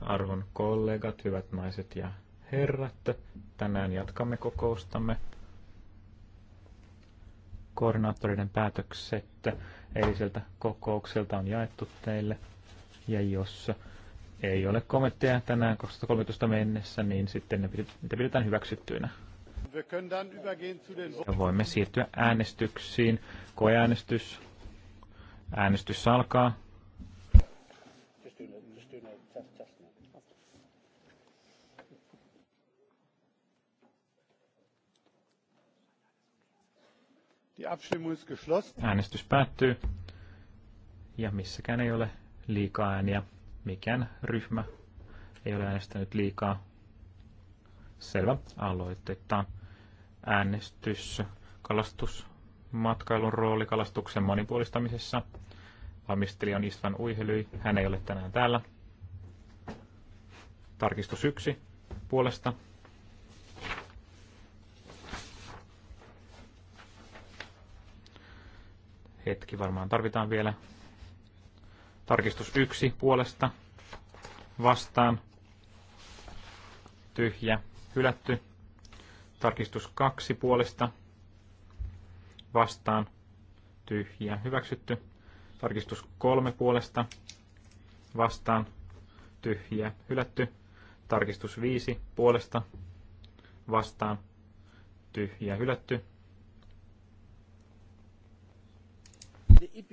Arvon kollegat, hyvät naiset ja herrat, tänään jatkamme kokoustamme koordinaattoreiden päätökset eiliseltä kokoukselta on jaettu teille. Ja jos ei ole kommentteja tänään 2013 mennessä, niin sitten ne pidetään hyväksyttyinä. Ja voimme siirtyä äänestyksiin. Koeäänestys. Äänestys alkaa. Äänestys päättyy. Ja missäkään ei ole liikaa ääniä. Mikään ryhmä ei ole äänestänyt liikaa. Selvä. Aloitetaan äänestys. Kalastusmatkailun rooli kalastuksen monipuolistamisessa. Valmistelija on Istvan Uihely. Hän ei ole tänään täällä. Tarkistus yksi puolesta Hetki varmaan tarvitaan vielä. Tarkistus yksi puolesta. Vastaan. Tyhjä. Hylätty. Tarkistus kaksi puolesta. Vastaan. Tyhjä. Hyväksytty. Tarkistus kolme puolesta. Vastaan. Tyhjä. Hylätty. Tarkistus viisi puolesta. Vastaan. Tyhjä. Hylätty E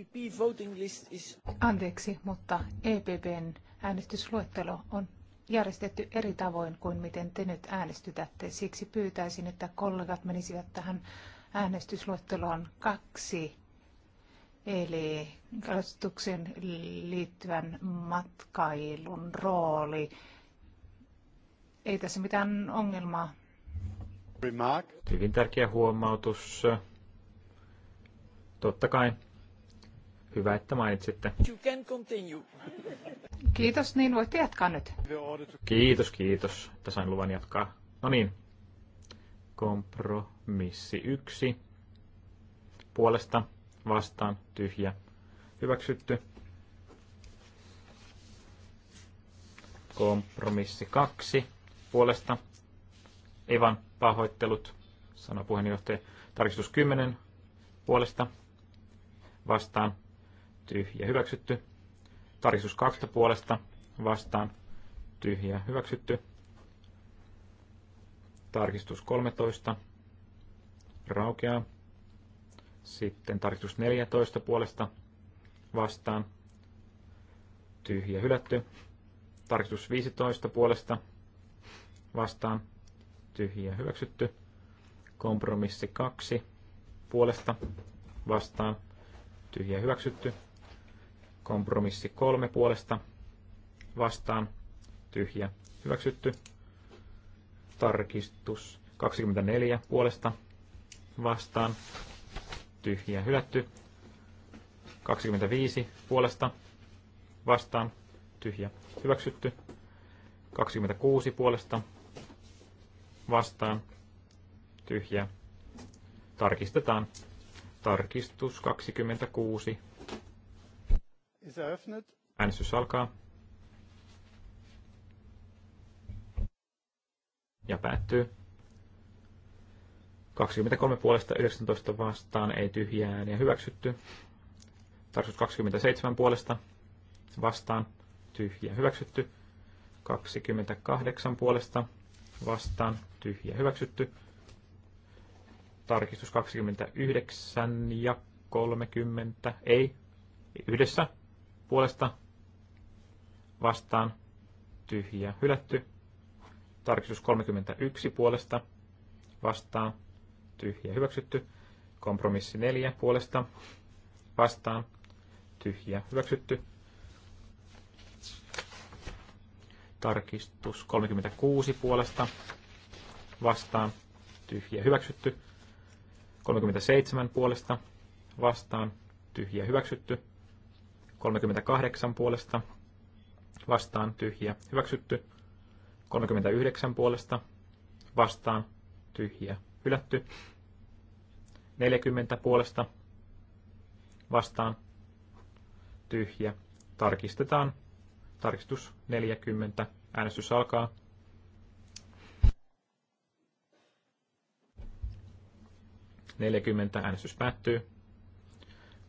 Anteeksi, mutta EPPn äänestysluettelo on järjestetty eri tavoin kuin miten te nyt äänestytätte. Siksi pyytäisin, että kollegat menisivät tähän äänestysluetteloon kaksi, eli kalastukseen liittyvän matkailun rooli. Ei tässä mitään ongelmaa. Remark. Hyvin tärkeä huomautus. Totta kai Hyvä, että mainitsitte. You can continue. Kiitos, niin voit jatkaa nyt. Kiitos, kiitos, että sain luvan jatkaa. No niin, kompromissi yksi. Puolesta, vastaan, tyhjä, hyväksytty. Kompromissi kaksi. Puolesta, Evan pahoittelut, sanoi puheenjohtaja. Tarkistus 10 puolesta vastaan tyhjä hyväksytty. Tarkistus kaksista puolesta vastaan tyhjä hyväksytty. Tarkistus 13 raukeaa. Sitten tarkistus 14 puolesta vastaan tyhjä hylätty. Tarkistus 15 puolesta vastaan tyhjä hyväksytty. Kompromissi 2 puolesta vastaan tyhjä hyväksytty. Kompromissi kolme puolesta vastaan tyhjä hyväksytty. Tarkistus 24 puolesta vastaan tyhjä hylätty. 25 puolesta vastaan tyhjä hyväksytty. 26 puolesta vastaan tyhjä tarkistetaan. Tarkistus 26 Äänestys alkaa. Ja päättyy. 23 puolesta 19 vastaan, ei tyhjää ja hyväksytty. Tarkoitus 27 puolesta vastaan, tyhjä hyväksytty. 28 puolesta vastaan, tyhjä hyväksytty. Tarkistus 29 ja 30, ei, yhdessä puolesta vastaan tyhjiä hylätty. Tarkistus 31 puolesta vastaan tyhjiä hyväksytty. Kompromissi 4 puolesta vastaan tyhjiä hyväksytty. Tarkistus 36 puolesta vastaan tyhjiä hyväksytty. 37 puolesta vastaan tyhjiä hyväksytty. 38 puolesta vastaan tyhjiä hyväksytty. 39 puolesta vastaan tyhjiä hylätty. 40 puolesta vastaan tyhjiä. Tarkistetaan. Tarkistus 40. Äänestys alkaa. Neljäkymmentä äänestys päättyy.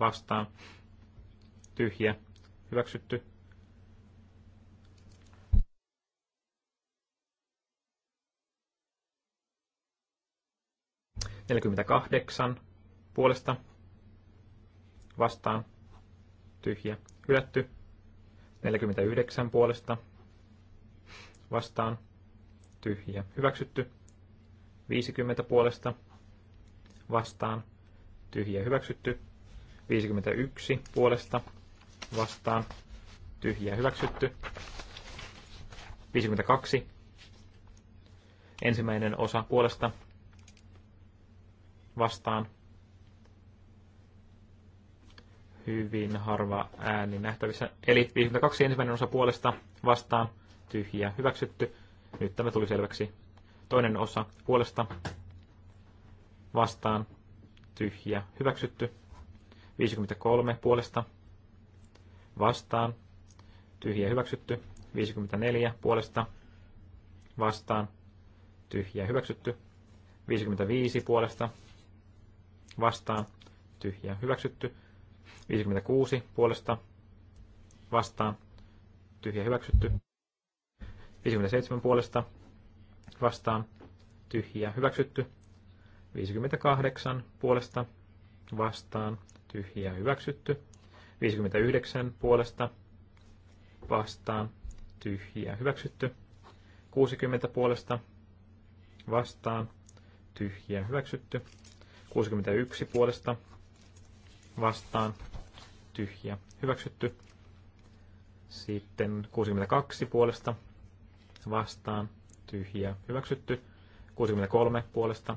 vastaan tyhjä hyväksytty. Neljäkymmentäkahdeksan puolesta vastaan tyhjä hylätty. 49 puolesta vastaan tyhjä hyväksytty. 50 puolesta vastaan tyhjä hyväksytty. 51 puolesta vastaan tyhjä hyväksytty. 52 ensimmäinen osa puolesta vastaan. Hyvin harva ääni nähtävissä. Eli 52 ensimmäinen osa puolesta vastaan tyhjä hyväksytty. Nyt tämä tuli selväksi. Toinen osa puolesta vastaan tyhjä hyväksytty. 53 puolesta vastaan, tyhjä hyväksytty. 54 puolesta vastaan, tyhjä hyväksytty. 55 puolesta vastaan, tyhjä hyväksytty. 56 puolesta vastaan, tyhjä hyväksytty. 57 puolesta vastaan, tyhjä hyväksytty. 58 puolesta vastaan, tyhjää hyväksytty. 59 puolesta vastaan tyhjää hyväksytty. 60 puolesta vastaan tyhjää hyväksytty. 61 puolesta vastaan tyhjä hyväksytty. Sitten 62 puolesta vastaan tyhjä hyväksytty. 63 puolesta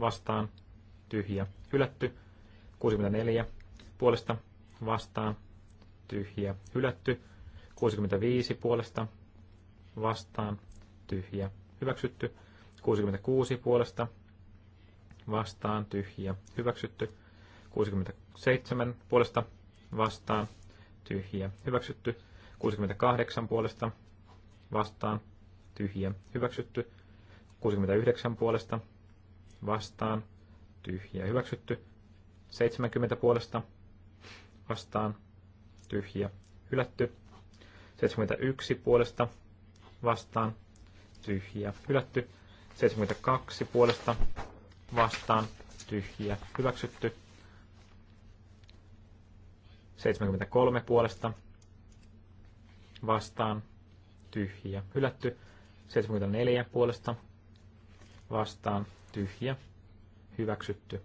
vastaan tyhjä hylätty. 64 puolesta vastaan tyhjä hylätty. 65 puolesta vastaan tyhjä hyväksytty. 66 puolesta vastaan tyhjä hyväksytty. 67 puolesta vastaan tyhjä hyväksytty. 68 puolesta vastaan tyhjä hyväksytty. 69 puolesta vastaan tyhjä hyväksytty. 70 puolesta vastaan tyhjiä hylätty. 71 puolesta vastaan tyhjiä hylätty. 72 puolesta vastaan tyhjiä hyväksytty. 73 puolesta vastaan tyhjiä hylätty. 74 puolesta vastaan tyhjiä hyväksytty.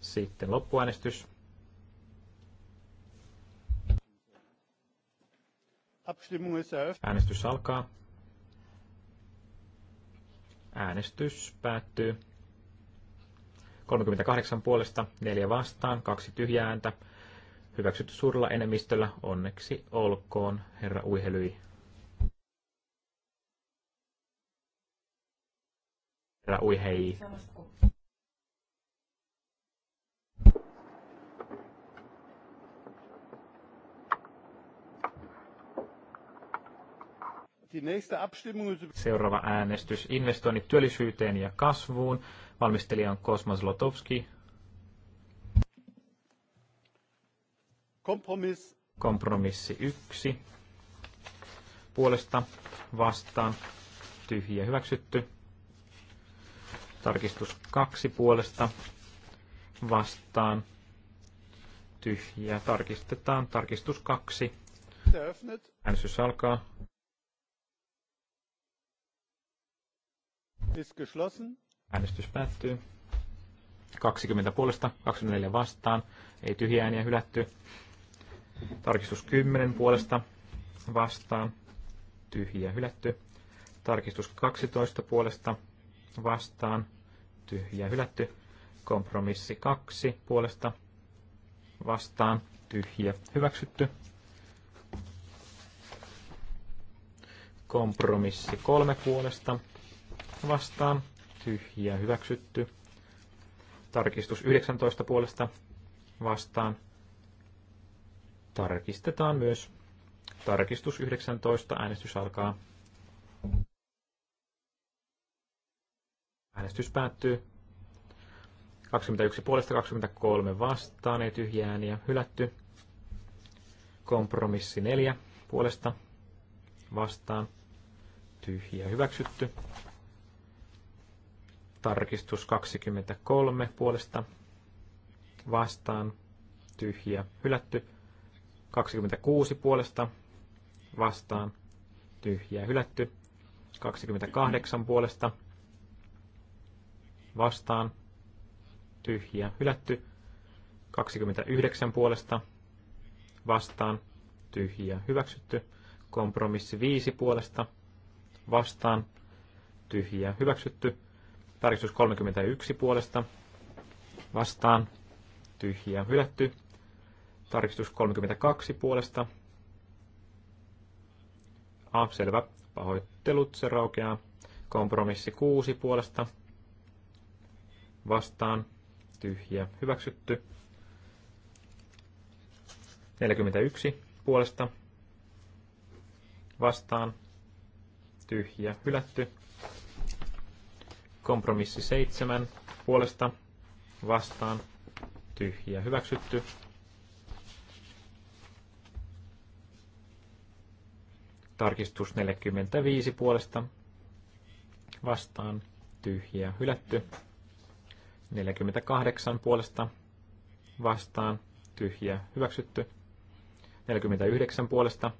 Sitten loppuäänestys. Äänestys alkaa. Äänestys päättyy. 38 puolesta, 4 vastaan, 2 tyhjää ääntä. Hyväksytty suurella enemmistöllä. Onneksi olkoon, herra Uihelyi. Herra Uihei. Seuraava äänestys. Investoinnit työllisyyteen ja kasvuun. Valmistelija on Kosmas Lotovski. Kompromiss. Kompromissi yksi. Puolesta vastaan. Tyhjä hyväksytty. Tarkistus kaksi puolesta vastaan. Tyhjä tarkistetaan. Tarkistus kaksi. Äänestys alkaa. geschlossen. Äänestys päättyy. 20 puolesta, 24 vastaan, ei tyhjää ääniä hylätty. Tarkistus 10 puolesta vastaan, tyhjiä hylätty. Tarkistus 12 puolesta vastaan, tyhjiä hylätty. Kompromissi 2 puolesta vastaan, tyhjiä hyväksytty. Kompromissi 3 puolesta vastaan, tyhjä hyväksytty. Tarkistus 19 puolesta vastaan. Tarkistetaan myös. Tarkistus 19, äänestys alkaa. Äänestys päättyy. 21 puolesta 23 vastaan, ei tyhjään ääniä hylätty. Kompromissi 4 puolesta vastaan, tyhjä hyväksytty. Tarkistus 23 puolesta vastaan tyhjä hylätty. 26 puolesta vastaan tyhjä hylätty. 28 puolesta vastaan tyhjä hylätty. 29 puolesta vastaan tyhjä hyväksytty. Kompromissi 5 puolesta vastaan tyhjä hyväksytty. Tarkistus 31 puolesta vastaan tyhjiä hylätty. Tarkistus 32 puolesta. A, selvä. Pahoittelut, se raukeaa. Kompromissi 6 puolesta. Vastaan tyhjiä hyväksytty. 41 puolesta vastaan tyhjiä hylätty. Kompromissi 7 puolesta vastaan tyhjä hyväksytty. Tarkistus 45 puolesta vastaan tyhjä hylätty. 48 puolesta vastaan tyhjä hyväksytty. 49 puolesta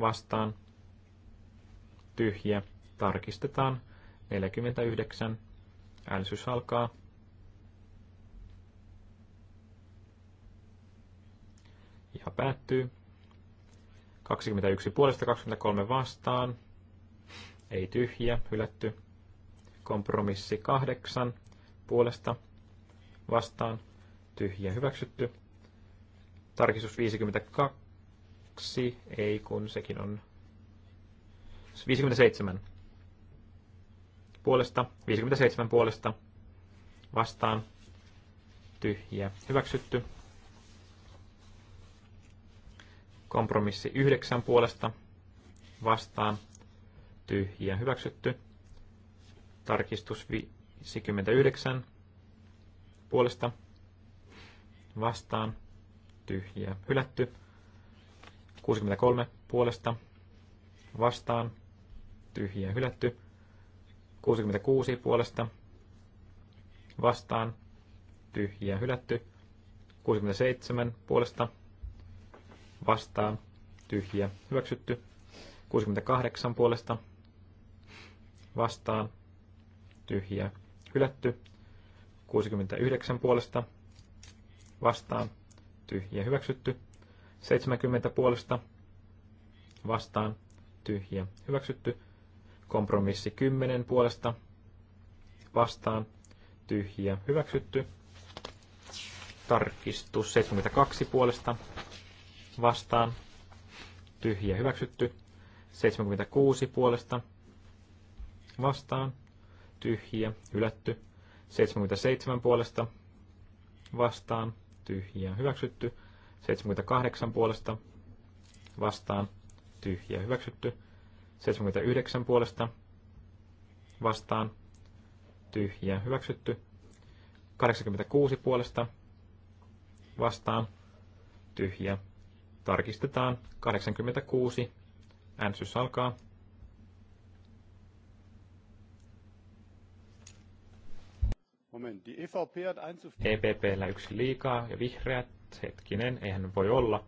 vastaan tyhjä tarkistetaan 49. Älsys alkaa. Ja päättyy. 21 puolesta 23 vastaan. Ei tyhjiä, hylätty. Kompromissi 8 puolesta vastaan. Tyhjiä hyväksytty. Tarkistus 52, ei kun sekin on 57 puolesta, 57 puolesta vastaan tyhjiä hyväksytty. Kompromissi 9 puolesta vastaan tyhjiä hyväksytty. Tarkistus 59 puolesta vastaan tyhjiä hylätty. 63 puolesta vastaan tyhjiä hylätty. 66 puolesta vastaan tyhjiä hylätty. 67 puolesta vastaan tyhjiä hyväksytty. 68 puolesta vastaan tyhjiä hylätty. 69 puolesta vastaan tyhjiä hyväksytty. 70 puolesta vastaan tyhjiä hyväksytty. Kompromissi 10 puolesta vastaan tyhjiä hyväksytty. Tarkistus 72 puolesta vastaan tyhjiä hyväksytty. 76 puolesta vastaan tyhjiä hylätty. 77 puolesta vastaan tyhjiä hyväksytty. 78 puolesta vastaan tyhjiä hyväksytty. 79 puolesta vastaan tyhjä hyväksytty. 86 puolesta vastaan tyhjä. Tarkistetaan 86. äänsys alkaa. Moment, die EVP EPPllä e yksi liikaa ja vihreät, hetkinen, eihän voi olla.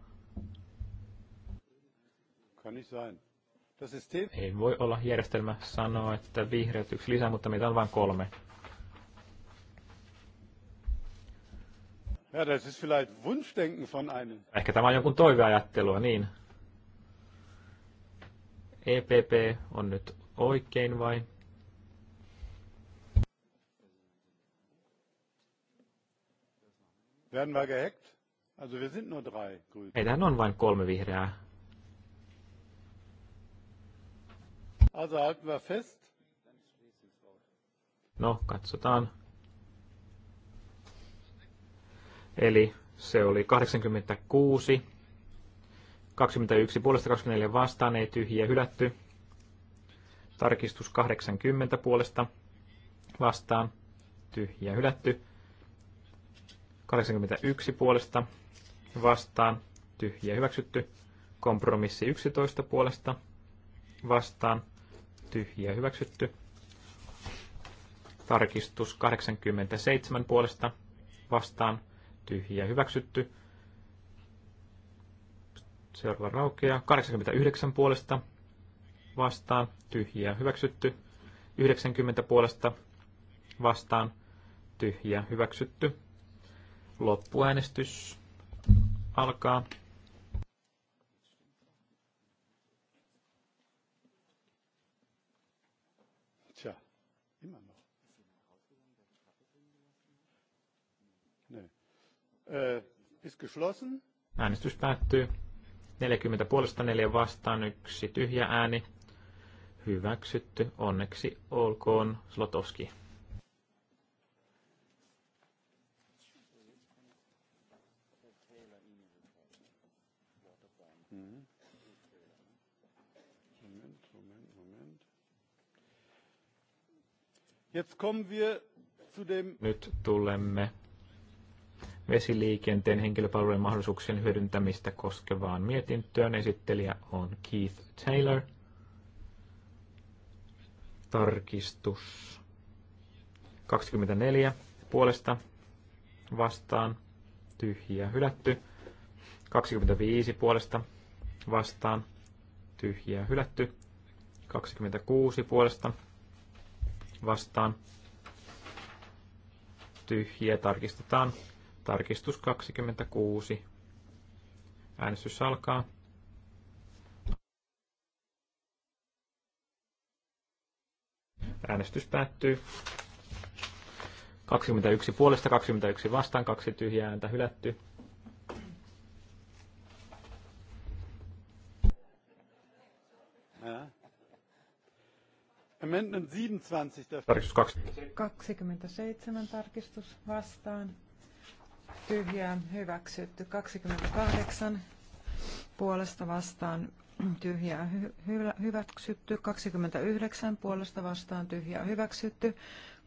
Kann ich sein. Ei voi olla järjestelmä sanoa, että vihreät yksi lisää, mutta meitä on vain kolme. Ja, das ist vielleicht Wunschdenken von einem. Ehkä tämä on jonkun toiveajattelua, niin. EPP on nyt oikein vai? Werden wir gehackt? Also wir sind nur drei. Meitähän on vain kolme vihreää. No, katsotaan. Eli se oli 86, 21 puolesta 24 vastaan, ei tyhjiä hylätty. Tarkistus 80 puolesta vastaan, tyhjiä hylätty. 81 puolesta vastaan, tyhjiä hyväksytty. Kompromissi 11 puolesta vastaan, tyhjiä hyväksytty. Tarkistus 87 puolesta vastaan tyhjiä hyväksytty. Seuraava raukeaa. 89 puolesta vastaan tyhjiä hyväksytty. 90 puolesta vastaan tyhjiä hyväksytty. Loppuäänestys alkaa. Äh, ist geschlossen. Äänestys päättyy. 40 puolesta 4 vastaan, yksi tyhjä ääni. Hyväksytty. Onneksi olkoon Slotowski. Nyt tulemme vesiliikenteen henkilöpalvelujen mahdollisuuksien hyödyntämistä koskevaan mietintöön. Esittelijä on Keith Taylor. Tarkistus 24 puolesta vastaan tyhjiä hylätty. 25 puolesta vastaan tyhjiä hylätty. 26 puolesta vastaan tyhjiä tarkistetaan. Tarkistus 26. Äänestys alkaa. Äänestys päättyy. 21 puolesta, 21 vastaan, kaksi tyhjää ääntä hylätty. Äh. Amendment 27. Tarkistus 27. 27 tarkistus vastaan tyhjää hyväksytty 28 puolesta vastaan tyhjää hy- hyväksytty 29 puolesta vastaan tyhjää hyväksytty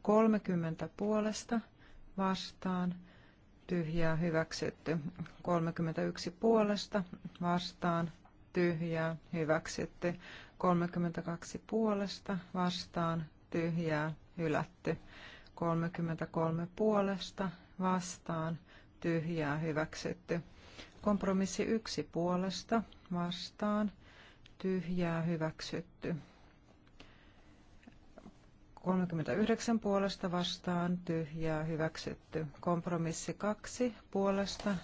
30 puolesta vastaan tyhjää hyväksytty 31 puolesta vastaan tyhjää hyväksytty 32 puolesta vastaan tyhjää hylätty 33 puolesta vastaan tyhjää hyväksytty. Kompromissi yksi puolesta vastaan tyhjää hyväksytty. 39 puolesta vastaan tyhjää hyväksytty. Kompromissi kaksi puolesta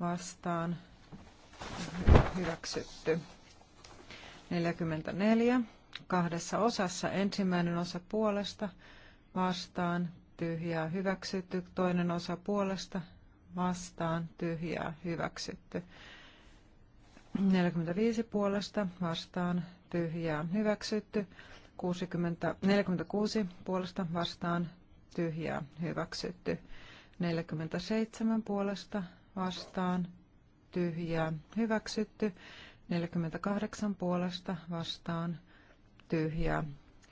vastaan hyväksytty. 44 kahdessa osassa ensimmäinen osa puolesta vastaan tyhjää hyväksytty, toinen osa puolesta vastaan tyhjää hyväksytty. 45 puolesta vastaan tyhjää hyväksytty. 60, 46 puolesta vastaan tyhjää hyväksytty. 47 puolesta vastaan tyhjää hyväksytty. 48 puolesta vastaan tyhjää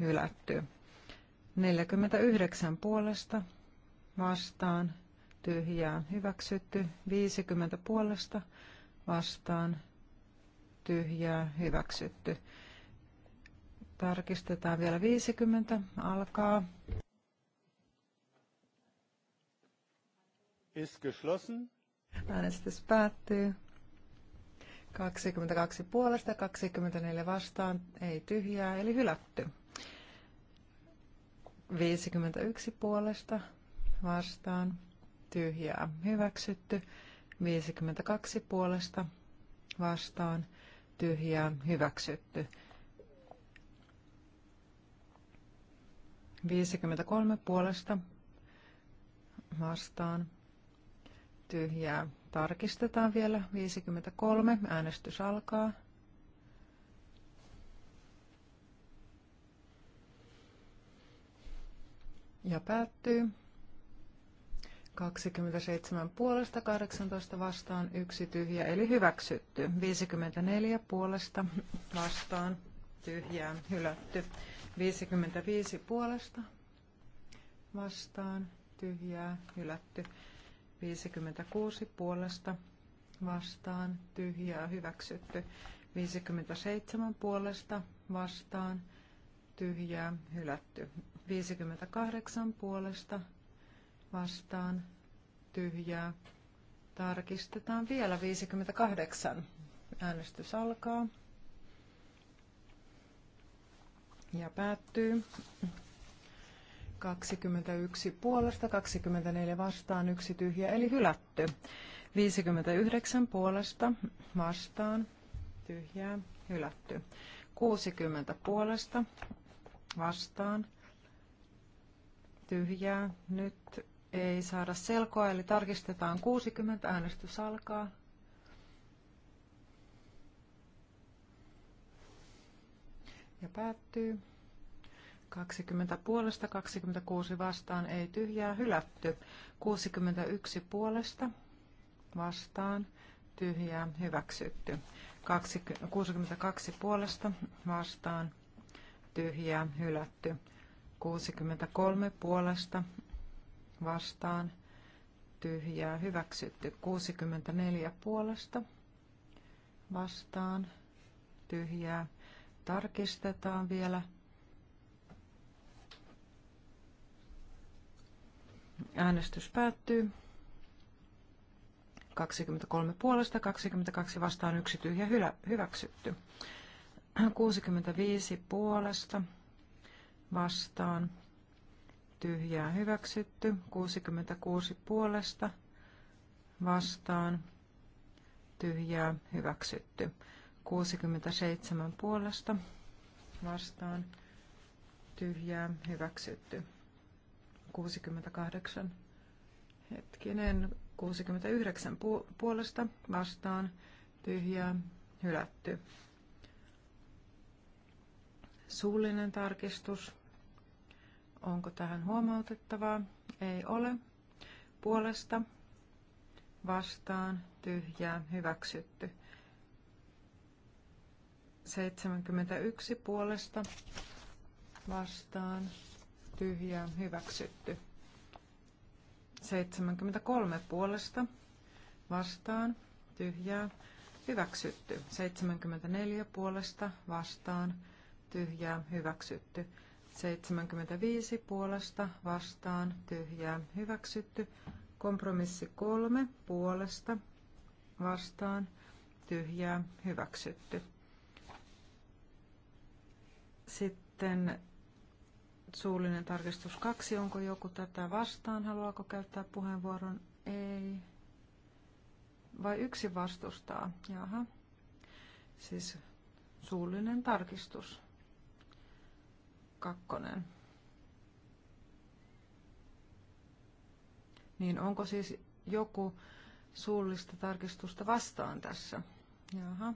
hylätty. 49 puolesta vastaan tyhjää hyväksytty. 50 puolesta vastaan tyhjää hyväksytty. Tarkistetaan vielä 50. Alkaa. Ist geschlossen. Äänestys päättyy. 22 puolesta, 24 vastaan, ei tyhjää, eli hylätty. 51 puolesta vastaan tyhjää hyväksytty. 52 puolesta vastaan tyhjää hyväksytty. 53 puolesta vastaan tyhjää tarkistetaan vielä. 53 äänestys alkaa. ja päättyy. 27 puolesta, 18 vastaan, yksi tyhjä, eli hyväksytty. 54 puolesta vastaan, tyhjää, hylätty. 55 puolesta vastaan, tyhjää, hylätty. 56 puolesta vastaan, tyhjää, hyväksytty. 57 puolesta vastaan, tyhjää, hylätty. 58 puolesta vastaan tyhjää. Tarkistetaan vielä 58. Äänestys alkaa ja päättyy. 21 puolesta, 24 vastaan, yksi tyhjä, eli hylätty. 59 puolesta, vastaan, tyhjää, hylätty. 60 puolesta, vastaan, tyhjää. Nyt ei saada selkoa, eli tarkistetaan 60. Äänestys alkaa. Ja päättyy. 20 puolesta, 26 vastaan, ei tyhjää, hylätty. 61 puolesta, vastaan, tyhjää, hyväksytty. 62 puolesta, vastaan, tyhjää, hylätty. 63 puolesta vastaan tyhjää hyväksytty. 64 puolesta vastaan tyhjää. Tarkistetaan vielä. Äänestys päättyy. 23 puolesta, 22 vastaan, yksi tyhjä hyväksytty. 65 puolesta, vastaan tyhjää hyväksytty, 66 puolesta vastaan tyhjää hyväksytty, 67 puolesta vastaan tyhjää hyväksytty, 68 hetkinen, 69 puolesta vastaan tyhjää hylätty. Suullinen tarkistus Onko tähän huomautettavaa? Ei ole. Puolesta vastaan tyhjää hyväksytty. 71 puolesta vastaan tyhjää hyväksytty. 73 puolesta vastaan tyhjää hyväksytty. 74 puolesta vastaan tyhjää hyväksytty. 75 puolesta vastaan tyhjää hyväksytty. Kompromissi 3 puolesta vastaan tyhjää hyväksytty. Sitten suullinen tarkistus 2. Onko joku tätä vastaan? Haluaako käyttää puheenvuoron? Ei. Vai yksi vastustaa? Jaha. Siis suullinen tarkistus kakkonen. Niin onko siis joku suullista tarkistusta vastaan tässä? Jaha.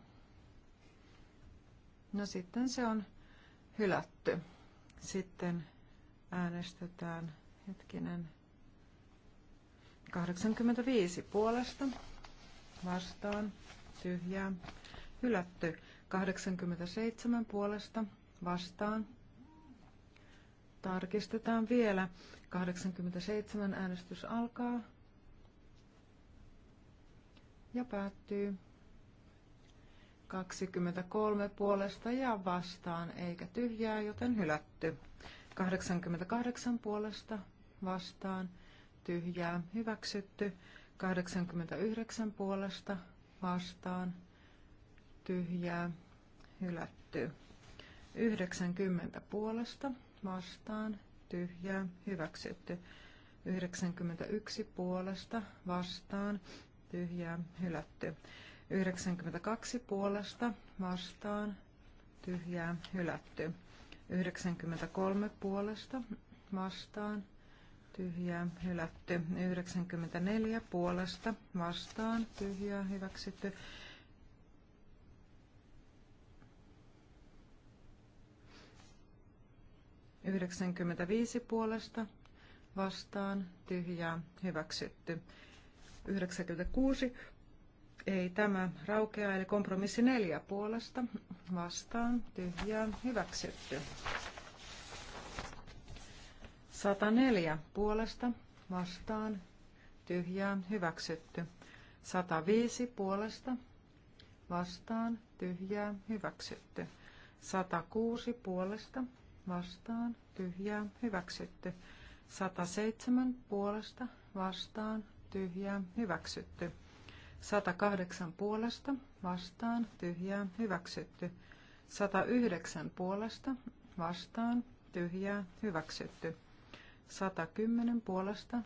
No sitten se on hylätty. Sitten äänestetään, hetkinen, 85 puolesta, vastaan, tyhjää, hylätty. 87 puolesta, vastaan, Tarkistetaan vielä. 87 äänestys alkaa ja päättyy. 23 puolesta ja vastaan, eikä tyhjää, joten hylätty. 88 puolesta vastaan, tyhjää, hyväksytty. 89 puolesta vastaan, tyhjää, hylätty. 90 puolesta vastaan, tyhjää, hyväksytty. 91 puolesta vastaan, tyhjää, hylätty. 92 puolesta vastaan, tyhjää, hylätty. 93 puolesta vastaan, tyhjää, hylätty. 94 puolesta vastaan, tyhjää, hyväksytty. 95 puolesta vastaan tyhjää hyväksytty. 96 ei tämä raukea, eli kompromissi 4 puolesta vastaan tyhjää hyväksytty. 104 puolesta vastaan tyhjää hyväksytty. 105 puolesta vastaan tyhjää hyväksytty. 106 puolesta vastaan, tyhjää, hyväksytty. 107 puolesta, vastaan, tyhjää, hyväksytty. 108 puolesta, vastaan, tyhjää, hyväksytty. 109 puolesta, vastaan, tyhjää, hyväksytty. 110 puolesta,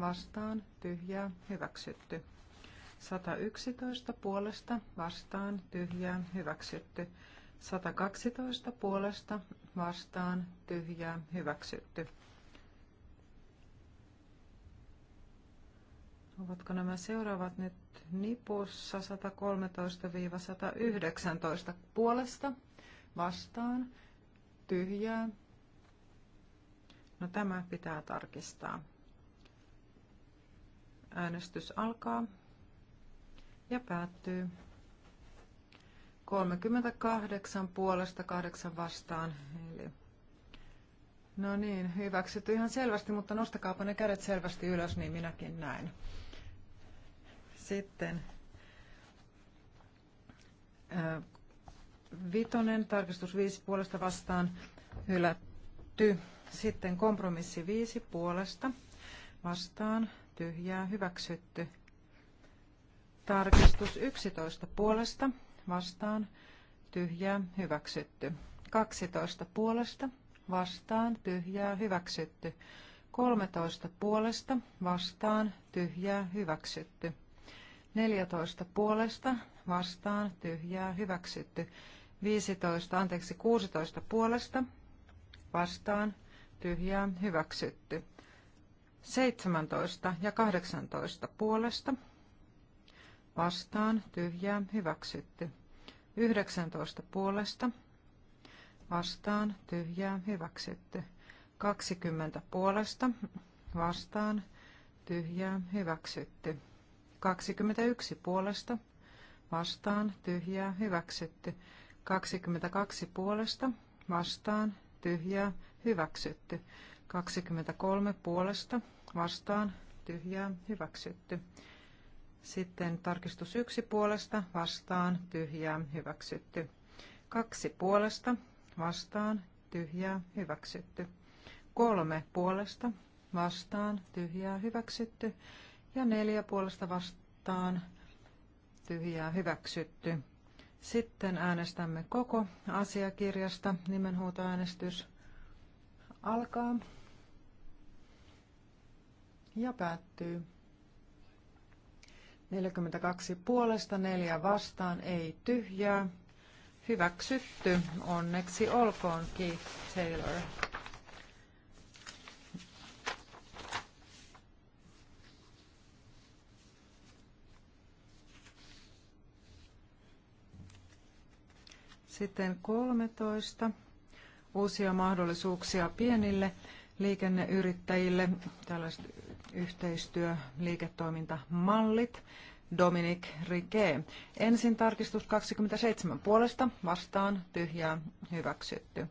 vastaan, tyhjää, hyväksytty. 111 puolesta, vastaan, tyhjää, hyväksytty. 112 puolesta, vastaan tyhjää hyväksytty. Ovatko nämä seuraavat nyt nipussa 113-119 puolesta vastaan tyhjää? No tämä pitää tarkistaa. Äänestys alkaa ja päättyy. 38 puolesta, 8 vastaan. Eli no niin, hyväksytty ihan selvästi, mutta nostakaapa ne kädet selvästi ylös, niin minäkin näin. Sitten vitonen, tarkistus 5 puolesta vastaan, hylätty. Sitten kompromissi 5 puolesta vastaan, tyhjää, hyväksytty. Tarkistus 11 puolesta vastaan, tyhjää, hyväksytty. 12 puolesta, vastaan, tyhjää, hyväksytty. 13 puolesta, vastaan, tyhjää, hyväksytty. 14 puolesta, vastaan, tyhjää, hyväksytty. 15, anteeksi, 16 puolesta, vastaan, tyhjää, hyväksytty. 17 ja 18 puolesta, vastaan, tyhjää, hyväksytty. 19 puolesta, vastaan, tyhjää, hyväksytty. 20 puolesta, vastaan, tyhjää, hyväksytty. 21 puolesta, vastaan, tyhjää, hyväksytty. 22 puolesta, vastaan, tyhjää, hyväksytty. 23 puolesta, vastaan, tyhjää, hyväksytty. Sitten tarkistus yksi puolesta vastaan tyhjää hyväksytty. Kaksi puolesta vastaan tyhjää hyväksytty. Kolme puolesta vastaan tyhjää hyväksytty. Ja neljä puolesta vastaan tyhjää hyväksytty. Sitten äänestämme koko asiakirjasta. Nimenhuutoäänestys alkaa ja päättyy. 42 puolesta, 4 vastaan, ei tyhjää. Hyväksytty. Onneksi olkoon, Keith Taylor. Sitten 13. Uusia mahdollisuuksia pienille liikenneyrittäjille. Tällaiset yhteistyö, liiketoimintamallit. Dominic Rike. Ensin tarkistus 27 puolesta, vastaan, tyhjää, hyväksytty.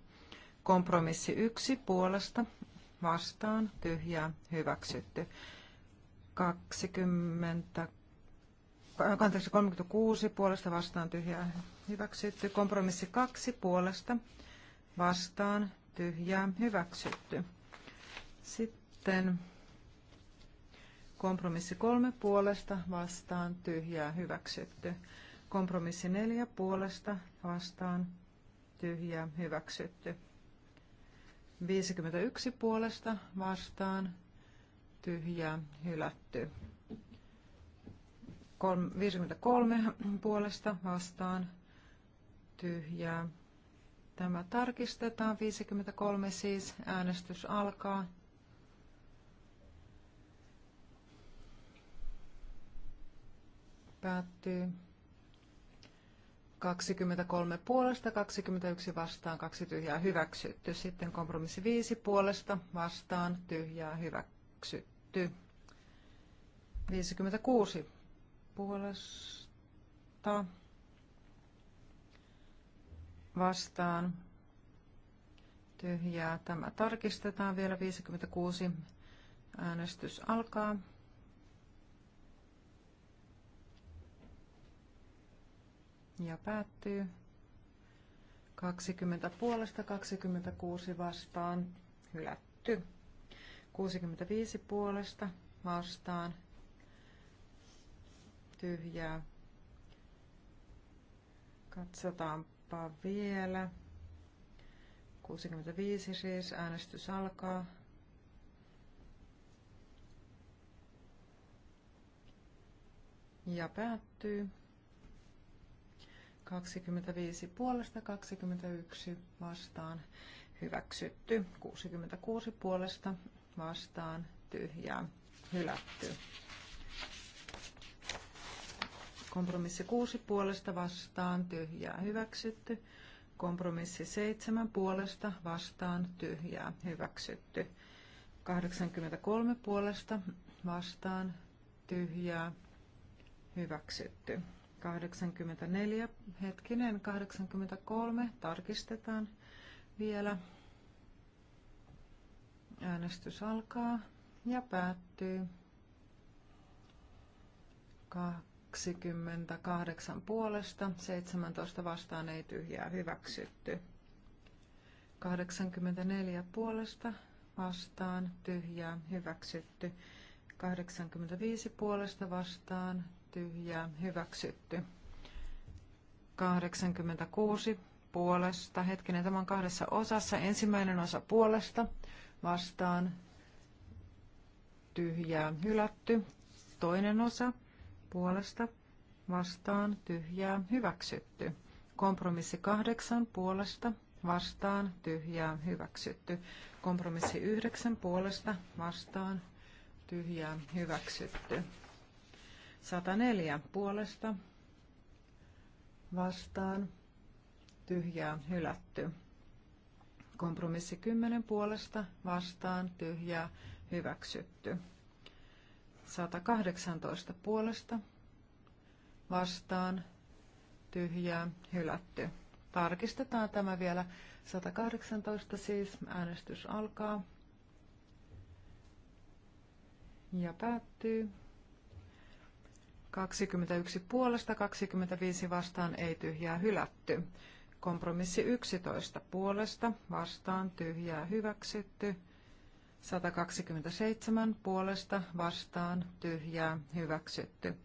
Kompromissi 1 puolesta, vastaan, tyhjää, hyväksytty. 20, 36 puolesta, vastaan, tyhjää, hyväksytty. Kompromissi 2 puolesta, vastaan, tyhjää, hyväksytty. Sitten Kompromissi kolme puolesta vastaan tyhjää hyväksytty. Kompromissi neljä puolesta vastaan tyhjää hyväksytty. 51 puolesta vastaan tyhjää hylätty. 53 puolesta vastaan tyhjää. Tämä tarkistetaan. 53 siis. Äänestys alkaa. Päättyy. 23 puolesta, 21 vastaan, kaksi tyhjää hyväksytty. Sitten kompromissi 5 puolesta, vastaan, tyhjää hyväksytty. 56 puolesta, vastaan, tyhjää. Tämä tarkistetaan vielä. 56 äänestys alkaa. ja päättyy. 20 puolesta 26 vastaan hylätty. 65 puolesta vastaan tyhjää. Katsotaanpa vielä. 65 siis äänestys alkaa. Ja päättyy. 25 puolesta, 21 vastaan, hyväksytty. 66 puolesta, vastaan, tyhjää, hylätty. Kompromissi 6 puolesta, vastaan, tyhjää, hyväksytty. Kompromissi 7 puolesta, vastaan, tyhjää, hyväksytty. 83 puolesta, vastaan, tyhjää, hyväksytty. 84, hetkinen, 83, tarkistetaan vielä. Äänestys alkaa ja päättyy. 28 puolesta, 17 vastaan ei tyhjää hyväksytty. 84 puolesta, vastaan, tyhjää hyväksytty. 85 puolesta vastaan, tyhjää hyväksytty. 86 puolesta. Hetkinen, tämä on kahdessa osassa. Ensimmäinen osa puolesta vastaan tyhjää hylätty. Toinen osa puolesta vastaan tyhjää hyväksytty. Kompromissi kahdeksan puolesta vastaan tyhjää hyväksytty. Kompromissi yhdeksän puolesta vastaan tyhjää hyväksytty. 104 puolesta vastaan tyhjää hylätty. Kompromissi 10 puolesta vastaan tyhjää hyväksytty. 118 puolesta vastaan tyhjää hylätty. Tarkistetaan tämä vielä. 118 siis äänestys alkaa ja päättyy. 21 puolesta, 25 vastaan ei tyhjää hylätty. Kompromissi 11 puolesta, vastaan tyhjää hyväksytty. 127 puolesta, vastaan tyhjää hyväksytty.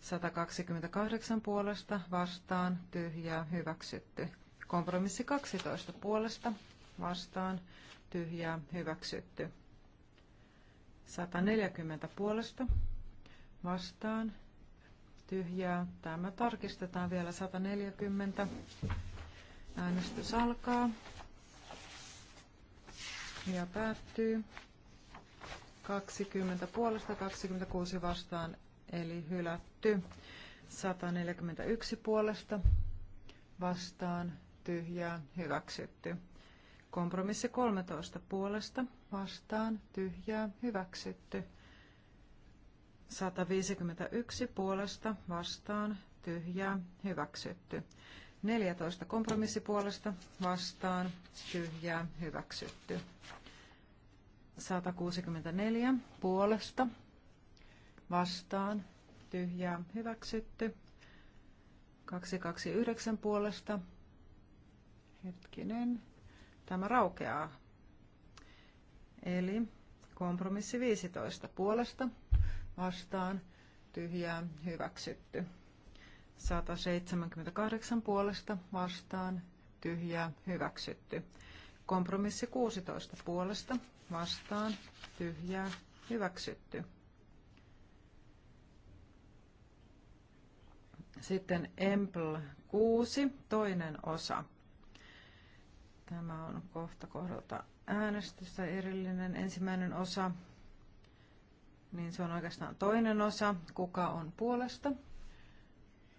128 puolesta, vastaan tyhjää hyväksytty. Kompromissi 12 puolesta, vastaan tyhjää hyväksytty. 140 puolesta, vastaan tyhjää. Tämä tarkistetaan vielä 140. Äänestys alkaa ja päättyy. 20 puolesta 26 vastaan eli hylätty. 141 puolesta vastaan tyhjää hyväksytty. Kompromissi 13 puolesta vastaan tyhjää hyväksytty. 151 puolesta vastaan tyhjää hyväksytty. 14 kompromissipuolesta vastaan tyhjää hyväksytty. 164 puolesta vastaan tyhjää hyväksytty. 229 puolesta hetkinen tämä raukeaa. Eli kompromissi 15 puolesta vastaan tyhjää hyväksytty. 178 puolesta vastaan tyhjää hyväksytty. Kompromissi 16 puolesta vastaan tyhjää hyväksytty. Sitten Empl 6, toinen osa. Tämä on kohta kohdalta äänestystä erillinen ensimmäinen osa niin se on oikeastaan toinen osa, kuka on puolesta,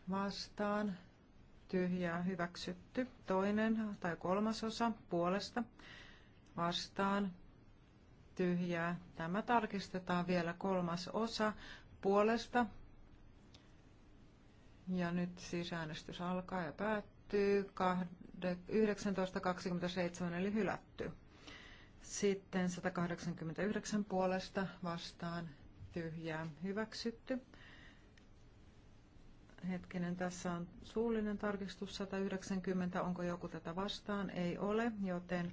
vastaan, tyhjää, hyväksytty, toinen tai kolmas osa, puolesta, vastaan, tyhjää. Tämä tarkistetaan vielä kolmas osa, puolesta. Ja nyt siis äänestys alkaa ja päättyy 19.27 eli hylätty. Sitten 189 puolesta vastaan tyhjää hyväksytty. Hetkinen, tässä on suullinen tarkistus 190. Onko joku tätä vastaan? Ei ole, joten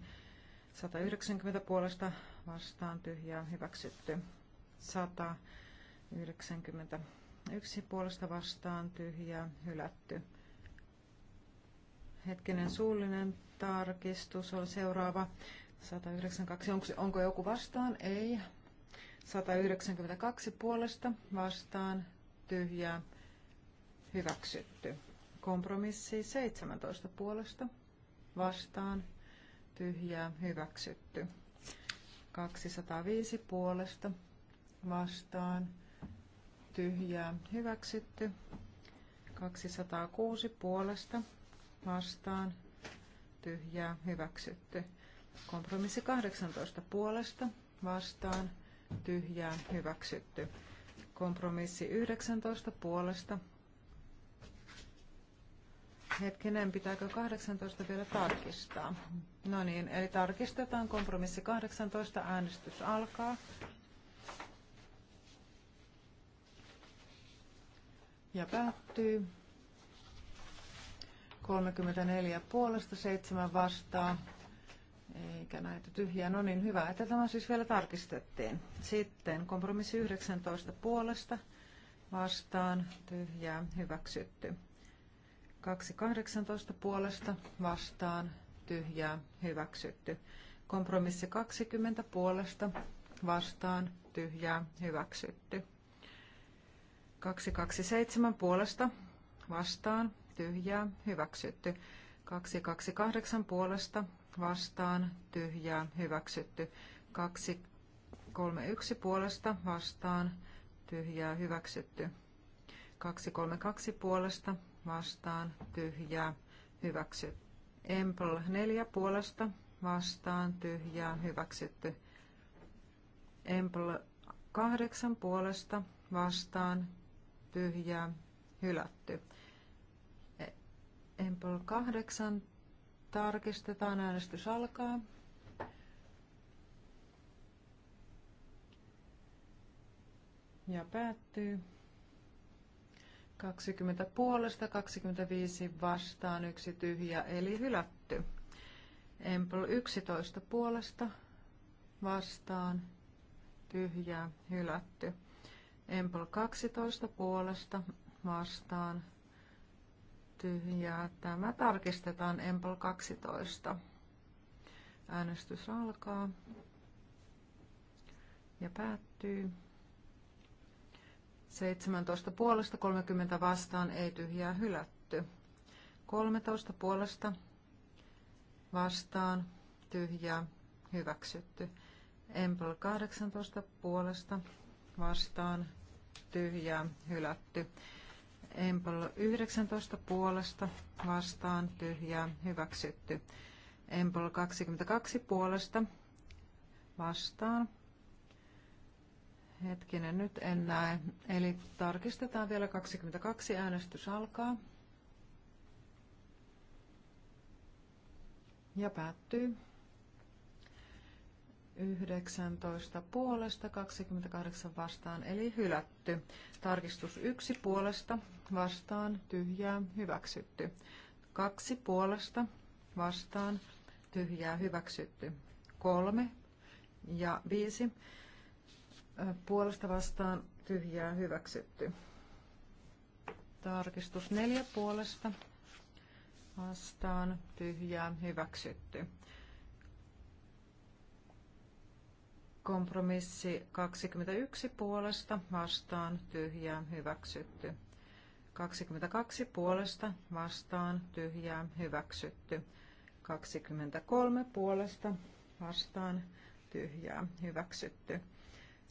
190 puolesta vastaan tyhjää hyväksytty. 191 puolesta vastaan tyhjää hylätty. Hetkinen, suullinen tarkistus on seuraava. 192. Onko, onko joku vastaan? Ei. 192 puolesta vastaan tyhjää hyväksytty. Kompromissi 17 puolesta vastaan tyhjää hyväksytty. 205 puolesta vastaan tyhjää hyväksytty. 206 puolesta vastaan tyhjää hyväksytty. Kompromissi 18 puolesta vastaan tyhjää hyväksytty. Kompromissi 19 puolesta. Hetkinen, pitääkö 18 vielä tarkistaa? No niin, eli tarkistetaan kompromissi 18, äänestys alkaa. Ja päättyy. 34 puolesta, 7 vastaa, eikä näitä tyhjiä. No niin, hyvä, että tämä siis vielä tarkistettiin. Sitten kompromissi 19 puolesta vastaan tyhjää hyväksytty. 218 puolesta vastaan tyhjää hyväksytty. Kompromissi 20 puolesta vastaan tyhjää hyväksytty. 227 puolesta vastaan tyhjää hyväksytty. 228 puolesta vastaan tyhjää hyväksytty. 2, 3, 1 puolesta vastaan tyhjää hyväksytty. 2, 3, 2 puolesta vastaan tyhjää hyväksytty. Empl 4 puolesta vastaan tyhjää hyväksytty. Empl 8 puolesta vastaan tyhjää hylätty. E, Empl 8 Tarkistetaan, äänestys alkaa. Ja päättyy. 20 puolesta, 25 vastaan, yksi tyhjä, eli hylätty. Empl 11 puolesta, vastaan, tyhjää, hylätty. Empl 12 puolesta, vastaan, tyhjää. Tämä tarkistetaan Empel 12. Äänestys alkaa ja päättyy. 17 puolesta 30 vastaan ei tyhjää hylätty. 13 puolesta vastaan tyhjää hyväksytty. Empel 18 puolesta vastaan tyhjää hylätty. Empolo 19 puolesta vastaan tyhjää hyväksytty. Empolo 22 puolesta vastaan. Hetkinen, nyt en näe. Eli tarkistetaan vielä 22. Äänestys alkaa. Ja päättyy. 19 puolesta, 28 vastaan, eli hylätty. Tarkistus 1 puolesta, vastaan, tyhjää, hyväksytty. 2 puolesta, vastaan, tyhjää, hyväksytty. 3 ja 5 puolesta vastaan, tyhjää, hyväksytty. Tarkistus 4 puolesta, vastaan, tyhjää, hyväksytty. Kompromissi 21 puolesta vastaan tyhjää hyväksytty. 22 puolesta vastaan tyhjää hyväksytty. 23 puolesta vastaan tyhjää hyväksytty.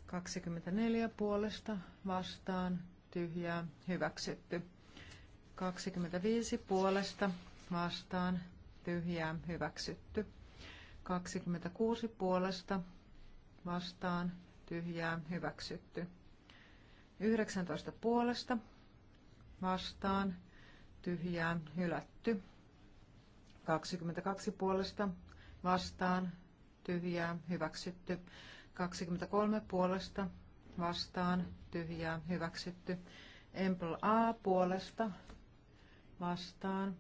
24 puolesta vastaan tyhjää hyväksytty. 25 puolesta vastaan tyhjää hyväksytty. 26 puolesta vastaan tyhjää hyväksytty. 19 puolesta vastaan tyhjää hylätty. 22 puolesta vastaan tyhjää hyväksytty. 23 puolesta vastaan tyhjää hyväksytty. Empl A puolesta vastaan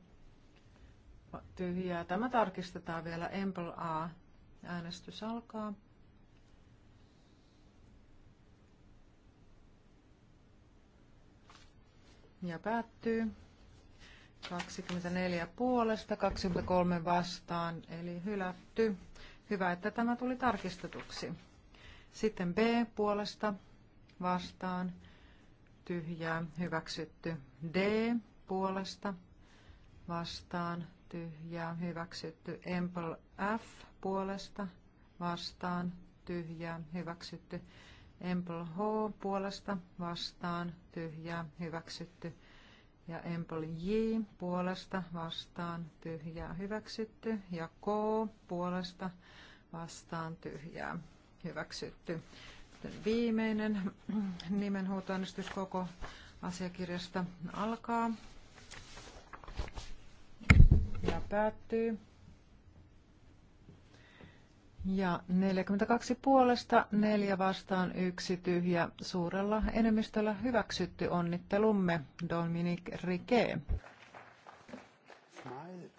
tyhjää. Tämä tarkistetaan vielä. Empl A. Äänestys alkaa. ja päättyy. 24 puolesta, 23 vastaan, eli hylätty. Hyvä, että tämä tuli tarkistetuksi. Sitten B puolesta, vastaan, tyhjää, hyväksytty. D puolesta, vastaan, tyhjää, hyväksytty. Empel F puolesta, vastaan, tyhjää, hyväksytty. Empl H puolesta vastaan tyhjää hyväksytty. Ja Empl J puolesta vastaan tyhjää hyväksytty. Ja K puolesta vastaan tyhjää hyväksytty. Sitten viimeinen nimenhuutoäänestys koko asiakirjasta alkaa ja päättyy. Ja 42 puolesta, neljä vastaan, yksi tyhjä, suurella enemmistöllä hyväksytty. Onnittelumme, Dominique Riquet. Smile.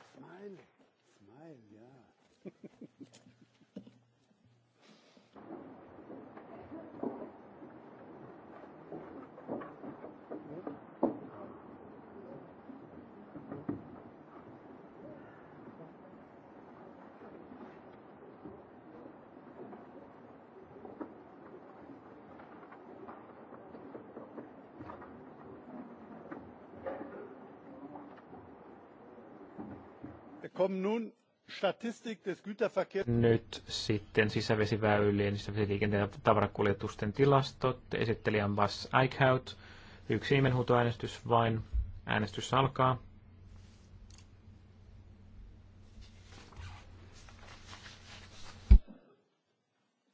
Nyt sitten sisävesiväylien, sisävesiliikenteen ja tavarakuljetusten tilastot. Esittelijä on Bas Eichhout. Yksi nimenhuutoäänestys vain. Äänestys alkaa.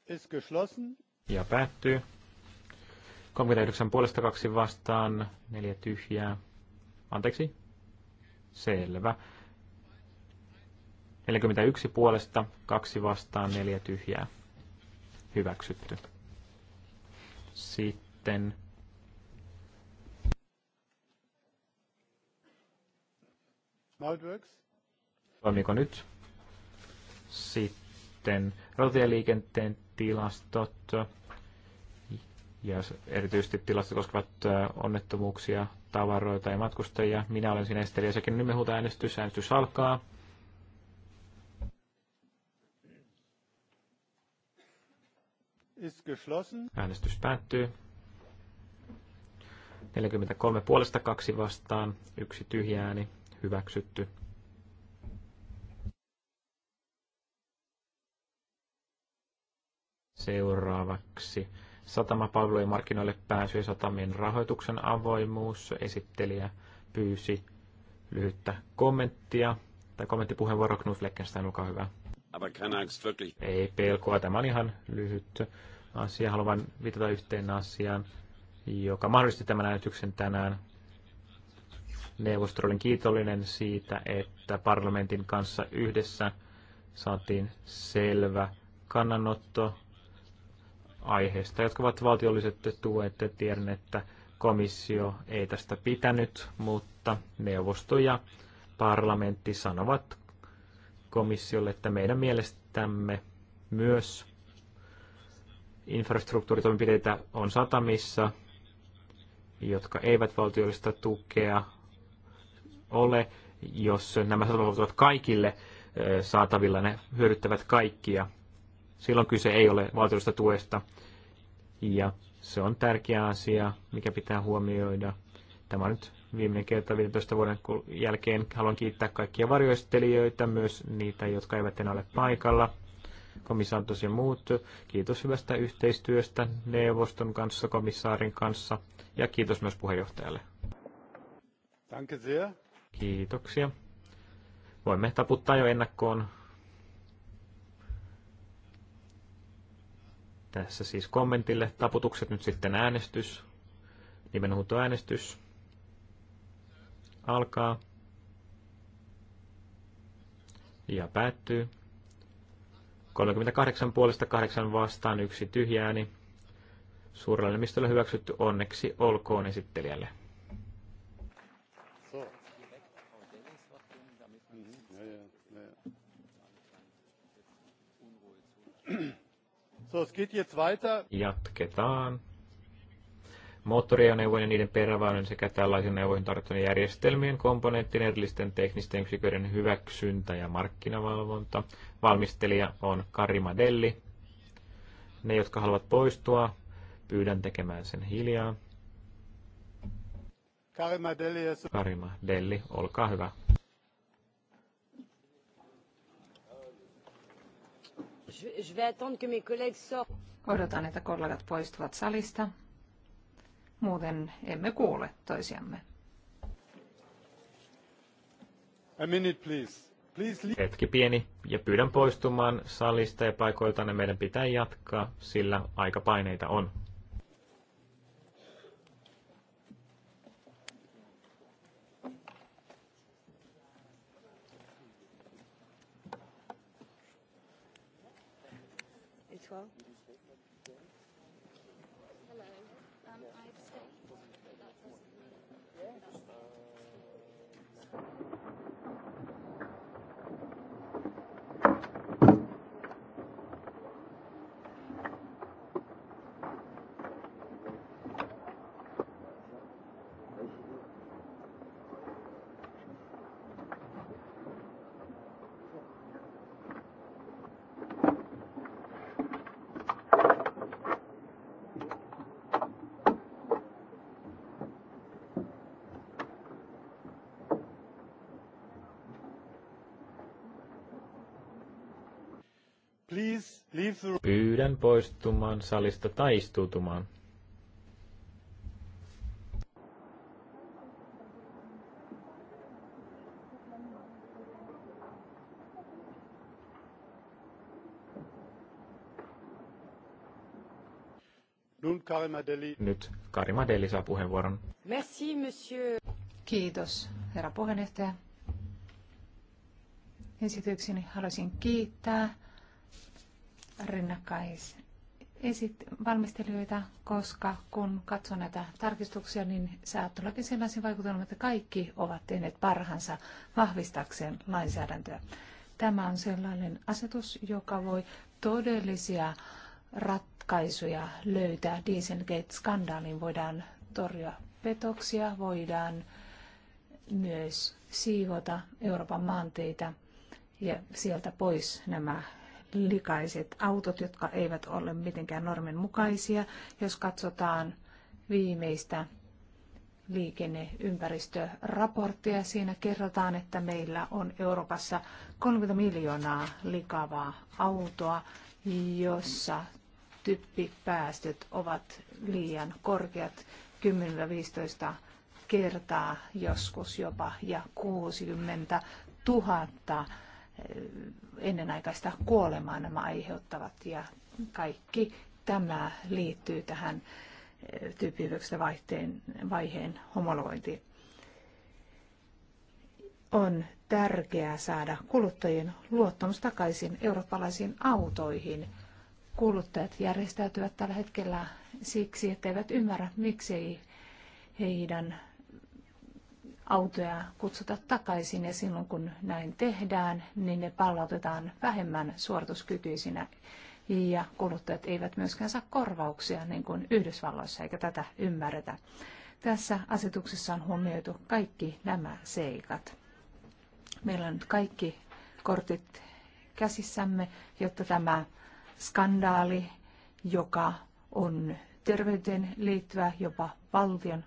Ist geschlossen. Ja päättyy. 39 puolesta kaksi vastaan, neljä tyhjää. Anteeksi. Selvä. 41 puolesta, kaksi vastaan, neljä tyhjää. Hyväksytty. Sitten Now it works. Toimiko nyt? Sitten rautatieliikenteen tilastot ja erityisesti tilastot koskevat onnettomuuksia, tavaroita ja matkustajia. Minä olen siinä esittelijä sekin nimenhuuta äänestys. Äänestys alkaa. Äänestys päättyy. 43 puolesta kaksi vastaan, yksi tyhjä ääni, hyväksytty. Seuraavaksi satamapalvelujen markkinoille pääsy ja satamien rahoituksen avoimuus. Esittelijä pyysi lyhyttä kommenttia tai kommenttipuheenvuoro Knut Fleckenstein, olkaa hyvä. Ei pelkoa, tämä on ihan lyhyt asia. Haluan viitata yhteen asiaan, joka mahdollisti tämän äänestyksen tänään. Neuvosto kiitollinen siitä, että parlamentin kanssa yhdessä saatiin selvä kannanotto aiheesta, jotka ovat valtiolliset tuet. Tiedän, että komissio ei tästä pitänyt, mutta neuvosto ja parlamentti sanovat komissiolle, että meidän mielestämme myös Infrastruktuuritoimenpiteitä on satamissa, jotka eivät valtiollista tukea ole. Jos nämä satamat ovat kaikille saatavilla, ne hyödyttävät kaikkia. Silloin kyse ei ole valtiollista tuesta. Ja se on tärkeä asia, mikä pitää huomioida. Tämä on nyt viimeinen kerta 15 vuoden jälkeen. Haluan kiittää kaikkia varjoistelijoita, myös niitä, jotka eivät enää ole paikalla komissantos ja muut. Kiitos hyvästä yhteistyöstä neuvoston kanssa, komissaarin kanssa ja kiitos myös puheenjohtajalle. Danke sehr. Kiitoksia. Voimme taputtaa jo ennakkoon. Tässä siis kommentille taputukset, nyt sitten äänestys, nimenhuutoäänestys alkaa ja päättyy. 38 puolesta 8 vastaan yksi tyhjääni. Niin suurella enemmistöllä hyväksytty onneksi olkoon esittelijälle. Jatketaan moottoriajoneuvojen ja niiden perävaunujen sekä tällaisen neuvoihin tarjottujen järjestelmien, komponenttien, erillisten teknisten yksiköiden hyväksyntä ja markkinavalvonta. Valmistelija on Kari Madelli. Ne, jotka haluavat poistua, pyydän tekemään sen hiljaa. Karima Delli, Karima Delli olkaa hyvä. Odotan, että kollegat poistuvat salista. Muuten emme kuule toisiamme. A minute, please. Please Hetki pieni ja pyydän poistumaan salista ja paikoiltaan meidän pitää jatkaa, sillä aika paineita on. Pyydän poistumaan salista tai istuutumaan. Nyt Karima Deli saa puheenvuoron. Merci, monsieur. Kiitos, herra puheenjohtaja. Esitykseni haluaisin kiittää esit valmistelijoita, koska kun katson näitä tarkistuksia, niin saa todellakin sellaisen vaikutelman, että kaikki ovat tehneet parhansa vahvistakseen lainsäädäntöä. Tämä on sellainen asetus, joka voi todellisia ratkaisuja löytää. Dieselgate-skandaaliin voidaan torjua petoksia, voidaan myös siivota Euroopan maanteita ja sieltä pois nämä likaiset autot, jotka eivät ole mitenkään normin mukaisia. Jos katsotaan viimeistä liikenneympäristöraporttia, siinä kerrotaan, että meillä on Euroopassa 30 miljoonaa likavaa autoa, jossa typpipäästöt ovat liian korkeat 10-15 kertaa, joskus jopa ja 60 000 ennenaikaista kuolemaa nämä aiheuttavat ja kaikki tämä liittyy tähän eh, tyyppihyväksytä vaihteen, vaiheen homologointiin. On tärkeää saada kuluttajien luottamus takaisin eurooppalaisiin autoihin. Kuluttajat järjestäytyvät tällä hetkellä siksi, että eivät ymmärrä, miksi heidän autoja kutsuta takaisin ja silloin kun näin tehdään, niin ne palautetaan vähemmän suorituskykyisinä ja kuluttajat eivät myöskään saa korvauksia niin kuin Yhdysvalloissa, eikä tätä ymmärretä. Tässä asetuksessa on huomioitu kaikki nämä seikat. Meillä on nyt kaikki kortit käsissämme, jotta tämä skandaali, joka on terveyteen liittyvä, jopa valtion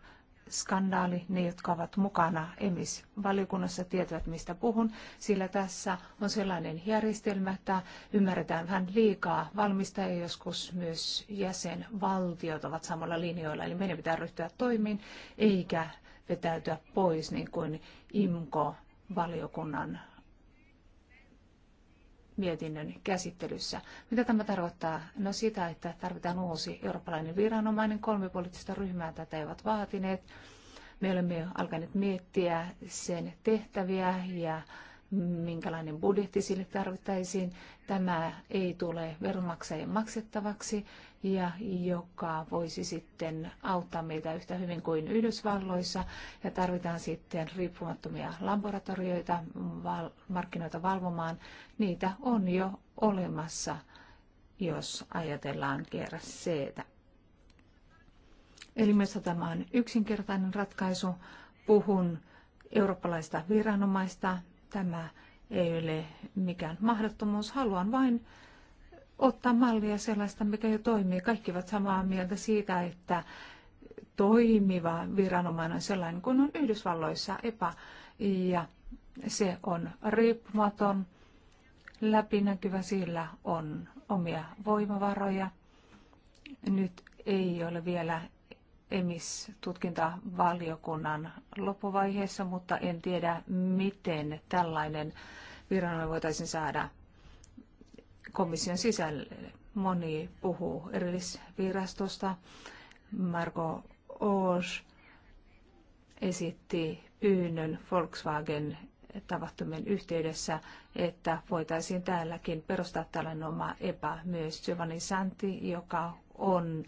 skandaali. Ne, jotka ovat mukana EMIS-valiokunnassa tietävät, mistä puhun, sillä tässä on sellainen järjestelmä, että ymmärretään vähän liikaa valmistajia, joskus myös jäsenvaltiot ovat samalla linjoilla, eli meidän pitää ryhtyä toimiin, eikä vetäytyä pois, niin kuin IMKO valiokunnan mietinnön käsittelyssä. Mitä tämä tarkoittaa? No sitä, että tarvitaan uusi eurooppalainen viranomainen, kolme poliittista ryhmää tätä eivät vaatineet. Me olemme jo alkaneet miettiä sen tehtäviä ja minkälainen budjetti sille tarvittaisiin. Tämä ei tule veronmaksajien maksettavaksi ja joka voisi sitten auttaa meitä yhtä hyvin kuin Yhdysvalloissa. Ja tarvitaan sitten riippumattomia laboratorioita val- markkinoita valvomaan. Niitä on jo olemassa, jos ajatellaan kerran c Eli myös tämä on yksinkertainen ratkaisu. Puhun eurooppalaista viranomaista. Tämä ei ole mikään mahdottomuus. Haluan vain ottaa mallia sellaista, mikä jo toimii. Kaikki ovat samaa mieltä siitä, että toimiva viranomainen on sellainen kuin on Yhdysvalloissa EPA, ja se on riippumaton, läpinäkyvä, sillä on omia voimavaroja. Nyt ei ole vielä EMIS-tutkintavaliokunnan loppuvaiheessa, mutta en tiedä, miten tällainen viranomainen voitaisiin saada komission sisälle. Moni puhuu erillisvirastosta. Marko Oos esitti pyynnön Volkswagen tapahtumien yhteydessä, että voitaisiin täälläkin perustaa tällainen oma EPA myös Giovanni Santi, joka on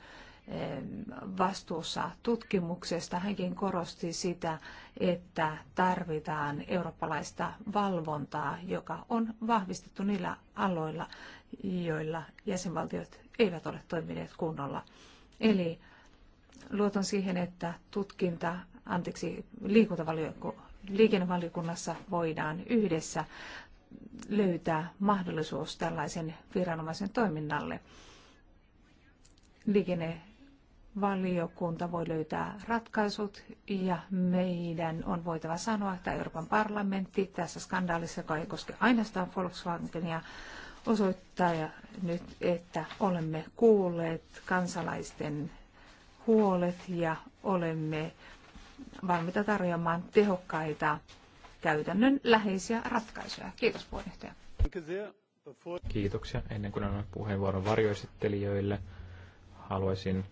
vastuussa tutkimuksesta. Hänkin korosti sitä, että tarvitaan eurooppalaista valvontaa, joka on vahvistettu niillä aloilla, joilla jäsenvaltiot eivät ole toimineet kunnolla. Eli luotan siihen, että tutkinta, anteeksi, liikennevaliokunnassa voidaan yhdessä löytää mahdollisuus tällaisen viranomaisen toiminnalle. Liikennevaliokunta voi löytää ratkaisut ja meidän on voitava sanoa, että Euroopan parlamentti tässä skandaalissa, joka ei koske ainoastaan Volkswagenia, osoittaa nyt, että olemme kuulleet kansalaisten huolet ja olemme valmiita tarjoamaan tehokkaita käytännön läheisiä ratkaisuja. Kiitos puheenjohtaja. Kiitoksia. Ennen kuin annan puheenvuoron varjoesittelijöille, haluaisin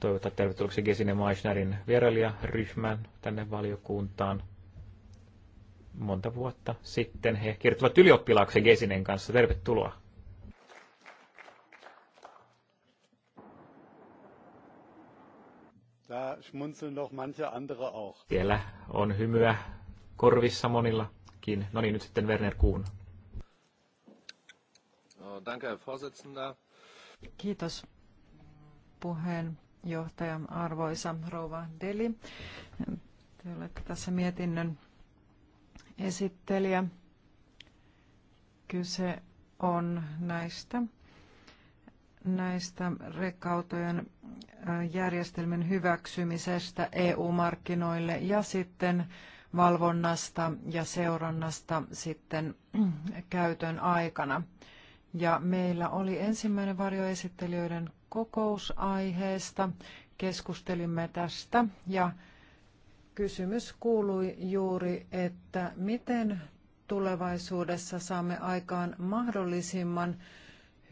toivottaa tervetulleeksi Gesine Meissnerin vierailijaryhmän tänne valiokuntaan monta vuotta sitten. He kirjoittivat ylioppilaaksi Gesinen kanssa. Tervetuloa. Da schmunzeln noch manche andere auch. Siellä on hymyä korvissa monillakin. No niin, nyt sitten Werner Kuhn. No, danke, Herr Kiitos puheenjohtaja, arvoisa rouva Deli. Te olette tässä mietinnön esittelijä. Kyse on näistä, näistä rekautojen järjestelmän hyväksymisestä EU-markkinoille ja sitten valvonnasta ja seurannasta sitten käytön aikana. Ja meillä oli ensimmäinen varjoesittelijöiden kokous aiheesta. Keskustelimme tästä ja kysymys kuului juuri, että miten tulevaisuudessa saamme aikaan mahdollisimman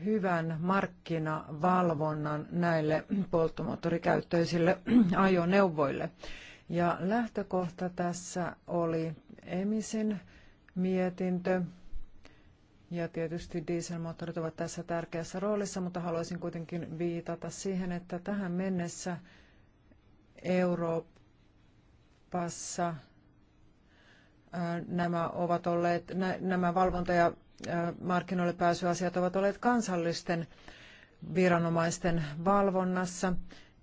hyvän markkinavalvonnan näille polttomoottorikäyttöisille ajoneuvoille. Ja lähtökohta tässä oli Emisin mietintö. Ja tietysti dieselmoottorit ovat tässä tärkeässä roolissa, mutta haluaisin kuitenkin viitata siihen, että tähän mennessä Eurooppa Euroopassa äh, nämä ovat olleet, nämä valvonta- ja äh, markkinoille pääsyasiat ovat olleet kansallisten viranomaisten valvonnassa.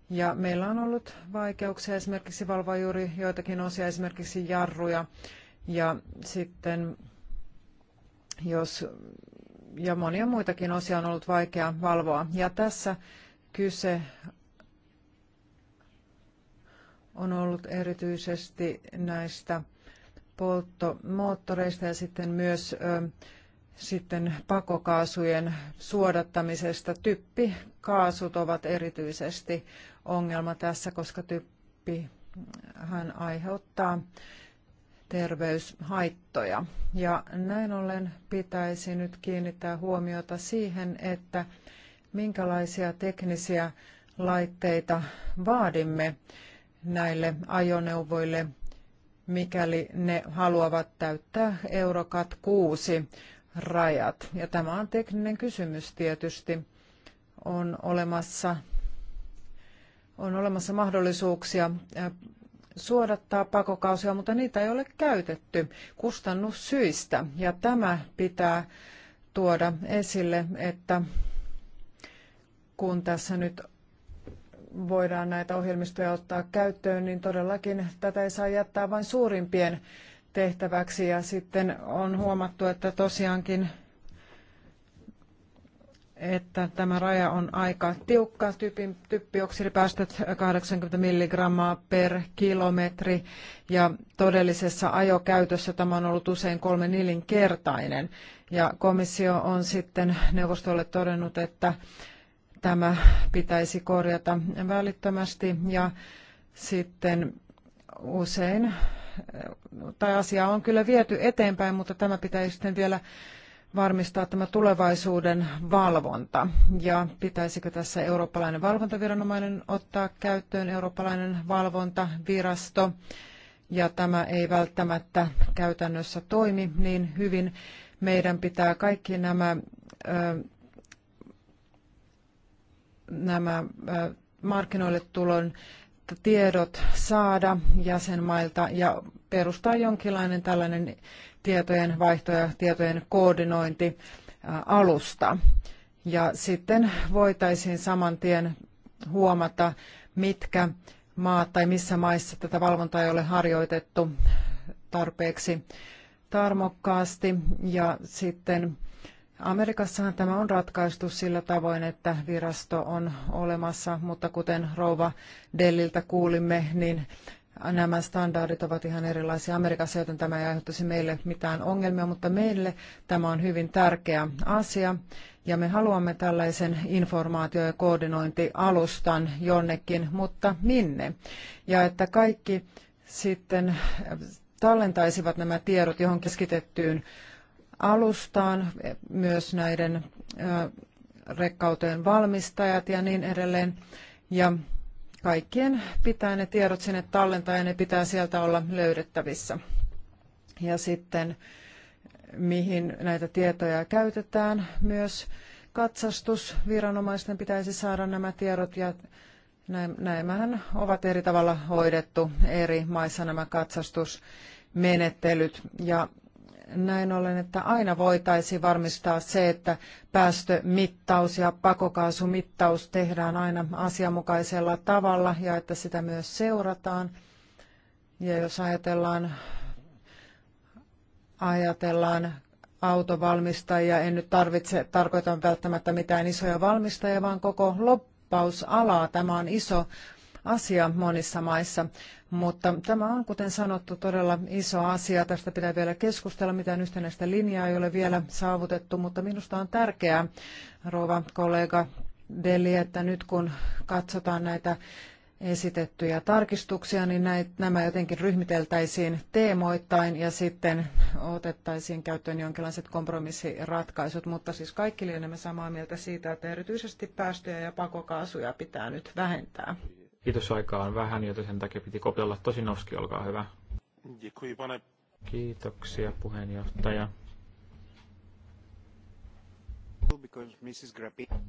Ja meillä on ollut vaikeuksia esimerkiksi valvoa juuri joitakin osia, esimerkiksi jarruja. Ja sitten jos, ja monia muitakin osia on ollut vaikea valvoa. Ja tässä kyse on ollut erityisesti näistä polttomoottoreista ja sitten myös ö, sitten pakokaasujen suodattamisesta. Typpikaasut ovat erityisesti ongelma tässä, koska typpi hän aiheuttaa terveyshaittoja. Ja näin ollen pitäisi nyt kiinnittää huomiota siihen, että minkälaisia teknisiä laitteita vaadimme näille ajoneuvoille, mikäli ne haluavat täyttää Eurokat 6 rajat. Ja tämä on tekninen kysymys tietysti. On olemassa, on olemassa mahdollisuuksia suodattaa pakokausia, mutta niitä ei ole käytetty kustannussyistä. Ja tämä pitää tuoda esille, että kun tässä nyt voidaan näitä ohjelmistoja ottaa käyttöön, niin todellakin tätä ei saa jättää vain suurimpien tehtäväksi. Ja sitten on huomattu, että tosiaankin että tämä raja on aika tiukka. Typin, typpioksidipäästöt 80 milligrammaa per kilometri ja todellisessa ajokäytössä tämä on ollut usein kolme nelinkertainen. Ja komissio on sitten neuvostolle todennut, että tämä pitäisi korjata välittömästi ja sitten usein, tai asia on kyllä viety eteenpäin, mutta tämä pitäisi sitten vielä varmistaa tämä tulevaisuuden valvonta. Ja pitäisikö tässä eurooppalainen valvontaviranomainen ottaa käyttöön eurooppalainen valvontavirasto, ja tämä ei välttämättä käytännössä toimi niin hyvin. Meidän pitää kaikki nämä nämä markkinoille tulon tiedot saada jäsenmailta ja perustaa jonkinlainen tällainen tietojen vaihto ja tietojen koordinointi alusta. Ja sitten voitaisiin saman tien huomata, mitkä maat tai missä maissa tätä valvontaa ei ole harjoitettu tarpeeksi tarmokkaasti ja sitten Amerikassahan tämä on ratkaistu sillä tavoin, että virasto on olemassa, mutta kuten rouva Delliltä kuulimme, niin nämä standardit ovat ihan erilaisia Amerikassa, joten tämä ei aiheuttaisi meille mitään ongelmia, mutta meille tämä on hyvin tärkeä asia. Ja me haluamme tällaisen informaatio- ja koordinointialustan jonnekin, mutta minne? Ja että kaikki sitten tallentaisivat nämä tiedot johonkin keskitettyyn alustaan, myös näiden rekkautojen valmistajat ja niin edelleen. Ja kaikkien pitää ne tiedot sinne tallentaa ja ne pitää sieltä olla löydettävissä. Ja sitten mihin näitä tietoja käytetään myös katsastusviranomaisten pitäisi saada nämä tiedot ja näemähän ovat eri tavalla hoidettu eri maissa nämä katsastusmenettelyt ja näin ollen, että aina voitaisiin varmistaa se, että päästömittaus ja pakokaasumittaus tehdään aina asianmukaisella tavalla ja että sitä myös seurataan. Ja jos ajatellaan, ajatellaan autovalmistajia, en nyt tarvitse, tarkoitan välttämättä mitään isoja valmistajia, vaan koko loppausalaa. Tämä on iso asia monissa maissa, mutta tämä on, kuten sanottu, todella iso asia. Tästä pitää vielä keskustella, mitään yhtenäistä linjaa ei ole vielä saavutettu, mutta minusta on tärkeää, rouva kollega Deli, että nyt kun katsotaan näitä esitettyjä tarkistuksia, niin näit, nämä jotenkin ryhmiteltäisiin teemoittain ja sitten otettaisiin käyttöön jonkinlaiset kompromissiratkaisut, mutta siis kaikki lienemme samaa mieltä siitä, että erityisesti päästöjä ja pakokaasuja pitää nyt vähentää. Kiitos, on vähän, joten sen takia piti kopella. Tosinovski, olkaa hyvä. Kiitoksia, puheenjohtaja.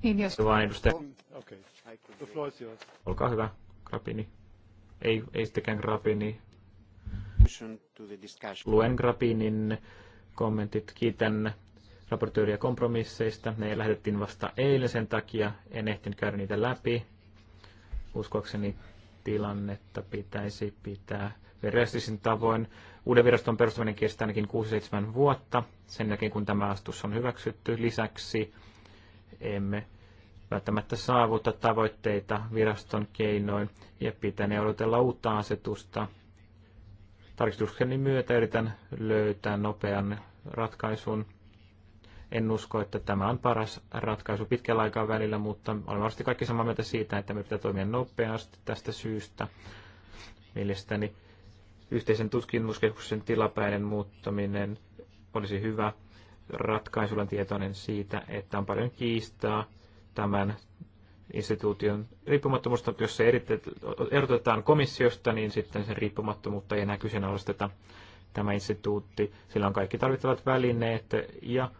Niin, jos... Vain edustaja. Okay. Olkaa hyvä, Grappini. Ei, ei sittenkään Grappini. Luen Grappinin kommentit. Kiitän raportööriä kompromisseista. Ne lähetettiin vasta eilen sen takia. En ehtinyt käydä niitä läpi Uskoakseni tilannetta pitäisi pitää realistisin tavoin. Uuden viraston perustaminen kestää ainakin 6-7 vuotta sen jälkeen, kun tämä astus on hyväksytty. Lisäksi emme välttämättä saavuta tavoitteita viraston keinoin ja pitänee odotella uutta asetusta. Tarkistukseni myötä yritän löytää nopean ratkaisun en usko, että tämä on paras ratkaisu pitkällä aikavälillä, mutta olen varmasti kaikki samaa mieltä siitä, että me pitää toimia nopeasti tästä syystä. Mielestäni yhteisen tutkimuskeskuksen tilapäinen muuttaminen olisi hyvä ratkaisulla tietoinen siitä, että on paljon kiistaa tämän instituution riippumattomuutta. Jos se erotetaan komissiosta, niin sitten sen riippumattomuutta ei enää kyseenalaisteta tämä instituutti. Sillä on kaikki tarvittavat välineet ja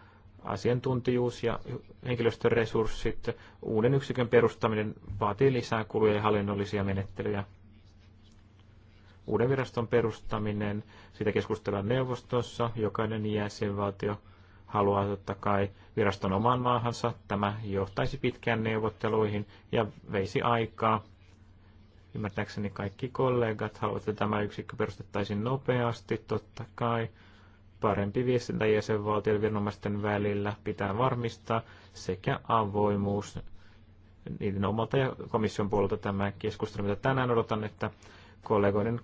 asiantuntijuus ja henkilöstöresurssit. Uuden yksikön perustaminen vaatii lisää kuluja ja hallinnollisia menettelyjä. Uuden viraston perustaminen, sitä keskustellaan neuvostossa. Jokainen jäsenvaltio haluaa totta kai viraston omaan maahansa. Tämä johtaisi pitkään neuvotteluihin ja veisi aikaa. Ymmärtääkseni kaikki kollegat haluavat, että tämä yksikkö perustettaisiin nopeasti, totta kai. Parempi viestintä jäsenvaltioiden viranomaisten välillä pitää varmistaa sekä avoimuus niiden omalta ja komission puolelta tämä keskustelu, mitä tänään odotan, että kollegoiden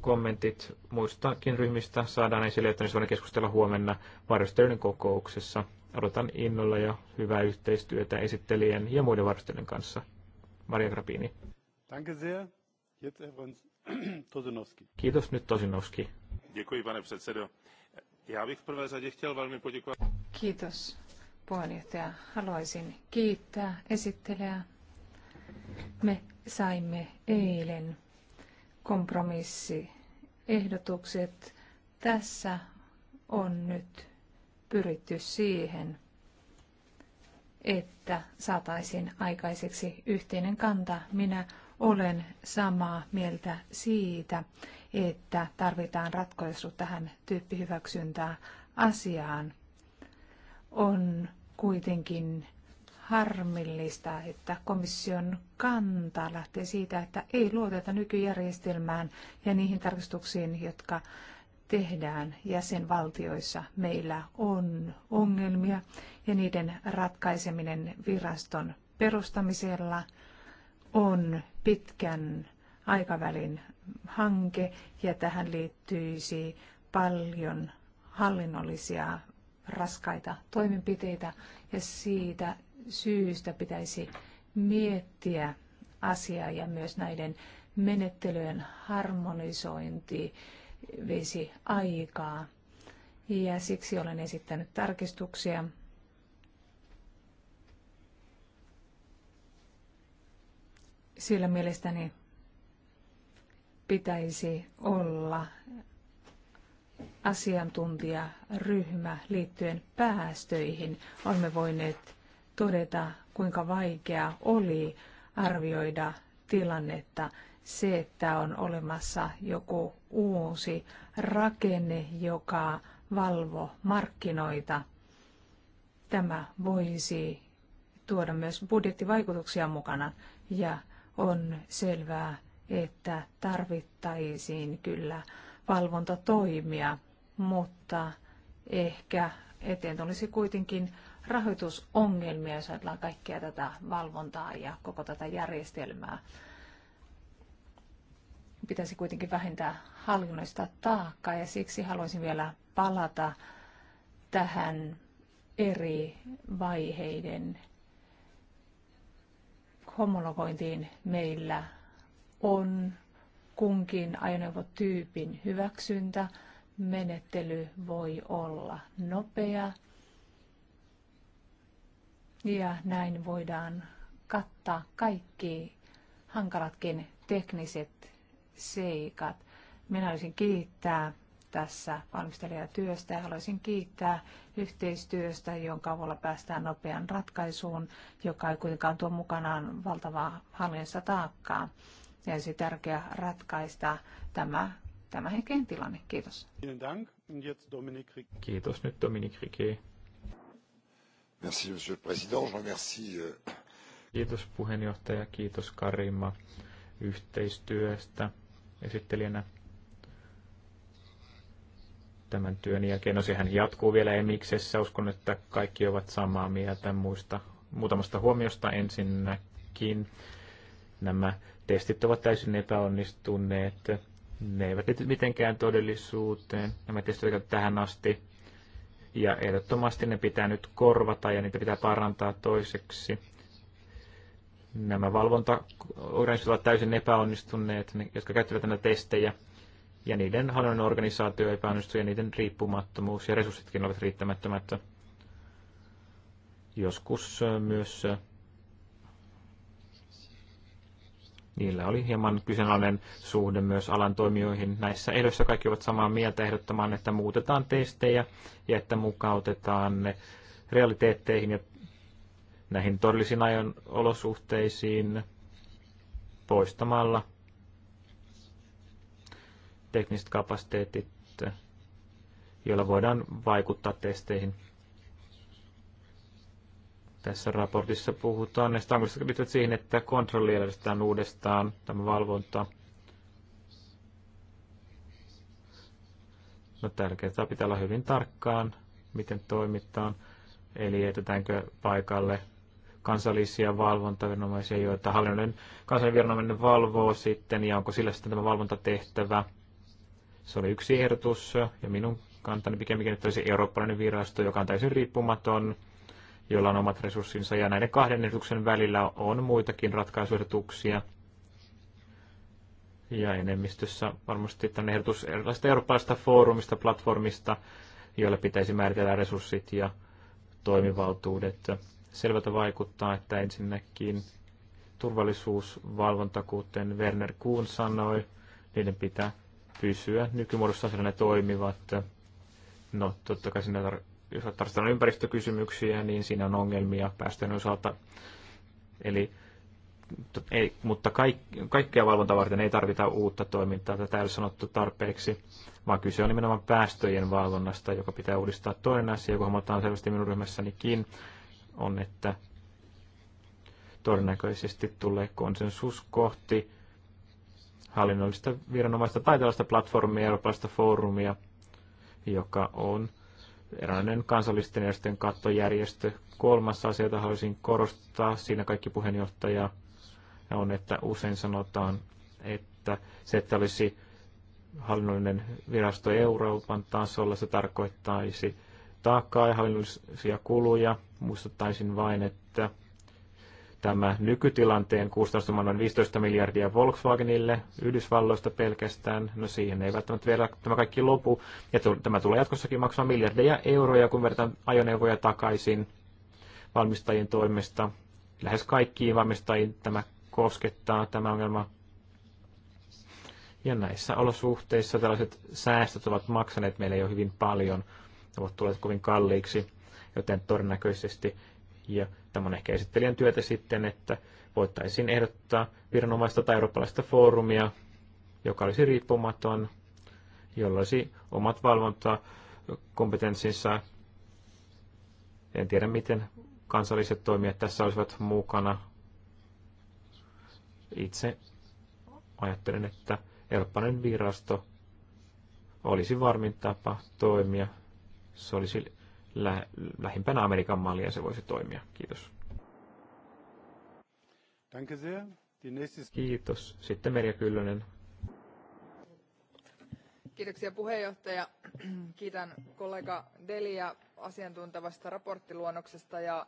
kommentit muistakin ryhmistä saadaan esille, että niistä voidaan keskustella huomenna varjostöiden kokouksessa. Odotan innolla ja hyvää yhteistyötä esittelijän ja muiden varjostöiden kanssa. Maria Grapini. Danke sehr. Jetzt Kiitos nyt Tosinowski. Děkuji, pane předsedo. Já bych v prvé řadě chtěl velmi poděkovat. Kiitos puheenjohtaja. Haluaisin kiittää esittelijää. Me saimme eilen kompromissiehdotukset. Tässä on nyt pyritty siihen, että saataisiin aikaiseksi yhteinen kanta. Minä olen samaa mieltä siitä, että tarvitaan ratkaisu tähän tyyppihyväksyntää asiaan. On kuitenkin harmillista, että komission kanta lähtee siitä, että ei luoteta nykyjärjestelmään ja niihin tarkistuksiin, jotka tehdään jäsenvaltioissa. Meillä on ongelmia ja niiden ratkaiseminen viraston perustamisella – on pitkän aikavälin hanke ja tähän liittyisi paljon hallinnollisia raskaita toimenpiteitä ja siitä syystä pitäisi miettiä asiaa ja myös näiden menettelyjen harmonisointi veisi aikaa. Ja siksi olen esittänyt tarkistuksia sillä mielestäni pitäisi olla asiantuntijaryhmä liittyen päästöihin. Olemme voineet todeta, kuinka vaikea oli arvioida tilannetta. Se, että on olemassa joku uusi rakenne, joka valvo markkinoita, tämä voisi tuoda myös budjettivaikutuksia mukana ja on selvää, että tarvittaisiin kyllä valvontatoimia, mutta ehkä eteen tulisi kuitenkin rahoitusongelmia, jos ajatellaan kaikkea tätä valvontaa ja koko tätä järjestelmää. Pitäisi kuitenkin vähentää hallinnoista taakkaa ja siksi haluaisin vielä palata tähän eri vaiheiden homologointiin meillä on kunkin ajoneuvotyypin hyväksyntä. Menettely voi olla nopea ja näin voidaan kattaa kaikki hankalatkin tekniset seikat. Minä haluaisin kiittää tässä valmistelijatyöstä ja haluaisin kiittää yhteistyöstä, jonka avulla päästään nopean ratkaisuun, joka ei kuitenkaan tuo mukanaan valtavaa hallinnassa taakkaa. Ja olisi tärkeää ratkaista tämä tämänhetkinen tilanne. Kiitos. Kiitos. Nyt Dominik Rikki. Merci, monsieur le président. Je remercie... Euh, kiitos puheenjohtaja, kiitos Karima yhteistyöstä esittelijänä tämän työn jälkeen. No sehän jatkuu vielä Emiksessä. Uskon, että kaikki ovat samaa mieltä muista muutamasta huomiosta ensinnäkin. Nämä testit ovat täysin epäonnistuneet. Ne eivät liity mitenkään todellisuuteen. Nämä testit ovat tähän asti. Ja ehdottomasti ne pitää nyt korvata ja niitä pitää parantaa toiseksi. Nämä valvontaorganisaatiot ovat täysin epäonnistuneet, ne, jotka käyttävät näitä testejä ja niiden hallinnon organisaatio epäonnistui ja niiden riippumattomuus ja resurssitkin olivat riittämättömät. Joskus myös niillä oli hieman kyseenalainen suhde myös alan toimijoihin. Näissä ehdoissa kaikki ovat samaa mieltä ehdottamaan, että muutetaan testejä ja että mukautetaan ne realiteetteihin ja näihin todellisiin ajan olosuhteisiin poistamalla tekniset kapasiteetit, joilla voidaan vaikuttaa testeihin. Tässä raportissa puhutaan näistä anglista liittyvät siihen, että kontrolli järjestetään uudestaan, tämä valvonta. No tärkeää pitää olla hyvin tarkkaan, miten toimitaan. Eli jätetäänkö paikalle kansallisia valvontaviranomaisia, joita hallinnollinen kansallinen viranomainen valvoo sitten, ja onko sillä sitten tämä valvontatehtävä – se oli yksi ehdotus, ja minun kantani pikemminkin, että olisi eurooppalainen virasto, joka on täysin riippumaton, jolla on omat resurssinsa, ja näiden kahden ehdotuksen välillä on muitakin ratkaisuehdotuksia. Ja enemmistössä varmasti tämän ehdotus erilaisista eurooppalaisista foorumista, platformista, joilla pitäisi määritellä resurssit ja toimivaltuudet. Selvältä vaikuttaa, että ensinnäkin turvallisuusvalvonta, kuten Werner Kuhn sanoi, niiden pitää pysyä nykymuodossa, sillä ne toimivat. No, totta kai siinä jos tarkastellaan ympäristökysymyksiä, niin siinä on ongelmia päästöjen osalta. Eli, ei, mutta kaik, kaikkea valvontaa varten ei tarvita uutta toimintaa, tätä ei ole sanottu tarpeeksi, vaan kyse on nimenomaan päästöjen valvonnasta, joka pitää uudistaa. Toinen asia, joka huomataan selvästi minun ryhmässänikin, on, että todennäköisesti tulee konsensus kohti hallinnollista viranomaista tai tällaista platformia, eurooppalaista foorumia, joka on eräänlainen kansallisten järjestöjen kattojärjestö. Kolmas asia, jota haluaisin korostaa, siinä kaikki puheenjohtaja on, että usein sanotaan, että se, että olisi hallinnollinen virasto Euroopan tasolla, se tarkoittaisi taakkaa ja hallinnollisia kuluja. Muistuttaisin vain, että tämä nykytilanteen kustannustuma noin 15 miljardia Volkswagenille Yhdysvalloista pelkästään. No siihen ei välttämättä vielä tämä kaikki lopu. Ja tämä tulee jatkossakin maksamaan miljardeja euroja, kun verrataan ajoneuvoja takaisin valmistajien toimesta. Lähes kaikkiin valmistajiin tämä koskettaa tämä ongelma. Ja näissä olosuhteissa tällaiset säästöt ovat maksaneet meille jo hyvin paljon. Ne ovat tulleet kovin kalliiksi, joten todennäköisesti ja tämän ehkä esittelijän työtä sitten, että voitaisiin ehdottaa viranomaista tai eurooppalaista foorumia, joka olisi riippumaton, jolla olisi omat valvontakompetenssinsa. En tiedä, miten kansalliset toimijat tässä olisivat mukana. Itse ajattelen, että eurooppalainen virasto olisi varmin tapa toimia. Se olisi lä- lähimpänä Amerikan mallia se voisi toimia. Kiitos. Kiitos. Sitten Merja Kyllönen. Kiitoksia puheenjohtaja. Kiitän kollega Delia asiantuntevasta raporttiluonnoksesta ja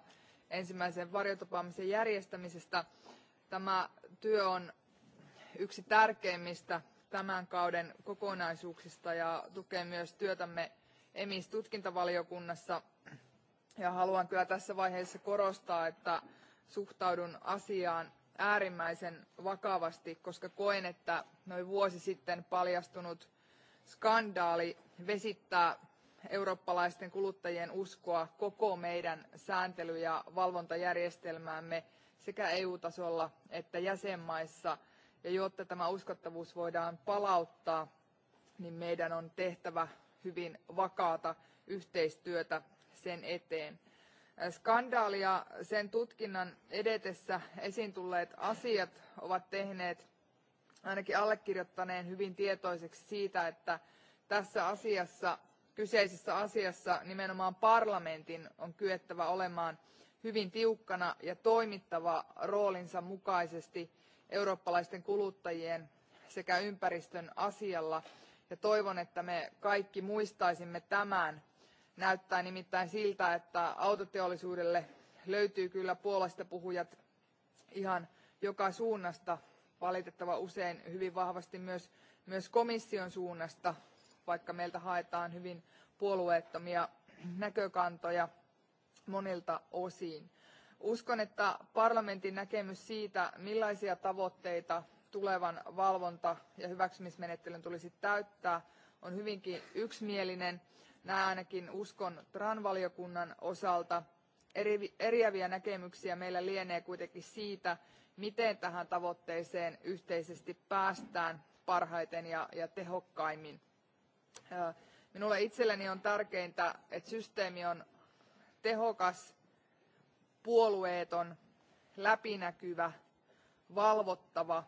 ensimmäisen varjotapaamisen järjestämisestä. Tämä työ on yksi tärkeimmistä tämän kauden kokonaisuuksista ja tukee myös työtämme emis tutkintavaliokunnassa ja haluan kyllä tässä vaiheessa korostaa että suhtaudun asiaan äärimmäisen vakavasti koska koen että noin vuosi sitten paljastunut skandaali vesittää eurooppalaisten kuluttajien uskoa koko meidän sääntely ja valvontajärjestelmäämme sekä eu tasolla että jäsenmaissa ja jotta tämä uskottavuus voidaan palauttaa niin meidän on tehtävä hyvin vakaata yhteistyötä sen eteen. Skandaali ja sen tutkinnan edetessä esiin tulleet asiat ovat tehneet ainakin allekirjoittaneen hyvin tietoiseksi siitä, että tässä asiassa, kyseisessä asiassa nimenomaan parlamentin on kyettävä olemaan hyvin tiukkana ja toimittava roolinsa mukaisesti eurooppalaisten kuluttajien sekä ympäristön asialla – ja toivon että me kaikki muistaisimme tämän. näyttää nimittäin siltä että autoteollisuudelle löytyy kyllä puolestapuhujat ihan joka suunnasta valitettavan usein hyvin vahvasti myös, myös komission suunnasta vaikka meiltä haetaan hyvin puolueettomia näkökantoja monilta osin. uskon että parlamentin näkemys siitä millaisia tavoitteita tulevan valvonta ja hyväksymismenettelyn tulisi täyttää on hyvinkin yksimielinen. näin ainakin uskon tran valiokunnan osalta. Eri, eriäviä näkemyksiä meillä lienee kuitenkin siitä miten tähän tavoitteeseen yhteisesti päästään parhaiten ja, ja tehokkaimmin. minulle itselleni on tärkeintä että systeemi on tehokas puolueeton läpinäkyvä valvottava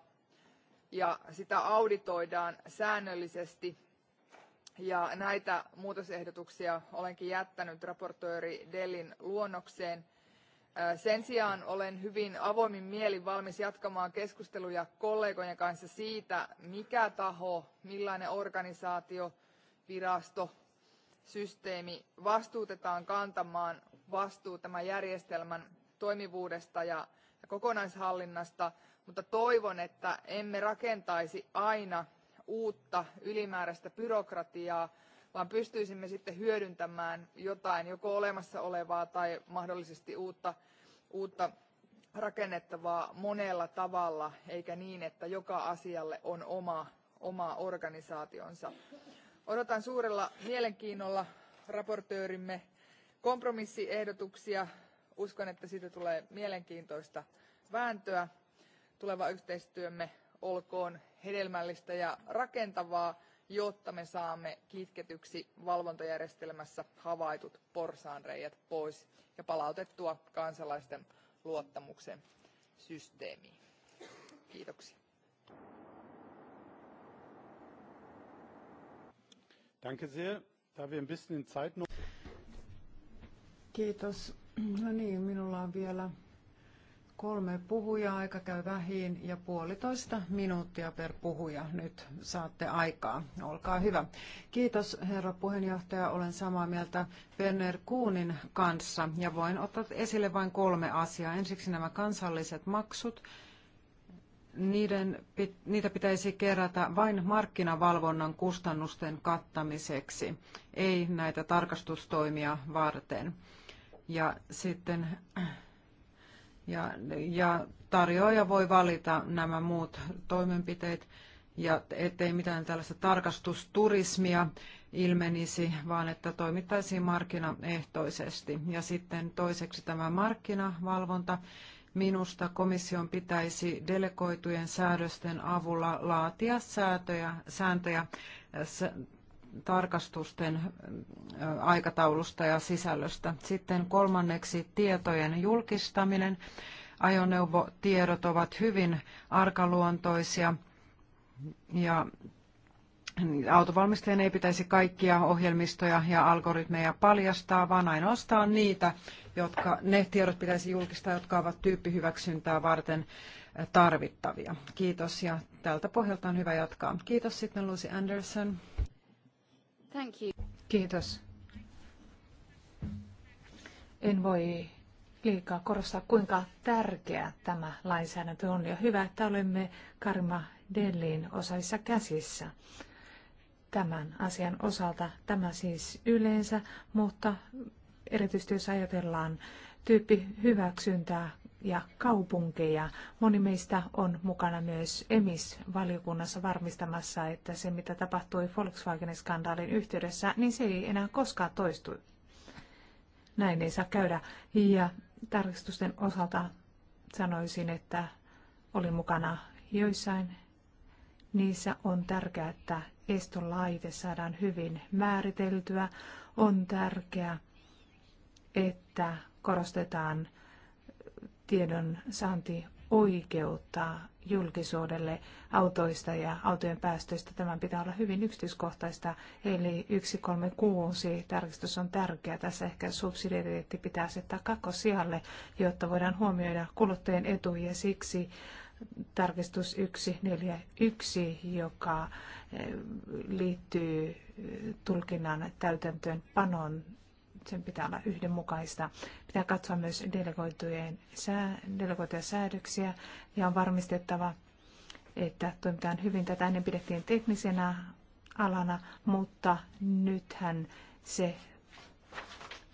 ja sitä auditoidaan säännöllisesti. Ja näitä muutosehdotuksia olenkin jättänyt raportööri Dellin luonnokseen. Sen sijaan olen hyvin avoimin mielin valmis jatkamaan keskusteluja kollegojen kanssa siitä, mikä taho, millainen organisaatio, virasto, systeemi vastuutetaan kantamaan vastuu tämän järjestelmän toimivuudesta ja kokonaishallinnasta – mutta toivon, että emme rakentaisi aina uutta ylimääräistä byrokratiaa, vaan pystyisimme sitten hyödyntämään jotain joko olemassa olevaa tai mahdollisesti uutta, uutta rakennettavaa monella tavalla, eikä niin, että joka asialle on oma, oma organisaationsa. Odotan suurella mielenkiinnolla raportöörimme kompromissiehdotuksia. Uskon, että siitä tulee mielenkiintoista vääntöä tuleva yhteistyömme olkoon hedelmällistä ja rakentavaa, jotta me saamme kitketyksi valvontajärjestelmässä havaitut porsaanreijät pois ja palautettua kansalaisten luottamuksen systeemiin. Kiitoksia. Danke sehr. Da wir ein bisschen in Zeit noch... Kiitos. No niin, minulla on vielä kolme puhujaa, aika käy vähin ja puolitoista minuuttia per puhuja. Nyt saatte aikaa. Olkaa hyvä. Kiitos herra puheenjohtaja. Olen samaa mieltä Werner Kuunin kanssa ja voin ottaa esille vain kolme asiaa. Ensiksi nämä kansalliset maksut. Niiden, niitä pitäisi kerätä vain markkinavalvonnan kustannusten kattamiseksi, ei näitä tarkastustoimia varten. Ja sitten ja, ja tarjoaja voi valita nämä muut toimenpiteet, ja ettei mitään tällaista tarkastusturismia ilmenisi, vaan että toimittaisiin markkinaehtoisesti. Ja sitten toiseksi tämä markkinavalvonta. Minusta komission pitäisi delegoitujen säädösten avulla laatia säätöjä, sääntöjä tarkastusten aikataulusta ja sisällöstä. Sitten kolmanneksi tietojen julkistaminen. Ajoneuvotiedot ovat hyvin arkaluontoisia ja autovalmistajien ei pitäisi kaikkia ohjelmistoja ja algoritmeja paljastaa, vaan ainoastaan niitä, jotka ne tiedot pitäisi julkistaa, jotka ovat tyyppihyväksyntää varten tarvittavia. Kiitos ja tältä pohjalta on hyvä jatkaa. Kiitos sitten Lucy Anderson. Thank you. Kiitos. En voi liikaa korostaa, kuinka tärkeä tämä lainsäädäntö on. Ja hyvä, että olemme Karma Dellin osaissa käsissä tämän asian osalta. Tämä siis yleensä, mutta erityisesti jos ajatellaan tyyppi hyväksyntää ja kaupunkeja. Moni meistä on mukana myös EMIS-valiokunnassa varmistamassa, että se mitä tapahtui Volkswagenin skandaalin yhteydessä, niin se ei enää koskaan toistu. Näin ei saa käydä. Ja tarkistusten osalta sanoisin, että olin mukana joissain. Niissä on tärkeää, että laite saadaan hyvin määriteltyä. On tärkeää, että korostetaan – tiedon saanti oikeutta julkisuudelle autoista ja autojen päästöistä. Tämän pitää olla hyvin yksityiskohtaista, eli 136 tarkistus on tärkeä. Tässä ehkä subsidiariteetti pitää asettaa kakkosijalle, jotta voidaan huomioida kuluttajien etu ja siksi tarkistus 141, joka eh, liittyy eh, tulkinnan täytäntöönpanon sen pitää olla yhdenmukaista. Pitää katsoa myös delegoitujen sää, delegoituja säädöksiä ja on varmistettava, että toimitaan hyvin. Tätä ennen pidettiin teknisenä alana, mutta nythän se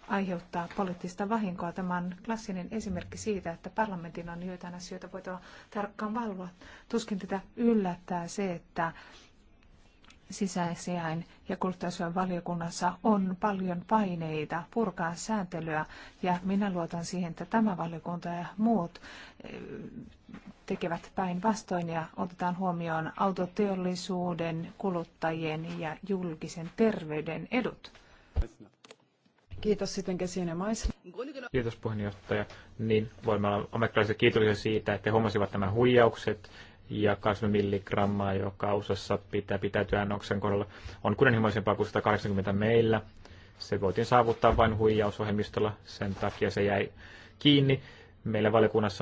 aiheuttaa poliittista vahinkoa. Tämä on klassinen esimerkki siitä, että parlamentin on joitain asioita voitava tarkkaan valvoa. Tuskin tätä yllättää se, että sisäisiäin ja kulttuurisen valiokunnassa on paljon paineita purkaa sääntelyä ja minä luotan siihen, että tämä valiokunta ja muut eh, tekevät päinvastoin ja otetaan huomioon autoteollisuuden, kuluttajien ja julkisen terveyden edut. Kiitos sitten kesine ja Mais. Kiitos puheenjohtaja. Niin, voimme olla amerikkalaisille kiitollisia siitä, että he huomasivat tämän huijaukset ja 20 milligrammaa, joka USAssa pitää pitäytyä annoksen kohdalla, on kunnianhimoisempaa kuin 180 meillä. Se voitiin saavuttaa vain huijausohjelmistolla, sen takia se jäi kiinni. Meillä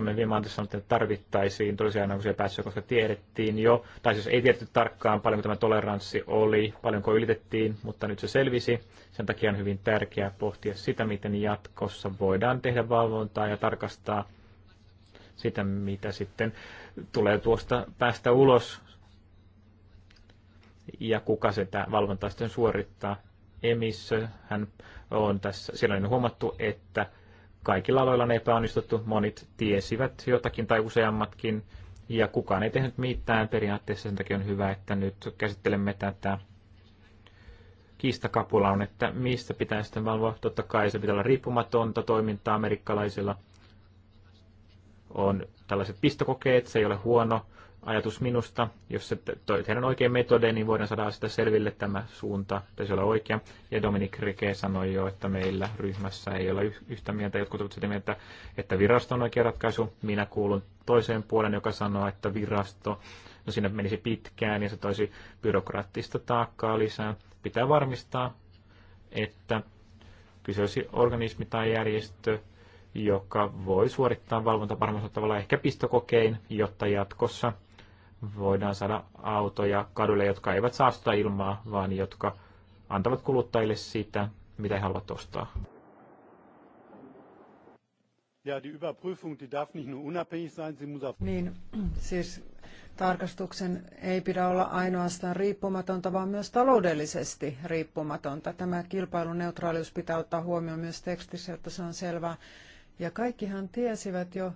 me viime Antti sanottiin, että tarvittaisiin todellisia annoksia päässä, koska tiedettiin jo, tai siis ei tiedetty tarkkaan, mitä tämä toleranssi oli, paljonko ylitettiin, mutta nyt se selvisi. Sen takia on hyvin tärkeää pohtia sitä, miten jatkossa voidaan tehdä valvontaa ja tarkastaa sitä, mitä sitten tulee tuosta päästä ulos ja kuka sitä valvontaa sitten suorittaa. Emissö, hän on tässä, siellä on huomattu, että kaikilla aloilla on epäonnistuttu, monit tiesivät jotakin tai useammatkin, ja kukaan ei tehnyt mitään periaatteessa, sen takia on hyvä, että nyt käsittelemme tätä kiistakapula on, että mistä pitää sitten valvoa. Totta kai se pitää olla riippumatonta toimintaa amerikkalaisilla on tällaiset pistokokeet, se ei ole huono ajatus minusta. Jos se tehdään oikein metode, niin voidaan saada sitä selville tämä suunta, pitäisi ole oikea. Ja Dominik Rike sanoi jo, että meillä ryhmässä ei ole yhtä mieltä. Jotkut ovat sitä mieltä, että virasto on oikea ratkaisu. Minä kuulun toiseen puolen, joka sanoo, että virasto, no siinä menisi pitkään ja se toisi byrokraattista taakkaa lisää. Pitää varmistaa, että kyseisi organismi tai järjestö, joka voi suorittaa valvonta parhaimmassa tavalla ehkä pistokokein, jotta jatkossa voidaan saada autoja kaduille, jotka eivät saastuta ilmaa, vaan jotka antavat kuluttajille sitä, mitä he haluavat ostaa. Ja, die Überprüfung, die darf nicht nur unabhängig sein, sie muss auf... Niin, siis tarkastuksen ei pidä olla ainoastaan riippumatonta, vaan myös taloudellisesti riippumatonta. Tämä kilpailuneutraalius pitää ottaa huomioon myös tekstissä, jotta se on selvää. Ja kaikkihan tiesivät jo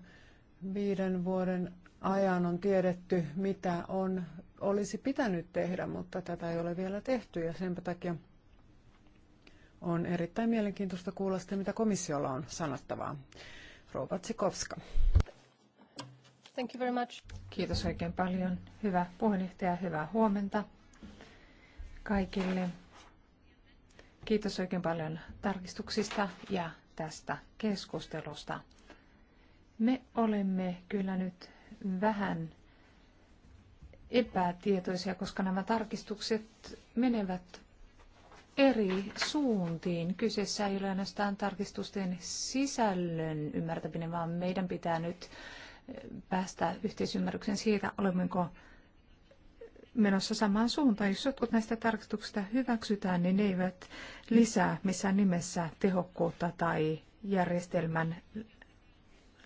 viiden vuoden ajan on tiedetty, mitä on, olisi pitänyt tehdä, mutta tätä ei ole vielä tehty ja sen takia on erittäin mielenkiintoista kuulla sitä, mitä komissiolla on sanottavaa. Rouva Tsikovska. Thank you very much. Kiitos oikein paljon. Hyvä puheenjohtaja, hyvää huomenta kaikille. Kiitos oikein paljon tarkistuksista ja tästä keskustelusta. Me olemme kyllä nyt vähän epätietoisia, koska nämä tarkistukset menevät eri suuntiin. Kyseessä ei ole ainoastaan tarkistusten sisällön ymmärtäminen, vaan meidän pitää nyt päästä yhteisymmärryksen siitä, olemmeko menossa samaan suuntaan. Jos jotkut näistä tarkistuksista hyväksytään, niin ne eivät lisää missään nimessä tehokkuutta tai järjestelmän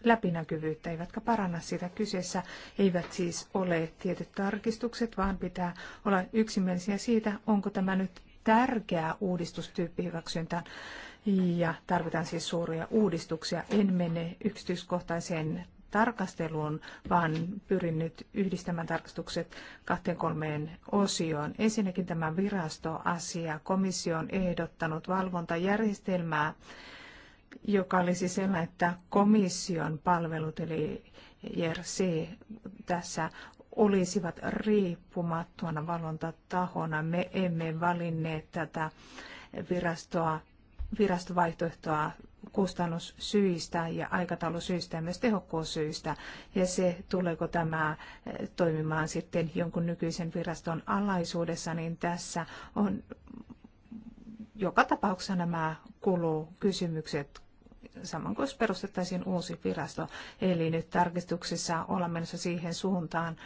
läpinäkyvyyttä, eivätkä paranna sitä. Kyseessä eivät siis ole tietyt tarkistukset, vaan pitää olla yksimielisiä siitä, onko tämä nyt tärkeä uudistustyyppi hyväksyntään. Ja tarvitaan siis suuria uudistuksia. En mene yksityiskohtaiseen tarkasteluun, vaan pyrin nyt yhdistämään tarkastukset kahteen kolmeen osioon. Ensinnäkin tämä virastoasia. Komissio on ehdottanut valvontajärjestelmää, joka olisi siis sellainen, että komission palvelut, eli IRC e tässä olisivat riippumattomana valvontatahona. Me emme valinneet tätä virastoa virastovaihtoehtoa kustannussyistä ja aikataulusyistä ja myös tehokkuussyistä. Ja se, tuleeko tämä eh, toimimaan sitten jonkun nykyisen viraston alaisuudessa, niin tässä on joka tapauksessa nämä kulukysymykset saman kuin perustettaisiin uusi virasto. Eli nyt tarkistuksessa ollaan menossa siihen suuntaan,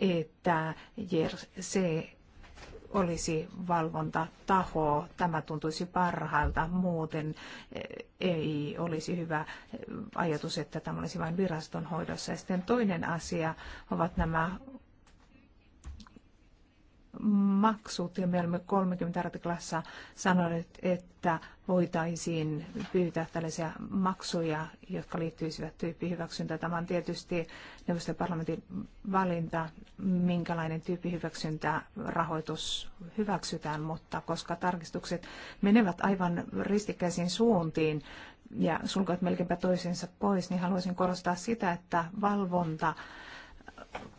että JRC olisi valvontataho. Tämä tuntuisi parhaalta. Muuten eh, ei olisi hyvä eh, ajatus, että tämä olisi vain viraston hoidossa. Ja sitten toinen asia ovat nämä maksut, ja me olemme 30 artiklassa sanoneet, että voitaisiin pyytää tällaisia maksuja, jotka liittyisivät tyyppihyväksyntään. Tämä on tietysti neuvoston parlamentin valinta, minkälainen tyyppihyväksyntä rahoitus hyväksytään, mutta koska tarkistukset menevät aivan ristikkäisiin suuntiin, ja sulkoit melkeinpä toisensa pois, niin haluaisin korostaa sitä, että valvonta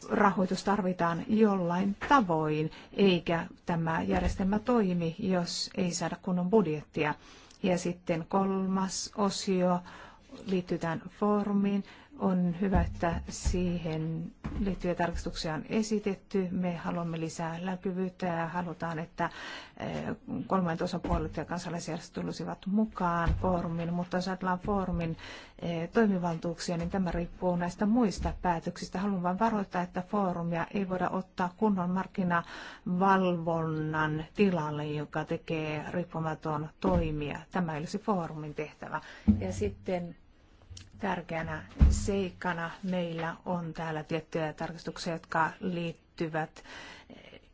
rahoitus tarvitaan jollain tavoin, eikä tämä järjestelmä toimi, jos ei saada kunnon budjettia. Ja sitten kolmas osio liittyy tähän foorumiin. On hyvä, että siihen liittyviä tarkistuksia on esitetty. Me haluamme lisää läpivyyttä ja halutaan, että eh, kolmannet osapuolet ja kansalaisjärjestöt tulisivat mukaan foorumin, mutta jos ajatellaan foorumin eh, toimivaltuuksia, niin tämä riippuu näistä muista päätöksistä. Haluan vain varoittaa, että foorumia ei voida ottaa kunnon markkinavalvonnan tilalle, joka tekee riippumaton toimia. Tämä ei olisi foorumin tehtävä. Ja sitten tärkeänä seikkana meillä on täällä tiettyjä tarkastuksia, jotka liittyvät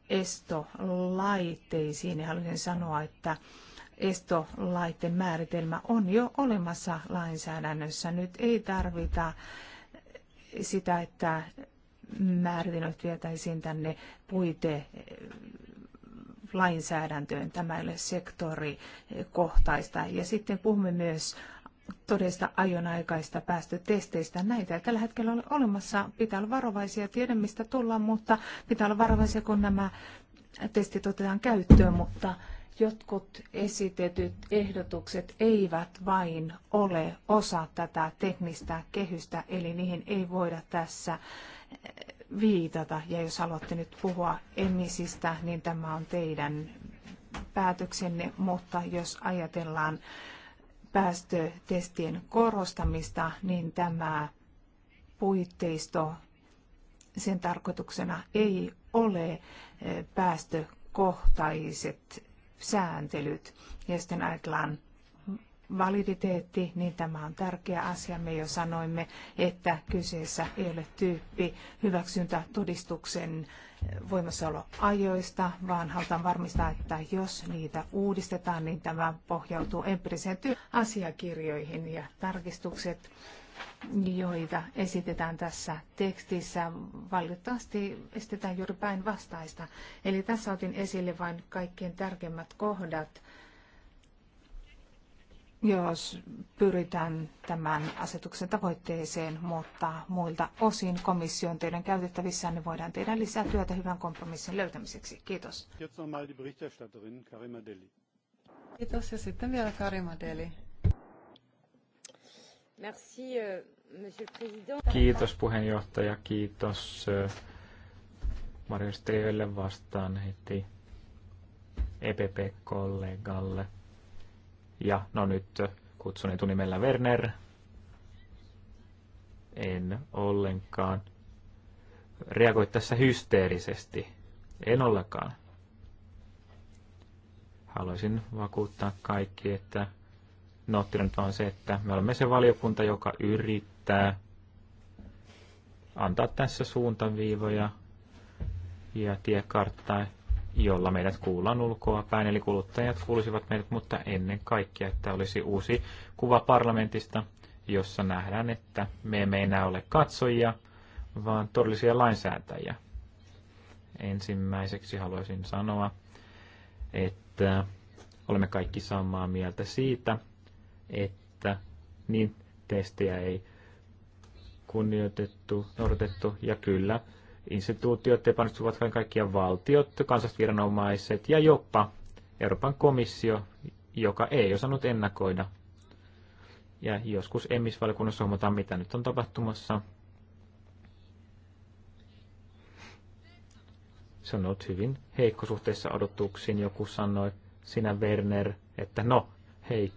estolaitteisiin. Ja haluaisin sanoa, että estolaitteen määritelmä on jo olemassa lainsäädännössä. Nyt ei tarvita sitä, että määritelmät vietäisiin tänne puite lainsäädäntöön. Tämä ei ole sektorikohtaista. Ja sitten puhumme myös todesta ajonaikaista päästötesteistä. Näitä ei tällä hetkellä ole olemassa. Pitää olla varovaisia, tiedä mistä tullaan, mutta pitää olla varovaisia, kun nämä testit otetaan käyttöön, mutta jotkut esitetyt ehdotukset eivät vain ole osa tätä teknistä kehystä, eli niihin ei voida tässä eh, viitata. Ja jos haluatte nyt puhua emisistä, niin tämä on teidän päätöksenne, mutta jos ajatellaan päästötestien korostamista, niin tämä puitteisto, sen tarkoituksena ei ole eh, päästökohtaiset sääntelyt. Ja sitten ajatellaan validiteetti, niin tämä on tärkeä asia. Me jo sanoimme, että kyseessä ei ole tyyppi hyväksyntä todistuksen voimassaoloajoista, vaan halutaan varmistaa, että jos niitä uudistetaan, niin tämä pohjautuu empiiriseen asiakirjoihin ja tarkistukset joita esitetään tässä tekstissä, valitettavasti esitetään juuri päinvastaista. Eli tässä otin esille vain kaikkien tärkeimmät kohdat jos pyritään tämän asetuksen tavoitteeseen, mutta muilta osin komission teidän käytettävissä, niin voidaan tehdä lisää työtä hyvän kompromissin löytämiseksi. Kiitos. Kiitos ja sitten vielä Karima Deli. Merci, euh, monsieur le président. Kiitos puheenjohtaja, kiitos äh, Marjo Steele vastaan heti EPP-kollegalle. Ja no nyt kutsun etunimellä Werner. En ollenkaan reagoi tässä hysteerisesti. En ollenkaan. Haluaisin vakuuttaa kaikki, että noottina nyt on se, että me olemme se valiokunta, joka yrittää antaa tässä suuntaviivoja ja tiekarttaa jolla meidät kuullaan ulkoa päin, eli kuluttajat kuulisivat meidät, mutta ennen kaikkea, että olisi uusi kuva parlamentista, jossa nähdään, että me emme enää ole katsojia, vaan todellisia lainsäätäjiä. Ensimmäiseksi haluaisin sanoa, että olemme kaikki samaa mieltä siitä, että niin testejä ei kunnioitettu, noudatettu ja kyllä instituutiot epäonnistuvat vain kaikkia valtiot, kansalliset viranomaiset ja jopa Euroopan komissio, joka ei osannut ennakoida. Ja joskus emisvaliokunnassa huomataan, mitä nyt on tapahtumassa. Se on ollut hyvin heikko suhteessa odotuksiin. Joku sanoi, sinä Werner, että no, hei,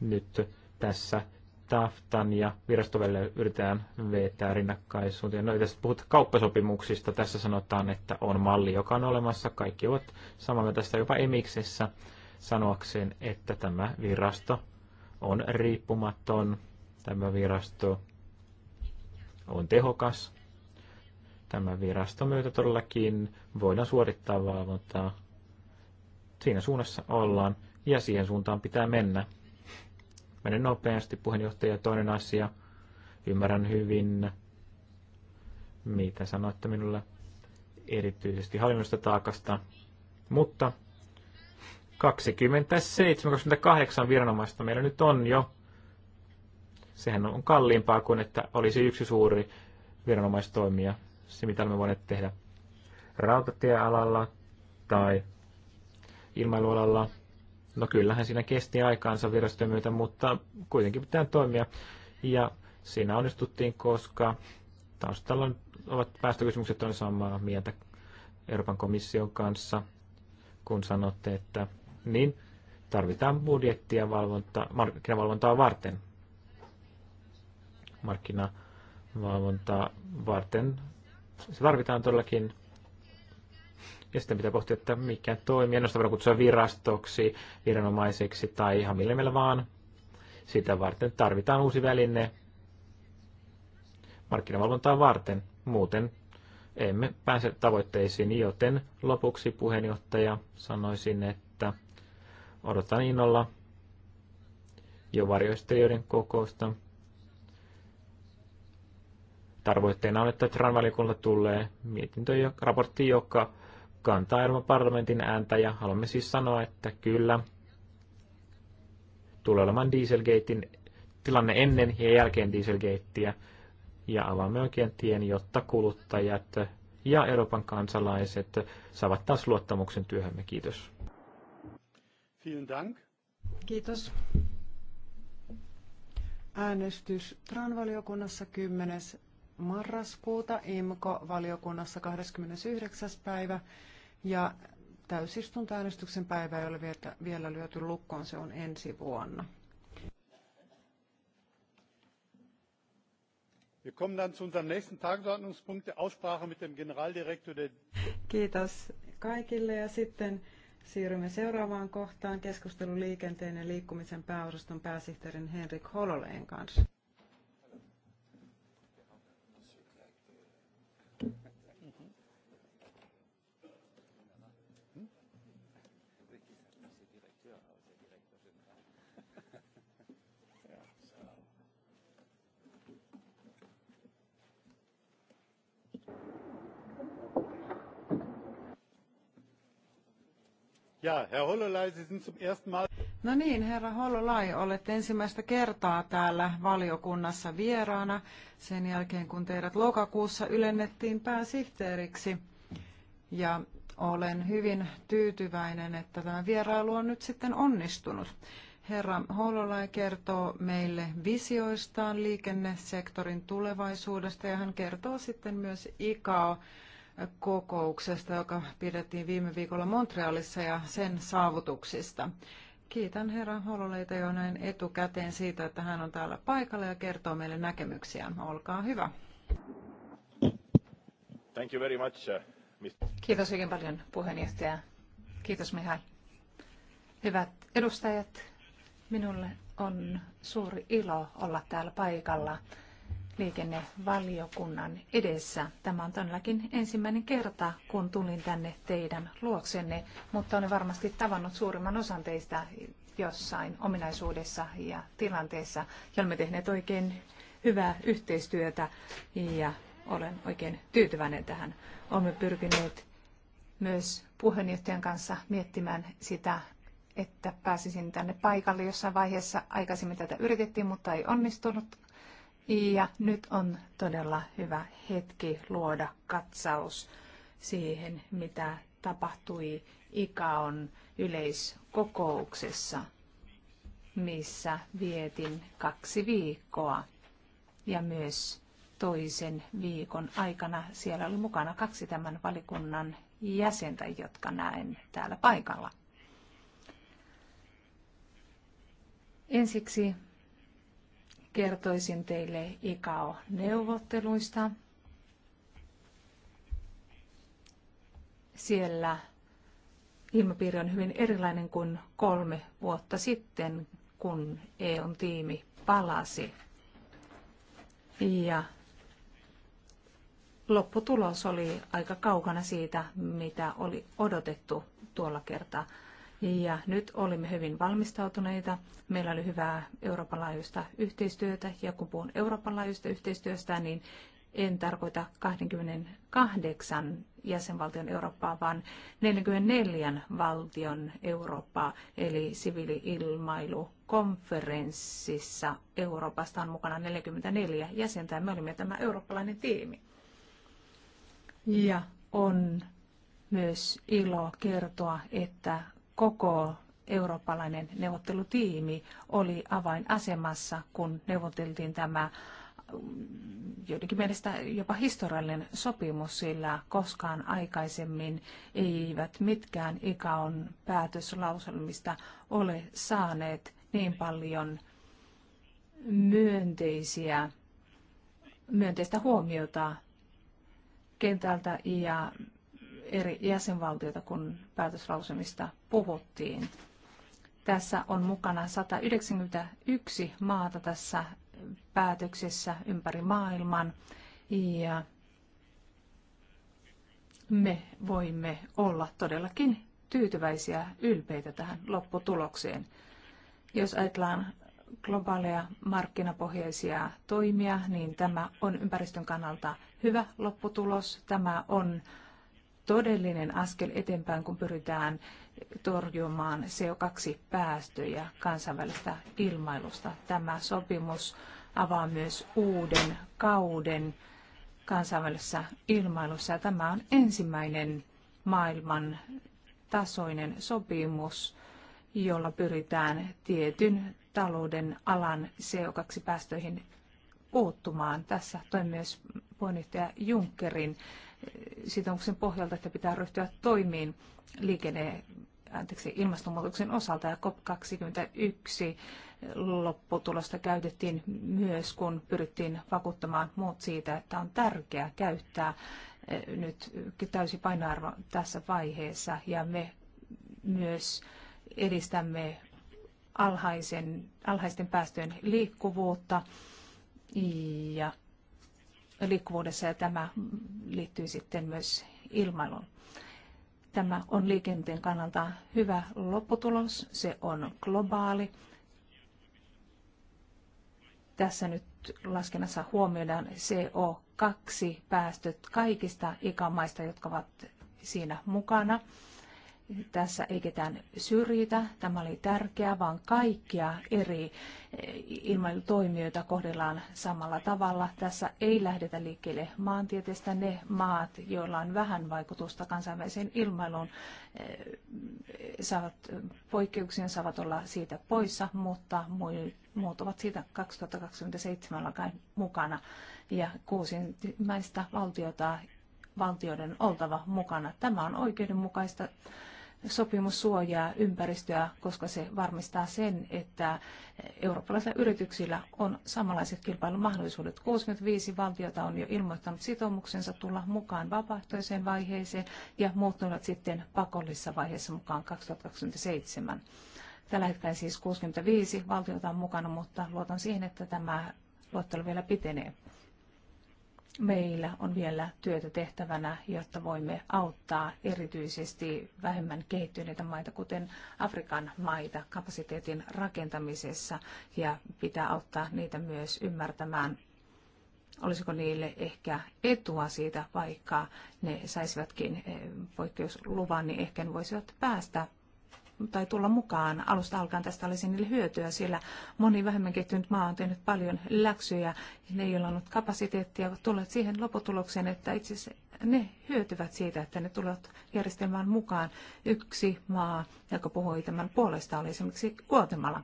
nyt tässä TAFTan ja virastovelle yritetään vetää rinnakkaisuuteen. No tässä puhuta kauppasopimuksista. Tässä sanotaan, että on malli, joka on olemassa. Kaikki ovat samaa mieltä tästä jopa emiksessä sanoakseen, että tämä virasto on riippumaton. Tämä virasto on tehokas. Tämä virasto myötä todellakin voidaan suorittaa valvontaa. Siinä suunnassa ollaan ja siihen suuntaan pitää mennä. Menen nopeasti puheenjohtaja. Toinen asia. Ymmärrän hyvin, mitä sanoitte minulle erityisesti hallinnosta taakasta. Mutta 27-28 viranomaista meillä nyt on jo. Sehän on kalliimpaa kuin että olisi yksi suuri viranomaistoimija. Se, mitä me voimme tehdä rautatiealalla tai ilmailualalla No kyllähän siinä kesti aikaansa virastojen myötä, mutta kuitenkin pitää toimia. Ja siinä onnistuttiin, koska taustalla ovat päästökysymykset on samaa mieltä Euroopan komission kanssa, kun sanotte, että niin tarvitaan budjettia valvonta, markkinavalvontaa varten. Markkinavalvontaa varten. Se tarvitaan todellakin ja sitten pitää pohtia, että mikä toimii. Ennosta voidaan kutsua virastoksi, viranomaiseksi tai ihan millä meillä vaan. Sitä varten tarvitaan uusi väline markkinavalvontaa varten. Muuten emme pääse tavoitteisiin, joten lopuksi puheenjohtaja sanoisin, että odotan innolla jo varjoistelijoiden kokousta. Tarvoitteena on, että Tran tulee mietintö ja raportti, joka kantaa Euroopan parlamentin ääntä ja haluamme siis sanoa, että kyllä tulee olemaan Dieselgatein tilanne ennen ja jälkeen Dieselgatea ja avaamme oikein tien, jotta kuluttajat ja Euroopan kansalaiset saavat taas luottamuksen työhömme. Kiitos. Kiitos. Äänestys Tran-valiokunnassa 10 marraskuuta IMKO-valiokunnassa 29. päivä ja täysistuntoäänestyksen päivä ei ole vielä lyöty lukkoon, se on ensi vuonna. Wir kommen dann zu unserem nächsten Tagesordnungspunkt, der Aussprache mit dem Generaldirektor der Kiitos kaikille ja sitten siirrymme seuraavaan kohtaan keskustelu liikenteen ja liikkumisen pääosaston pääsihteerin Henrik Hololeen kanssa. No niin, herra Hololai, olet ensimmäistä kertaa täällä valiokunnassa vieraana sen jälkeen, kun teidät lokakuussa ylennettiin pääsihteeriksi. Ja olen hyvin tyytyväinen, että tämä vierailu on nyt sitten onnistunut. Herra Hololai kertoo meille visioistaan liikennesektorin tulevaisuudesta ja hän kertoo sitten myös ICAO kokouksesta, joka pidettiin viime viikolla Montrealissa ja sen saavutuksista. Kiitän herra Hololeita jo näin etukäteen siitä, että hän on täällä paikalla ja kertoo meille näkemyksiään. Olkaa hyvä. Thank you very much, uh, Kiitos hyvin paljon puheenjohtaja. Kiitos Mihai. Hyvät edustajat, minulle on suuri ilo olla täällä paikalla liikennevaliokunnan edessä. Tämä on todellakin ensimmäinen kerta, kun tulin tänne teidän luoksenne, mutta olen varmasti tavannut suurimman osan teistä jossain ominaisuudessa ja tilanteessa. Ja olemme tehneet oikein hyvää yhteistyötä ja olen oikein tyytyväinen tähän. Olemme pyrkineet myös puheenjohtajan kanssa miettimään sitä, että pääsisin tänne paikalle jossain vaiheessa. Aikaisemmin tätä yritettiin, mutta ei onnistunut ja nyt on todella hyvä hetki luoda katsaus siihen, mitä tapahtui Ikaon yleiskokouksessa, missä vietin kaksi viikkoa ja myös toisen viikon aikana siellä oli mukana kaksi tämän valikunnan jäsentä, jotka näen täällä paikalla. Ensiksi kertoisin teille ICAO-neuvotteluista. Siellä ilmapiiri on hyvin erilainen kuin kolme vuotta sitten, kun EUn tiimi palasi. Ja lopputulos oli aika kaukana siitä, mitä oli odotettu tuolla kertaa. Ja nyt olimme hyvin valmistautuneita. Meillä oli hyvää Euroopan laajuista yhteistyötä. Ja kun puhun Euroopan laajuista yhteistyöstä, niin en tarkoita 28 jäsenvaltion Eurooppaa, vaan 44 valtion Eurooppaa, eli siviiliilmailukonferenssissa Euroopasta on mukana 44 jäsentä, ja me olimme tämä eurooppalainen tiimi. Ja on myös ilo kertoa, että koko eurooppalainen neuvottelutiimi oli avainasemassa, kun neuvoteltiin tämä mm, joidenkin mielestä jopa historiallinen sopimus, sillä koskaan aikaisemmin eivät mitkään ikäon päätöslauselmista ole saaneet niin paljon myönteisiä, myönteistä huomiota kentältä ja eri jäsenvaltioita, kun päätöslausemista puhuttiin. Tässä on mukana 191 maata tässä päätöksessä ympäri maailman ja me voimme olla todellakin tyytyväisiä, ylpeitä tähän lopputulokseen. Jos ajatellaan globaaleja markkinapohjaisia toimia, niin tämä on ympäristön kannalta hyvä lopputulos. Tämä on todellinen askel eteenpäin, kun pyritään torjumaan CO2-päästöjä kansainvälistä ilmailusta. Tämä sopimus avaa myös uuden kauden kansainvälisessä ilmailussa. Ja tämä on ensimmäinen maailman tasoinen sopimus, jolla pyritään tietyn talouden alan CO2-päästöihin puuttumaan. Tässä toi myös puheenjohtaja Junckerin sitoumuksen pohjalta, että pitää ryhtyä toimiin liikenne, anteeksi, ilmastonmuutoksen osalta. Ja COP21 lopputulosta käytettiin myös, kun pyrittiin vakuuttamaan muut siitä, että on tärkeää käyttää eh, nyt täysi painoarvo tässä vaiheessa. Ja me myös edistämme alhaisen, alhaisten päästöjen liikkuvuutta ja liikkuvuudessa ja tämä liittyy sitten myös ilmailuun. Tämä on liikenteen kannalta hyvä lopputulos, se on globaali. Tässä nyt laskennassa huomioidaan CO2-päästöt kaikista ikämaista, jotka ovat siinä mukana tässä ei ketään syrjitä, tämä oli tärkeää, vaan kaikkia eri eh, ilmailutoimijoita kohdellaan samalla tavalla. Tässä ei lähdetä liikkeelle maantieteestä ne maat, joilla on vähän vaikutusta kansainväliseen ilmailuun, eh, saavat poikkeuksia, saavat olla siitä poissa, mutta muut ovat siitä 2027 alkaen mukana. Ja kuusi ensimmäistä valtiota valtioiden oltava mukana. Tämä on oikeudenmukaista sopimus suojaa ympäristöä, koska se varmistaa sen, että eurooppalaisilla yrityksillä on samanlaiset kilpailumahdollisuudet. mahdollisuudet. 65 valtiota on jo ilmoittanut sitoumuksensa tulla mukaan vapaaehtoiseen vaiheeseen ja muut tulevat sitten pakollisessa vaiheessa mukaan 2027. Tällä hetkellä siis 65 valtiota on mukana, mutta luotan siihen, että tämä luottelu vielä pitenee meillä on vielä työtä tehtävänä, jotta voimme auttaa erityisesti vähemmän kehittyneitä maita, kuten Afrikan maita, kapasiteetin rakentamisessa ja pitää auttaa niitä myös ymmärtämään, olisiko niille ehkä etua siitä, vaikka ne saisivatkin eh, poikkeusluvan, niin ehkä ne voisivat päästä tai tulla mukaan. Alusta alkaen tästä olisi niille hyötyä, sillä moni vähemmän kehittynyt maa on tehnyt paljon läksyjä. Ne, ei on ollut kapasiteettia, tulleet siihen lopputulokseen, että itse asiassa ne hyötyvät siitä, että ne tulevat järjestelmään mukaan. Yksi maa, joka puhui tämän puolesta, oli esimerkiksi Guatemala.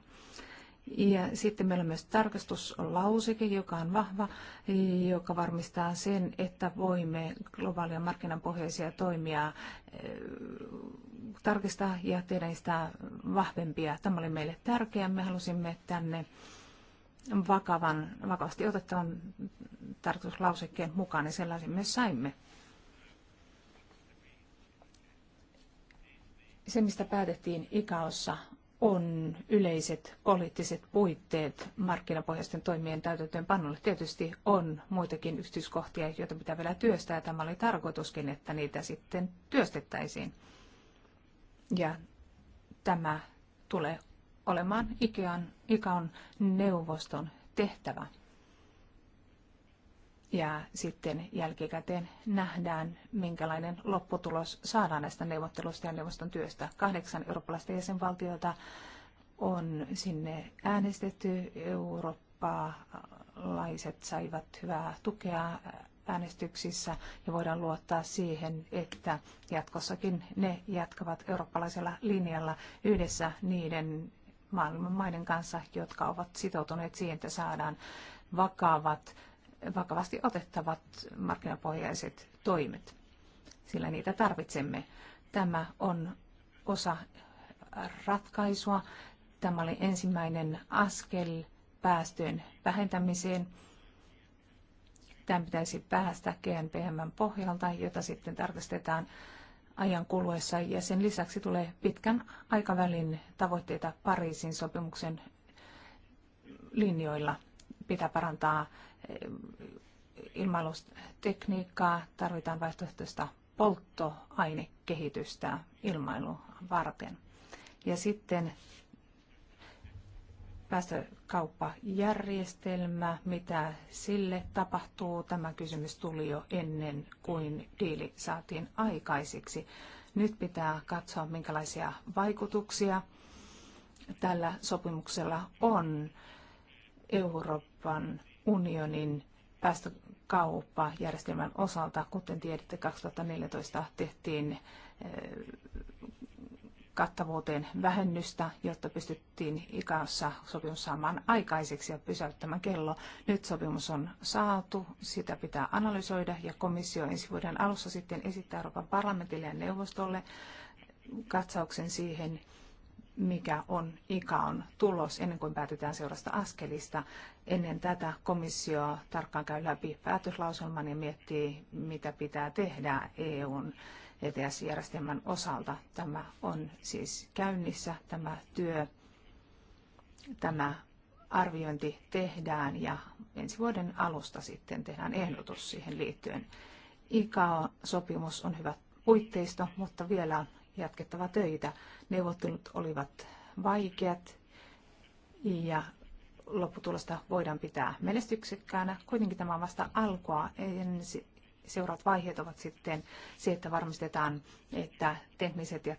Ja sitten meillä on myös tarkastuslauseke, joka on vahva, joka varmistaa sen, että voimme globaalia markkinapohjaisia toimia eh, tarkistaa ja tehdä niistä vahvempia. Tämä oli meille tärkeää. Me halusimme tänne vakavan, vakavasti otettavan tarkastuslausekkeen mukaan, ja niin sellaisen me saimme. Se, mistä päätettiin ikaossa, on yleiset poliittiset puitteet markkinapohjaisten toimien täytäntöönpanolle. Tietysti on muitakin yksityiskohtia, joita pitää vielä työstää. Tämä oli tarkoituskin, että niitä sitten työstettäisiin. Ja tämä tulee olemaan Ikean, Ikaon neuvoston tehtävä ja sitten jälkikäteen nähdään, minkälainen lopputulos saadaan näistä neuvotteluista ja neuvoston työstä. Kahdeksan eurooppalaista jäsenvaltiota on sinne äänestetty. Eurooppalaiset saivat hyvää tukea äänestyksissä ja voidaan luottaa siihen, että jatkossakin ne jatkavat eurooppalaisella linjalla yhdessä niiden maailman maiden kanssa, jotka ovat sitoutuneet siihen, että saadaan vakavat vakavasti otettavat markkinapohjaiset toimet, sillä niitä tarvitsemme. Tämä on osa ratkaisua. Tämä oli ensimmäinen askel päästöjen vähentämiseen. Tämän pitäisi päästä GNPM pohjalta, jota sitten tarkastetaan ajan kuluessa ja sen lisäksi tulee pitkän aikavälin tavoitteita Pariisin sopimuksen linjoilla. Pitää parantaa ilmailustekniikkaa, tarvitaan vaihtoehtoista polttoainekehitystä ilmailu varten. Ja sitten päästökauppajärjestelmä, mitä sille tapahtuu, tämä kysymys tuli jo ennen kuin diili saatiin aikaiseksi. Nyt pitää katsoa, minkälaisia vaikutuksia tällä sopimuksella on Euroopan unionin päästökauppajärjestelmän osalta. Kuten tiedätte, 2014 tehtiin eh, kattavuuteen vähennystä, jotta pystyttiin ikässä sopimus saamaan aikaiseksi ja pysäyttämään kello. Nyt sopimus on saatu, sitä pitää analysoida ja komissio ensi vuoden alussa sitten esittää Euroopan parlamentille ja neuvostolle katsauksen siihen, mikä on ikaon tulos ennen kuin päätetään seurasta askelista. Ennen tätä komissio tarkkaan käy läpi päätöslauselman ja miettii, mitä pitää tehdä EUn ETS-järjestelmän osalta. Tämä on siis käynnissä, tämä työ, tämä arviointi tehdään ja ensi vuoden alusta sitten tehdään ehdotus siihen liittyen. ICAO-sopimus on hyvä puitteisto, mutta vielä jatkettava töitä. Neuvottelut olivat vaikeat ja lopputulosta voidaan pitää menestyksekkäänä. Kuitenkin tämä on vasta alkua. Ensi, seuraavat vaiheet ovat sitten se, että varmistetaan, että tekniset ja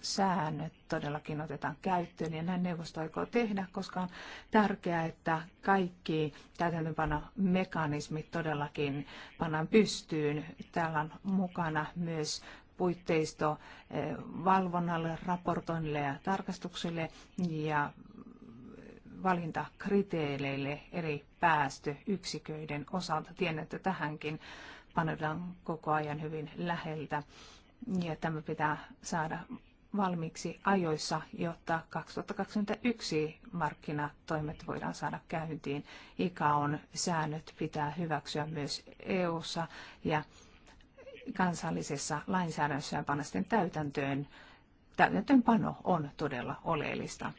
säännöt todellakin otetaan käyttöön. Ja näin neuvosto aikoo tehdä, koska on tärkeää, että kaikki mekanismit todellakin pannaan pystyyn. Täällä on mukana myös puitteisto eh, valvonnalle, raportoinnille ja tarkastuksille ja valintakriteereille eri päästöyksiköiden osalta. Tiedän, että tähänkin panetaan koko ajan hyvin läheltä ja tämä pitää saada valmiiksi ajoissa, jotta 2021 markkinatoimet voidaan saada käyntiin. on säännöt pitää hyväksyä myös EU:ssa ja kansallisessa lainsäädännössä ja panna sitten täytäntöön. Täytäntöönpano on todella oleellista.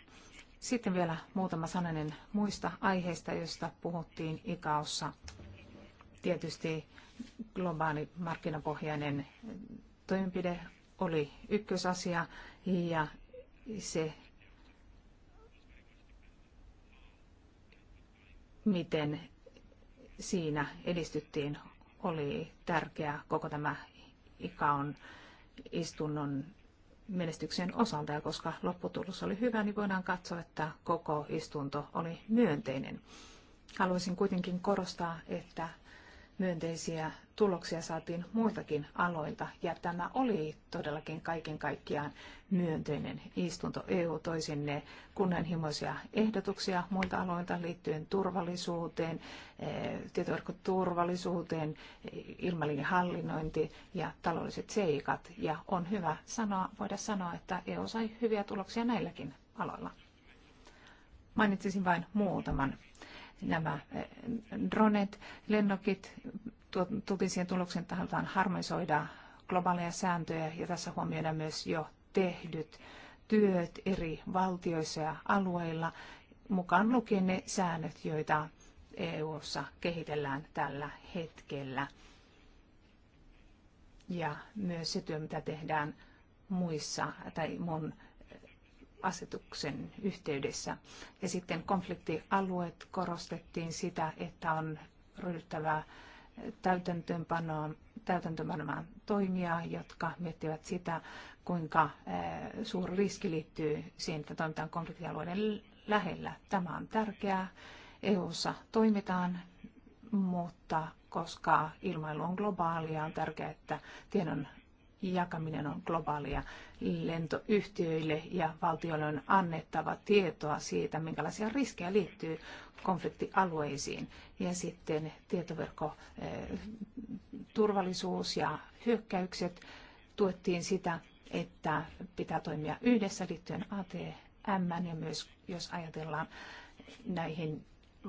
Sitten vielä muutama sananen muista aiheista, joista puhuttiin ikaossa. Tietysti globaali markkinapohjainen toimenpide oli ykkösasia ja se, miten siinä edistyttiin, oli tärkeä koko tämä ikaon istunnon menestyksen osalta, ja koska lopputulos oli hyvä, niin voidaan katsoa, että koko istunto oli myönteinen. Haluaisin kuitenkin korostaa, että myönteisiä tuloksia saatiin muiltakin aloilta. Ja tämä oli todellakin kaiken kaikkiaan myönteinen istunto. EU toi sinne kunnianhimoisia ehdotuksia muilta aloilta liittyen turvallisuuteen, eh, tietoverkkoturvallisuuteen, ilmalinjan hallinnointi ja taloudelliset seikat. Ja on hyvä sanoa, voida sanoa, että EU sai hyviä tuloksia näilläkin aloilla. Mainitsisin vain muutaman nämä eh, dronet, lennokit, tultiin siihen tulokseen, että halutaan harmonisoida globaaleja sääntöjä ja tässä huomioidaan myös jo tehdyt työt eri valtioissa ja alueilla, mukaan lukien ne säännöt, joita EU:ssa kehitellään tällä hetkellä. Ja myös se työ, mitä tehdään muissa tai mun asetuksen yhteydessä. Ja sitten konfliktialueet korostettiin sitä, että on ryhdyttävää täytäntöönpanomaan toimia, jotka miettivät sitä, kuinka suuri riski liittyy siihen, että toimitaan konfliktialueiden lähellä. Tämä on tärkeää. EU:ssa toimitaan, mutta koska ilmailu on globaalia, on tärkeää, että tiedon jakaminen on globaalia. Lentoyhtiöille ja valtioille on annettava tietoa siitä, minkälaisia riskejä liittyy konfliktialueisiin. Ja sitten tietoverkko, eh, turvallisuus ja hyökkäykset tuettiin sitä, että pitää toimia yhdessä liittyen ATM ja myös jos ajatellaan näihin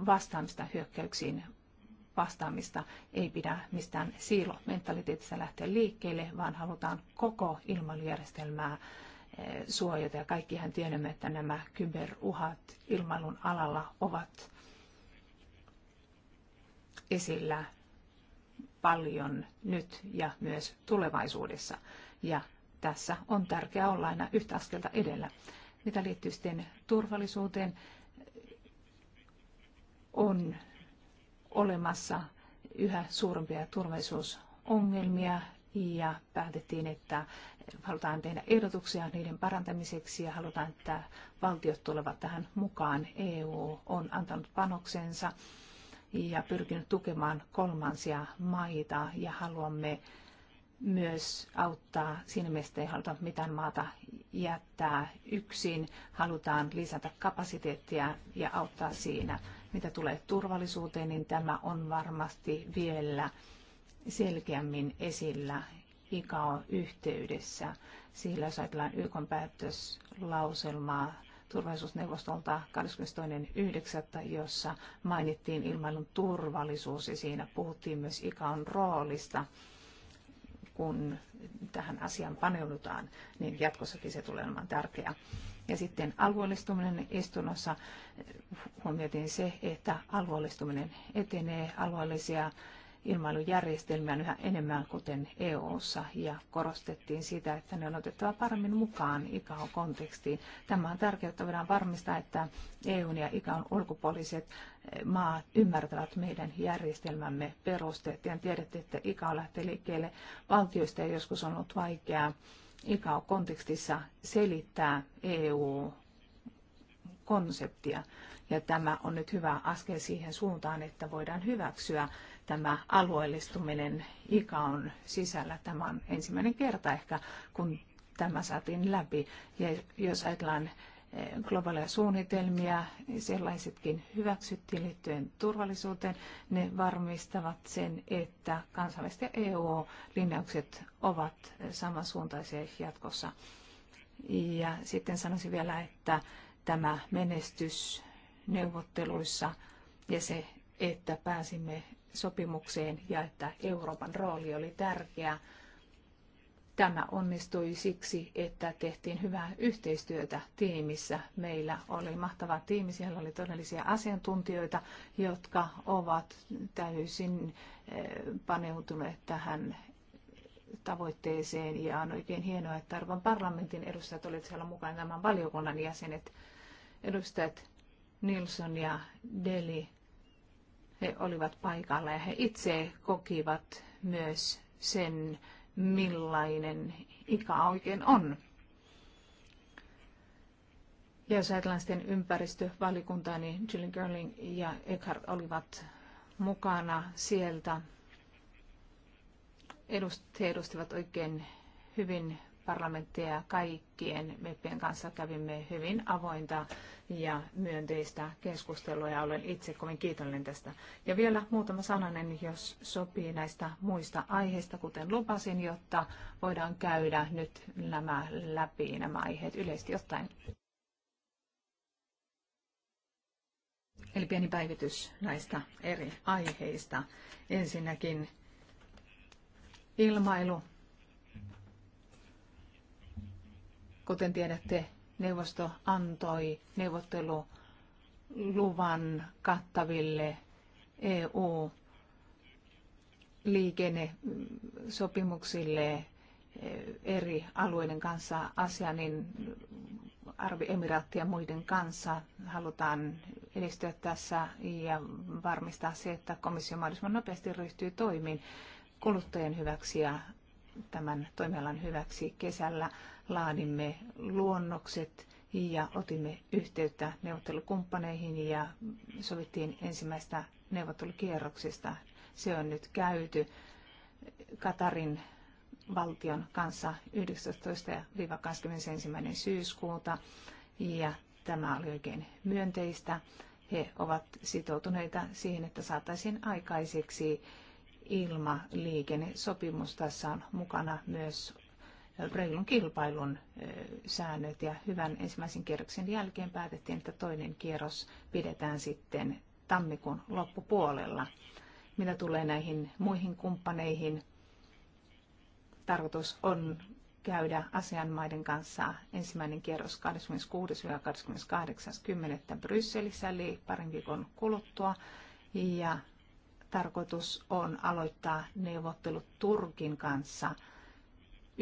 vastaamista hyökkäyksiin vastaamista. Ei pidä mistään siilomentaliteetissa lähteä liikkeelle, vaan halutaan koko ilmailujärjestelmää eh, suojata. Ja kaikkihan tiedämme, että nämä kyberuhat ilmailun alalla ovat esillä paljon nyt ja myös tulevaisuudessa. Ja tässä on tärkeää olla aina yhtä askelta edellä. Mitä liittyy sitten turvallisuuteen, on olemassa yhä suurempia turvallisuusongelmia ja päätettiin, että halutaan tehdä ehdotuksia niiden parantamiseksi ja halutaan, että valtiot tulevat tähän mukaan. EU on antanut panoksensa ja pyrkinyt tukemaan kolmansia maita ja haluamme myös auttaa siinä mielessä, ei haluta mitään maata jättää yksin. Halutaan lisätä kapasiteettia ja auttaa siinä mitä tulee turvallisuuteen, niin tämä on varmasti vielä selkeämmin esillä ICAO-yhteydessä. Sillä jos ajatellaan YK päätöslauselmaa turvallisuusneuvostolta 22.9., jossa mainittiin ilmailun turvallisuus ja siinä puhuttiin myös ICAOn roolista – kun tähän asiaan paneudutaan, niin jatkossakin se tulee olemaan tärkeää. Ja sitten alueellistuminen istunnossa huomioitiin se, että alueellistuminen etenee, alueellisia ilmailujärjestelmään yhä enemmän, kuten EU:ssa ja korostettiin sitä, että ne on otettava paremmin mukaan ICAO-kontekstiin. Tämä on tärkeää, että voidaan varmistaa, että EUn ja ICAOn ulkopuoliset eh, maat ymmärtävät meidän järjestelmämme perusteet. Ja tiedätte, että ICAO lähtee liikkeelle valtioista ja joskus on ollut vaikeaa ICAO-kontekstissa selittää EU konseptia. Ja tämä on nyt hyvä askel siihen suuntaan, että voidaan hyväksyä tämä alueellistuminen on sisällä. Tämä on ensimmäinen kerta ehkä, kun tämä saatiin läpi. Ja jos ajatellaan eh, globaaleja suunnitelmia, sellaisetkin hyväksyttiin liittyen turvallisuuteen. Ne varmistavat sen, että kansalliset ja EU-linjaukset ovat samansuuntaisia jatkossa. Ja sitten sanoisin vielä, että tämä menestys neuvotteluissa ja se, että pääsimme sopimukseen ja että Euroopan rooli oli tärkeä. Tämä onnistui siksi, että tehtiin hyvää yhteistyötä tiimissä. Meillä oli mahtava tiimi, siellä oli todellisia asiantuntijoita, jotka ovat täysin eh, paneutuneet tähän tavoitteeseen. Ja on oikein hienoa, että Arvon parlamentin edustajat olivat siellä mukana, tämän valiokunnan jäsenet, edustajat Nilsson ja Deli he olivat paikalla ja he itse kokivat myös sen, millainen ikä oikein on. Ja jos ajatellaan sitten ympäristövalikuntaa, niin Jillian Gerling ja Eckhart olivat mukana sieltä. Edust, he edustivat oikein hyvin parlamenttia kaikkien meppien kanssa kävimme hyvin avointa ja myönteistä keskustelua ja olen itse kovin kiitollinen tästä. Ja vielä muutama sananen, jos sopii näistä muista aiheista, kuten lupasin, jotta voidaan käydä nyt nämä läpi nämä aiheet yleisesti ottaen. Eli pieni päivitys näistä eri aiheista. Ensinnäkin ilmailu, Kuten tiedätte, neuvosto antoi neuvotteluluvan kattaville EU-liikennesopimuksille eh, eri alueiden kanssa asia, niin Arviemiraattien ja muiden kanssa halutaan edistyä tässä ja varmistaa se, että komissio mahdollisimman nopeasti ryhtyy toimiin kuluttajien hyväksi ja tämän toimialan hyväksi kesällä laadimme luonnokset ja otimme yhteyttä neuvottelukumppaneihin ja sovittiin ensimmäistä neuvottelukierroksesta. Se on nyt käyty Katarin valtion kanssa 19-21. syyskuuta ja tämä oli oikein myönteistä. He ovat sitoutuneita siihen, että saataisiin aikaiseksi ilmaliikennesopimus. Tässä on mukana myös reilun kilpailun eh, säännöt ja hyvän ensimmäisen kierroksen jälkeen päätettiin, että toinen kierros pidetään sitten tammikuun loppupuolella. Mitä tulee näihin muihin kumppaneihin, tarkoitus on käydä asianmaiden kanssa ensimmäinen kierros 26-28.10. Brysselissä, eli parin viikon kuluttua. Ja tarkoitus on aloittaa neuvottelut Turkin kanssa – 9-11.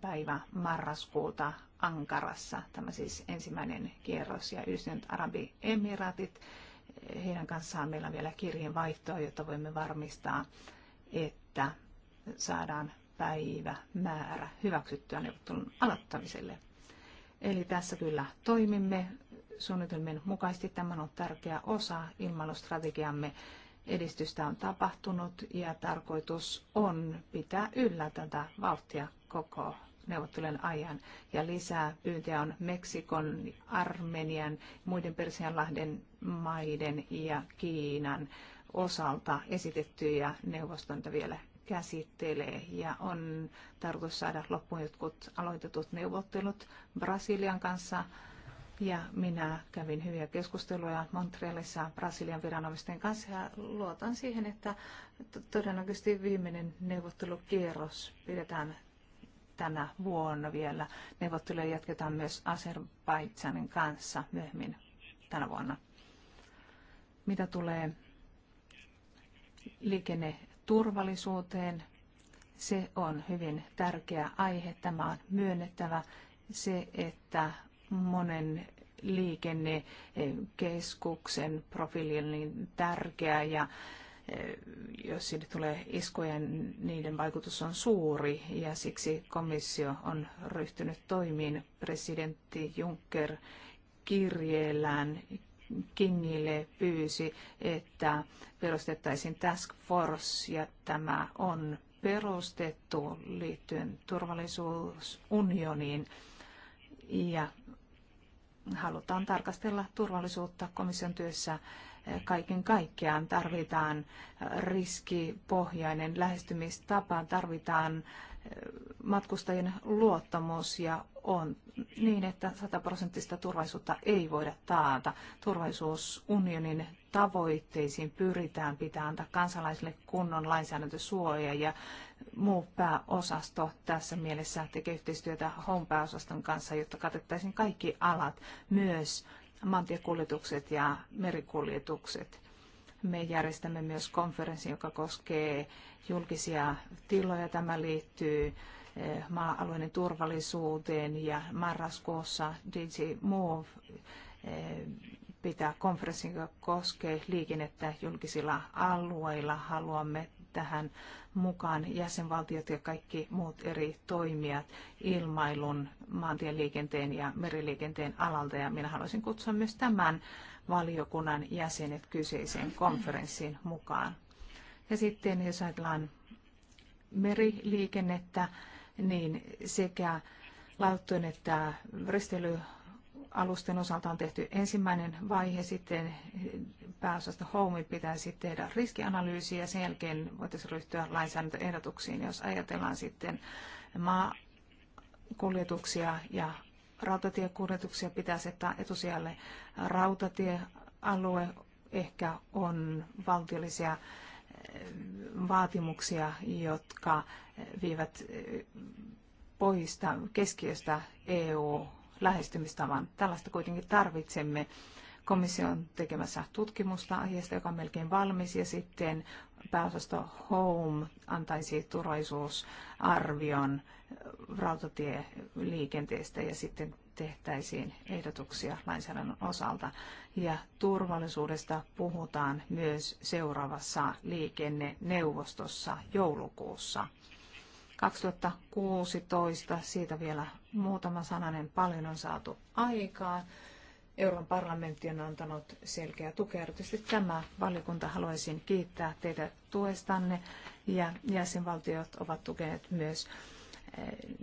päivä marraskuuta Ankarassa. Tämä siis ensimmäinen kierros ja Yhdistyneet Emiraatit. Heidän kanssaan meillä on vielä kirjeenvaihtoa, jotta voimme varmistaa, että saadaan päivämäärä hyväksyttyä neuvottelun aloittamiselle. Eli tässä kyllä toimimme suunnitelmien mukaisesti. Tämä on tärkeä osa ilmailustrategiamme edistystä on tapahtunut ja tarkoitus on pitää yllä tätä vauhtia koko neuvottelujen ajan. Ja lisää pyyntöjä on Meksikon, Armenian, muiden Persianlahden maiden ja Kiinan osalta esitetty ja neuvostonta vielä käsittelee ja on tarkoitus saada loppuun jotkut aloitetut neuvottelut Brasilian kanssa ja minä kävin hyviä keskusteluja Montrealissa Brasilian viranomaisten kanssa ja luotan siihen, että todennäköisesti viimeinen neuvottelukierros pidetään tänä vuonna vielä. Neuvotteluja jatketaan myös Azerbaidsanin kanssa myöhemmin tänä vuonna. Mitä tulee liikenneturvallisuuteen, se on hyvin tärkeä aihe. Tämä on myönnettävä se, että monen liikennekeskuksen profiilin niin tärkeä ja e, jos siitä tulee iskuja, niin niiden vaikutus on suuri ja siksi komissio on ryhtynyt toimiin. Presidentti Juncker kirjeellään Kingille pyysi, että perustettaisiin task force ja tämä on perustettu liittyen turvallisuusunioniin ja halutaan tarkastella turvallisuutta komission työssä eh, kaiken kaikkiaan. Tarvitaan eh, riskipohjainen lähestymistapa, tarvitaan eh, matkustajien luottamus ja on niin, että sataprosenttista turvallisuutta ei voida taata. Turvallisuusunionin tavoitteisiin pyritään, pitää antaa kansalaisille kunnon lainsäädäntösuoja ja muu pääosasto tässä mielessä tekee yhteistyötä HOM pääosaston kanssa, jotta katettaisiin kaikki alat, myös maantiekuljetukset ja merikuljetukset. Me järjestämme myös konferenssin, joka koskee julkisia tiloja. Tämä liittyy eh, maa-alueiden turvallisuuteen ja marraskuussa DJ Move eh, pitää konferenssin, joka koskee liikennettä julkisilla alueilla. Haluamme tähän mukaan jäsenvaltiot ja kaikki muut eri toimijat ilmailun, maantieliikenteen ja meriliikenteen alalta. Ja minä haluaisin kutsua myös tämän valiokunnan jäsenet kyseiseen konferenssiin mukaan. Ja sitten jos ajatellaan meriliikennettä, niin sekä lauttojen että alusten osalta on tehty ensimmäinen vaihe, sitten pääosasta Home pitäisi tehdä riskianalyysi ja sen jälkeen voitaisiin ryhtyä lainsäädäntöehdotuksiin, jos ajatellaan sitten maakuljetuksia ja rautatiekuljetuksia pitää asettaa etusijalle. Rautatiealue ehkä on valtiollisia eh, vaatimuksia, jotka eh, viivät eh, poista keskiöstä EU lähestymistavan. Tällaista kuitenkin tarvitsemme komission tekemässä tutkimusta aiheesta, joka on melkein valmis, ja sitten pääosasto Home antaisi turvallisuusarvion rautatieliikenteestä ja sitten tehtäisiin ehdotuksia lainsäädännön osalta. Ja turvallisuudesta puhutaan myös seuraavassa liikenneneuvostossa joulukuussa. 2016, siitä vielä muutama sananen, paljon on saatu aikaan. Euroopan parlamentti on antanut selkeä tukea. Erityisesti tämä valiokunta haluaisin kiittää teitä tuestanne ja jäsenvaltiot ovat tukeneet myös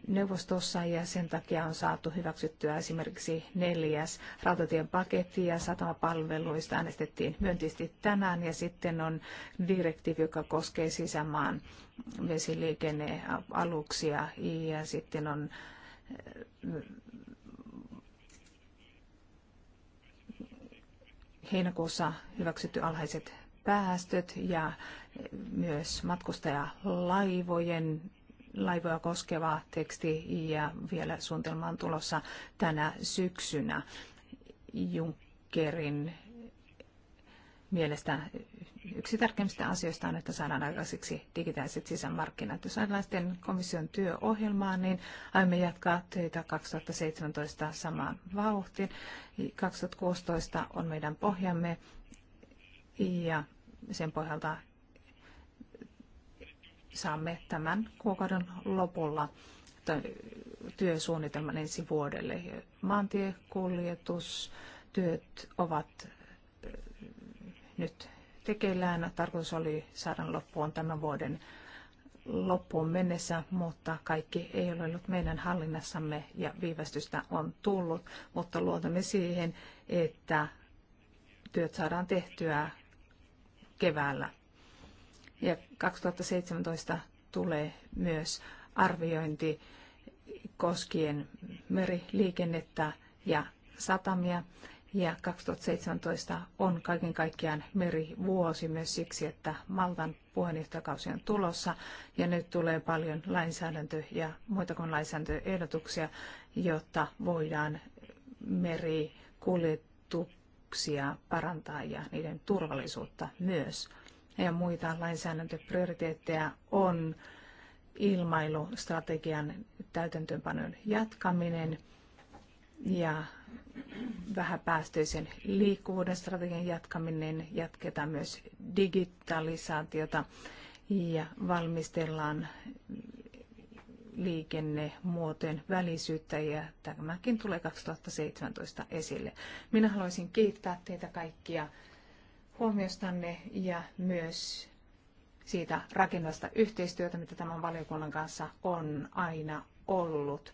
neuvostossa ja sen takia on saatu hyväksyttyä esimerkiksi neljäs rautatien paketti ja satamapalveluista äänestettiin myönteisesti tänään ja sitten on direktiivi, joka koskee sisämaan vesiliikennealuksia ja sitten on eh, heinäkuussa hyväksytty alhaiset päästöt ja myös matkustajalaivojen laivoja koskeva teksti ja vielä suunnitelma on tulossa tänä syksynä Junckerin mielestä yksi tärkeimmistä asioista on, että saadaan aikaiseksi digitaaliset sisämarkkinat. Jos ajatellaan komission työohjelmaa, niin aiomme jatkaa töitä 2017 samaan vauhtiin. 2016 on meidän pohjamme ja sen pohjalta saamme tämän kuukauden lopulla työsuunnitelman ensi vuodelle. Maantiekuljetustyöt ovat eh, nyt tekeillään. Tarkoitus oli saada loppuun tämän vuoden loppuun mennessä, mutta kaikki ei ole ollut meidän hallinnassamme ja viivästystä on tullut, mutta luotamme siihen, että työt saadaan tehtyä keväällä ja 2017 tulee myös arviointi koskien meriliikennettä ja satamia. Ja 2017 on kaiken kaikkiaan merivuosi myös siksi, että Maltan puheenjohtajakausi on tulossa ja nyt tulee paljon lainsäädäntö- ja muita kuin lainsäädäntöehdotuksia, jotta voidaan merikuljetuksia parantaa ja niiden turvallisuutta myös ja muita lainsäädäntöprioriteetteja on ilmailustrategian täytäntöönpanon jatkaminen ja vähäpäästöisen liikkuvuuden strategian jatkaminen. Jatketaan myös digitalisaatiota ja valmistellaan liikennemuotojen välisyyttä ja tämäkin tulee 2017 esille. Minä haluaisin kiittää teitä kaikkia huomiostanne ja myös siitä rakennasta yhteistyötä, mitä tämän valiokunnan kanssa on aina ollut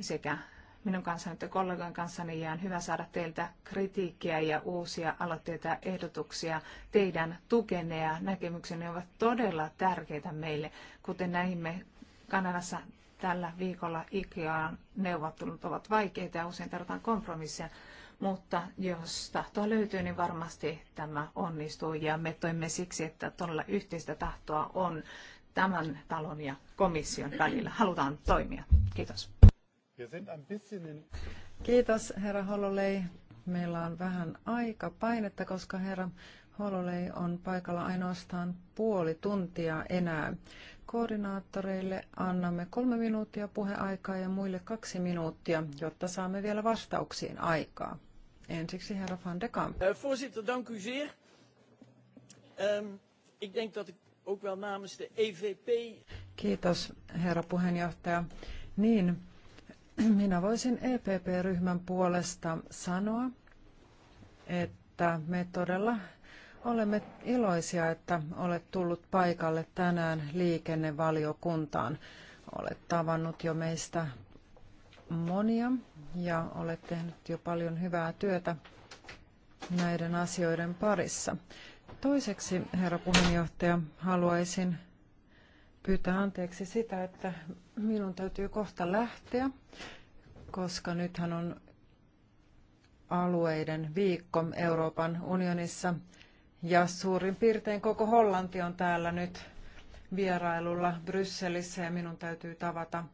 sekä minun kanssani että kollegan kanssani ja on hyvä saada teiltä kritiikkiä ja uusia aloitteita ja ehdotuksia. Teidän tukenne ja näkemyksenne ovat todella tärkeitä meille, kuten näimme Kanadassa tällä viikolla IKEAn neuvottelut ovat vaikeita ja usein tarvitaan kompromisseja mutta jos tahtoa löytyy, niin varmasti tämä onnistuu ja me toimme siksi, että todella yhteistä tahtoa on tämän talon ja komission välillä. Halutaan toimia. Kiitos. Kiitos herra Hololei. Meillä on vähän aika painetta, koska herra Hololei on paikalla ainoastaan puoli tuntia enää. Koordinaattoreille annamme kolme minuuttia puheaikaa ja muille kaksi minuuttia, jotta saamme vielä vastauksiin aikaa. Ensiksi herra van de Kamp. Uh, Voorzitter, dank u zeer. Um, ik denk dat ik ook wel namens de EVP... Kiitos, herra puheenjohtaja. Niin, minä voisin EPP-ryhmän puolesta sanoa, että me todella olemme iloisia, että olet tullut paikalle tänään liikennevaliokuntaan. Olet tavannut jo meistä monia ja olet tehnyt jo paljon hyvää työtä näiden asioiden parissa. Toiseksi, herra puheenjohtaja, haluaisin pyytää anteeksi sitä, että minun täytyy kohta lähteä, koska nythän on alueiden viikko Euroopan unionissa ja suurin piirtein koko Hollanti on täällä nyt vierailulla Brysselissä ja minun täytyy tavata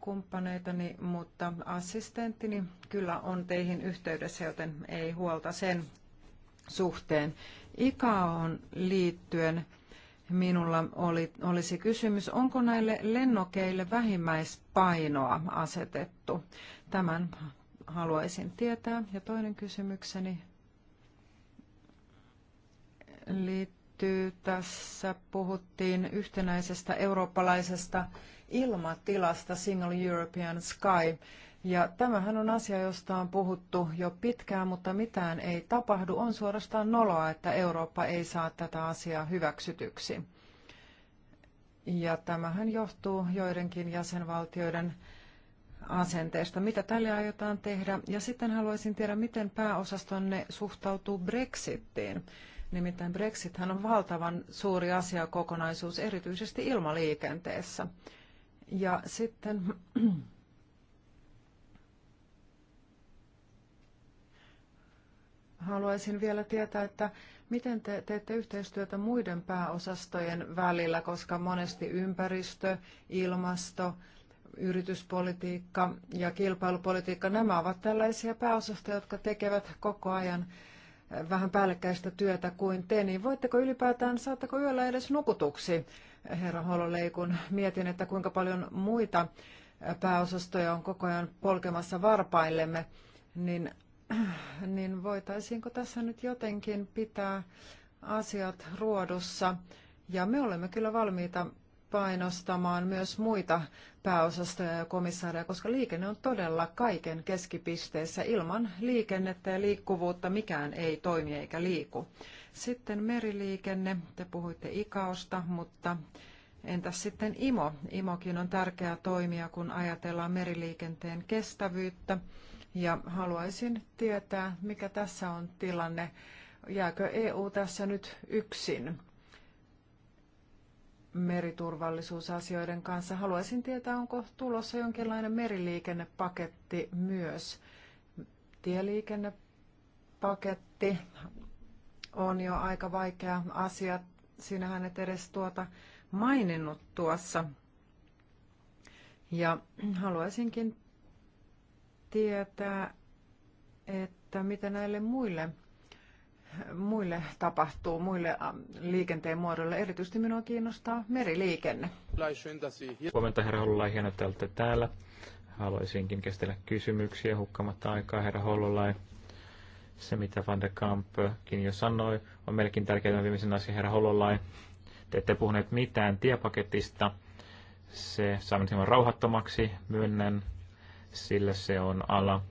kumppaneitani, mutta assistenttini kyllä on teihin yhteydessä, joten ei huolta sen suhteen. ICAOon liittyen minulla oli, olisi kysymys, onko näille lennokeille vähimmäispainoa asetettu? Tämän haluaisin tietää. Ja toinen kysymykseni liittyy liittyy. Tässä puhuttiin yhtenäisestä eurooppalaisesta ilmatilasta, Single European Sky. Ja tämähän on asia, josta on puhuttu jo pitkään, mutta mitään ei tapahdu. On suorastaan noloa, että Eurooppa ei saa tätä asiaa hyväksytyksi. Ja tämähän johtuu joidenkin jäsenvaltioiden asenteesta. Mitä tälle aiotaan tehdä? Ja sitten haluaisin tiedä, miten pääosastonne suhtautuu Brexittiin. Nimittäin Brexithän on valtavan suuri asiakokonaisuus, erityisesti ilmaliikenteessä. Ja sitten haluaisin vielä tietää, että miten te teette yhteistyötä muiden pääosastojen välillä, koska monesti ympäristö, ilmasto, yrityspolitiikka ja kilpailupolitiikka, nämä ovat tällaisia pääosastoja, jotka tekevät koko ajan vähän päällekkäistä työtä kuin te, niin voitteko ylipäätään, saatteko yöllä edes nukutuksi, herra Hololei, kun mietin, että kuinka paljon muita pääosastoja on koko ajan polkemassa varpaillemme, niin, niin voitaisiinko tässä nyt jotenkin pitää asiat ruodussa? Ja me olemme kyllä valmiita painostamaan myös muita pääosastoja ja komissaareja, koska liikenne on todella kaiken keskipisteessä. Ilman liikennettä ja liikkuvuutta mikään ei toimi eikä liiku. Sitten meriliikenne, te puhuitte ikaosta, mutta entäs sitten IMO? IMOkin on tärkeä toimija, kun ajatellaan meriliikenteen kestävyyttä. Ja haluaisin tietää, mikä tässä on tilanne. Jääkö EU tässä nyt yksin? meriturvallisuusasioiden kanssa. Haluaisin tietää, onko tulossa jonkinlainen meriliikennepaketti myös. Tieliikennepaketti on jo aika vaikea asia. Sinähän et edes tuota maininnut tuossa. Ja haluaisinkin tietää, että mitä näille muille muille tapahtuu, muille äh, liikenteen muodoille. Erityisesti minua kiinnostaa meriliikenne. Huomenta herra Hollolai, hieno, että olette täällä. Haluaisinkin kestellä kysymyksiä hukkamatta aikaa herra Hollolai. Se, mitä Van de Kampkin jo sanoi, on melkein tärkeintä viimeisen asian herra Hollolai. Te ette puhuneet mitään tiepaketista. Se saa minut hieman rauhattomaksi, myönnän, sillä se on ala,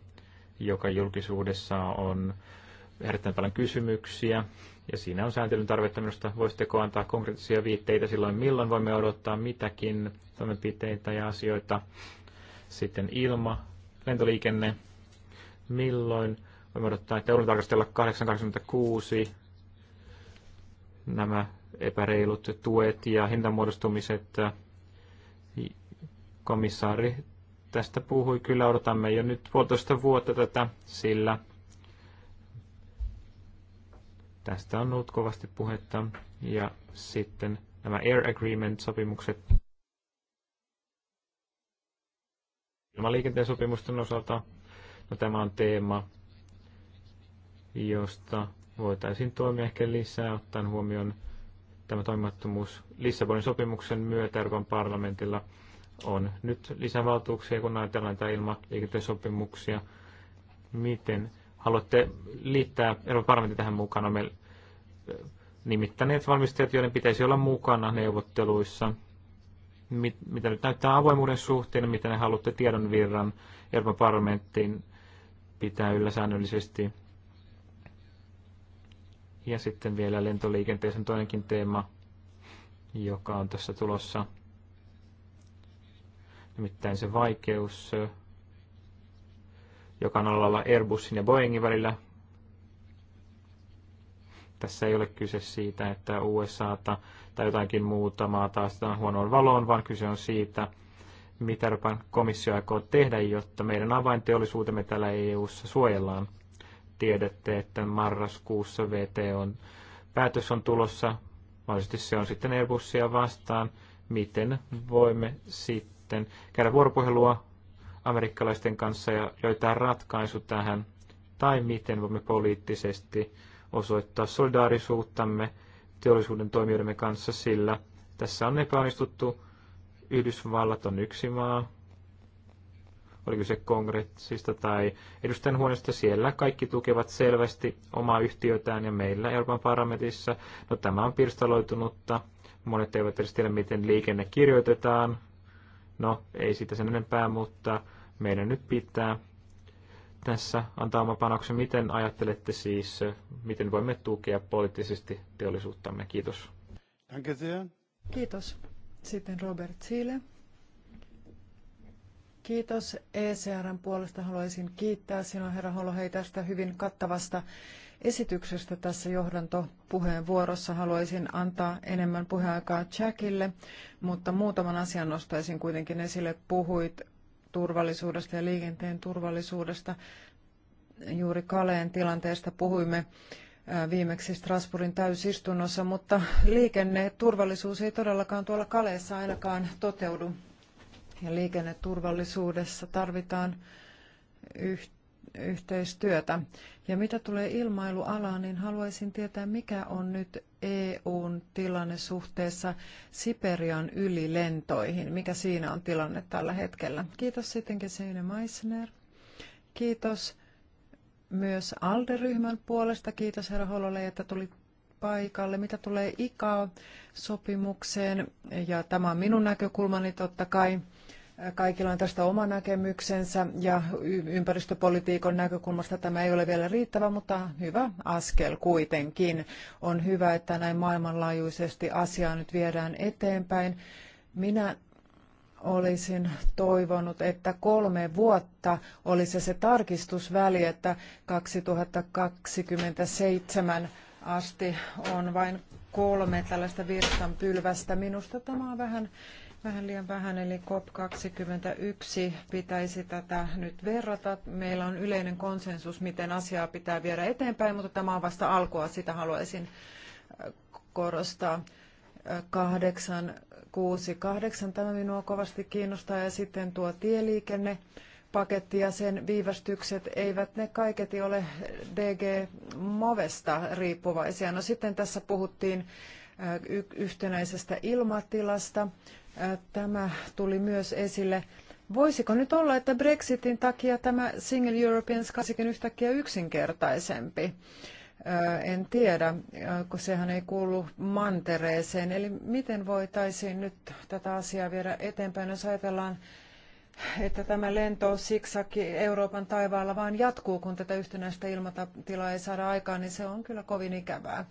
joka julkisuudessa on erittäin paljon kysymyksiä, ja siinä on sääntelyn tarvetta minusta. Voisitteko antaa konkreettisia viitteitä silloin, milloin voimme odottaa mitäkin toimenpiteitä ja asioita? Sitten ilma, lentoliikenne, milloin voimme odottaa, että joudun tarkastella 886 nämä epäreilut tuet ja hintamuodostumiset. Komissaari tästä puhui, kyllä odotamme jo nyt puolitoista vuotta tätä, sillä Tästä on ollut kovasti puhetta. Ja sitten nämä Air Agreement-sopimukset. Ilmaliikenteen sopimusten osalta, no tämä on teema, josta voitaisiin toimia ehkä lisää, ottaen huomioon tämä toimimattomuus Lissabonin sopimuksen myötä Euroopan parlamentilla on nyt lisävaltuuksia, kun ajatellaan näitä ilmaliikenteen sopimuksia. Miten haluatte liittää Euroopan parlamentin tähän mukana. Me nimittäneet valmistajat, joiden pitäisi olla mukana neuvotteluissa. Mit, mitä nyt näyttää avoimuuden suhteen, mitä ne haluatte tiedonvirran Euroopan parlamenttiin pitää yllä säännöllisesti. Ja sitten vielä lentoliikenteeseen toinenkin teema, joka on tässä tulossa. Nimittäin se vaikeus joka on alalla Airbusin ja Boeingin välillä. Tässä ei ole kyse siitä, että USA tai jotakin muuta maata astetaan huonoon valoon, vaan kyse on siitä, mitä Euroopan komissio aikoo tehdä, jotta meidän avainteollisuutemme täällä EU-ssa suojellaan. Tiedätte, että marraskuussa VT on päätös on tulossa, mahdollisesti se on sitten Airbusia vastaan, miten voimme sitten käydä vuoropuhelua amerikkalaisten kanssa ja löytää ratkaisu tähän, tai miten voimme poliittisesti osoittaa solidaarisuuttamme teollisuuden toimijoidemme kanssa, sillä tässä on epäonnistuttu. Yhdysvallat on yksi maa, oli kyse kongressista tai edustajanhuoneesta, siellä kaikki tukevat selvästi omaa yhtiötään ja meillä Euroopan parlamentissa. No tämä on pirstaloitunutta, monet eivät edes tiedä miten liikenne kirjoitetaan, no ei siitä sen enempää, mutta meidän nyt pitää tässä antaa oma panoksen. Miten ajattelette siis, miten voimme tukea poliittisesti teollisuuttamme? Kiitos. Kiitos. Sitten Robert Sile. Kiitos. ECRn puolesta haluaisin kiittää sinua, herra Holohei, tästä hyvin kattavasta esityksestä tässä johdantopuheenvuorossa. Haluaisin antaa enemmän puheaikaa Jackille, mutta muutaman asian nostaisin kuitenkin esille. Puhuit turvallisuudesta ja liikenteen turvallisuudesta. Juuri Kaleen tilanteesta puhuimme äh, viimeksi Strasbourgin täysistunnossa, mutta liikenneturvallisuus ei todellakaan tuolla Kaleessa ainakaan toteudu. Ja liikenneturvallisuudessa tarvitaan yhteistyötä yhteistyötä. Ja mitä tulee ilmailualaan, niin haluaisin tietää, mikä on nyt EUn tilanne suhteessa Siperian ylilentoihin? Mikä siinä on tilanne tällä hetkellä? Kiitos sittenkin Seine Meissner. Kiitos myös ALDE-ryhmän puolesta. Kiitos herra Hololle, että tuli paikalle. Mitä tulee ICAO-sopimukseen, ja tämä on minun näkökulmani totta kai, Kaikilla on tästä oma näkemyksensä ja ympäristöpolitiikan näkökulmasta tämä ei ole vielä riittävä, mutta hyvä askel kuitenkin. On hyvä, että näin maailmanlaajuisesti asiaa nyt viedään eteenpäin. Minä olisin toivonut, että kolme vuotta olisi se tarkistusväli, että 2027 asti on vain kolme tällaista virstanpylvästä. Minusta tämä on vähän vähän liian vähän, eli COP21 pitäisi tätä nyt verrata. Meillä on yleinen konsensus, miten asiaa pitää viedä eteenpäin, mutta tämä on vasta alkua, sitä haluaisin äh, korostaa. 8, 6, 8, tämä minua kovasti kiinnostaa, ja sitten tuo tieliikenne paketti ja sen viivästykset eivät ne kaiketi ole DG Movesta riippuvaisia. No sitten tässä puhuttiin äh, yhtenäisestä ilmatilasta. Tämä tuli myös esille. Voisiko nyt olla, että Brexitin takia tämä Single European Skysikin yhtäkkiä yksinkertaisempi? En tiedä, kun sehän ei kuulu mantereeseen. Eli miten voitaisiin nyt tätä asiaa viedä eteenpäin, jos ajatellaan, että tämä lento siksaki Euroopan taivaalla vain jatkuu, kun tätä yhtenäistä ilmatilaa ei saada aikaan, niin se on kyllä kovin ikävää.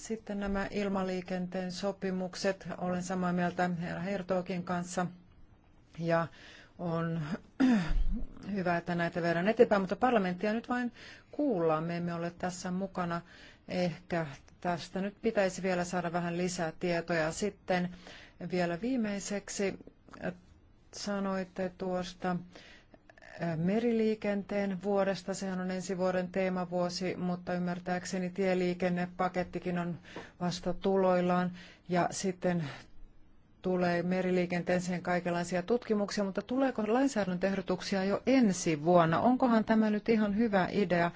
Sitten nämä ilmaliikenteen sopimukset. Olen samaa mieltä herra Hertogin kanssa. Ja on hyvä, että näitä verran eteenpäin, mutta parlamenttia nyt vain kuullaan. Me emme ole tässä mukana. Ehkä tästä nyt pitäisi vielä saada vähän lisää tietoja. Sitten vielä viimeiseksi sanoitte tuosta meriliikenteen vuodesta. Sehän on ensi vuoden teemavuosi, mutta ymmärtääkseni tieliikennepakettikin on vasta tuloillaan. Ja sitten tulee meriliikenteeseen kaikenlaisia tutkimuksia, mutta tuleeko lainsäädäntöehdotuksia jo ensi vuonna? Onkohan tämä nyt ihan hyvä idea?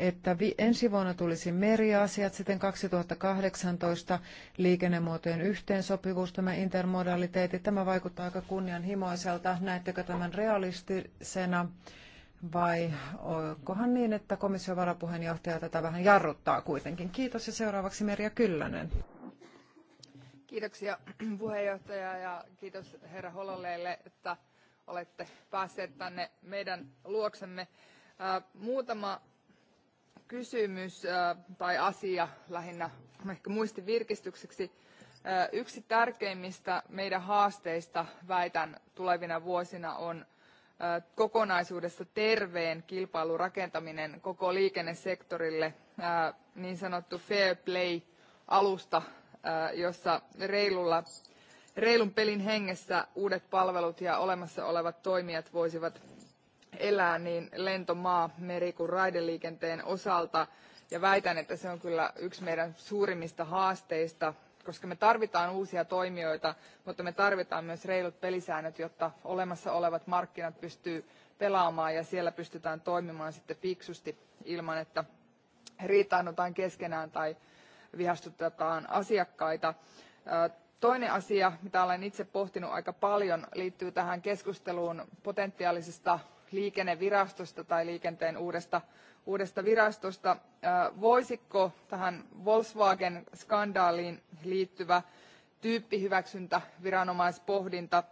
että ensi vuonna tulisi meriasiat, sitten 2018 liikennemuotojen yhteensopivuus, tämä intermodaliteetti. Tämä vaikuttaa aika kunnianhimoiselta. Näettekö tämän realistisena vai onkohan niin, että komission varapuheenjohtaja tätä vähän jarruttaa kuitenkin? Kiitos ja seuraavaksi Merja Kyllönen. Kiitoksia puheenjohtaja ja kiitos herra Hololeille, että olette päässeet tänne meidän luoksemme. Muutama kysymys äh, tai asia lähinnä ehkä muistin virkistykseksi. Äh, yksi tärkeimmistä meidän haasteista väitän tulevina vuosina on äh, kokonaisuudessa terveen kilpailun rakentaminen koko liikennesektorille, niin sanottu fair play alusta, jossa reilulla, reilun pelin hengessä uudet palvelut ja olemassa olevat toimijat voisivat elää niin lento, maa, meri kuin raideliikenteen osalta. Ja väitän, että se on kyllä yksi meidän suurimmista haasteista, koska me tarvitaan uusia toimijoita, mutta me tarvitaan myös reilut pelisäännöt, jotta olemassa olevat markkinat pystyy pelaamaan ja siellä pystytään toimimaan sitten fiksusti ilman, että riitaannutaan keskenään tai vihastutetaan asiakkaita. Toinen asia, mitä olen itse pohtinut aika paljon, liittyy tähän keskusteluun potentiaalisesta liikennevirastosta tai liikenteen uudesta, uudesta virastosta. Voisiko tähän Volkswagen-skandaaliin liittyvä tyyppihyväksyntä, viranomaispohdinta,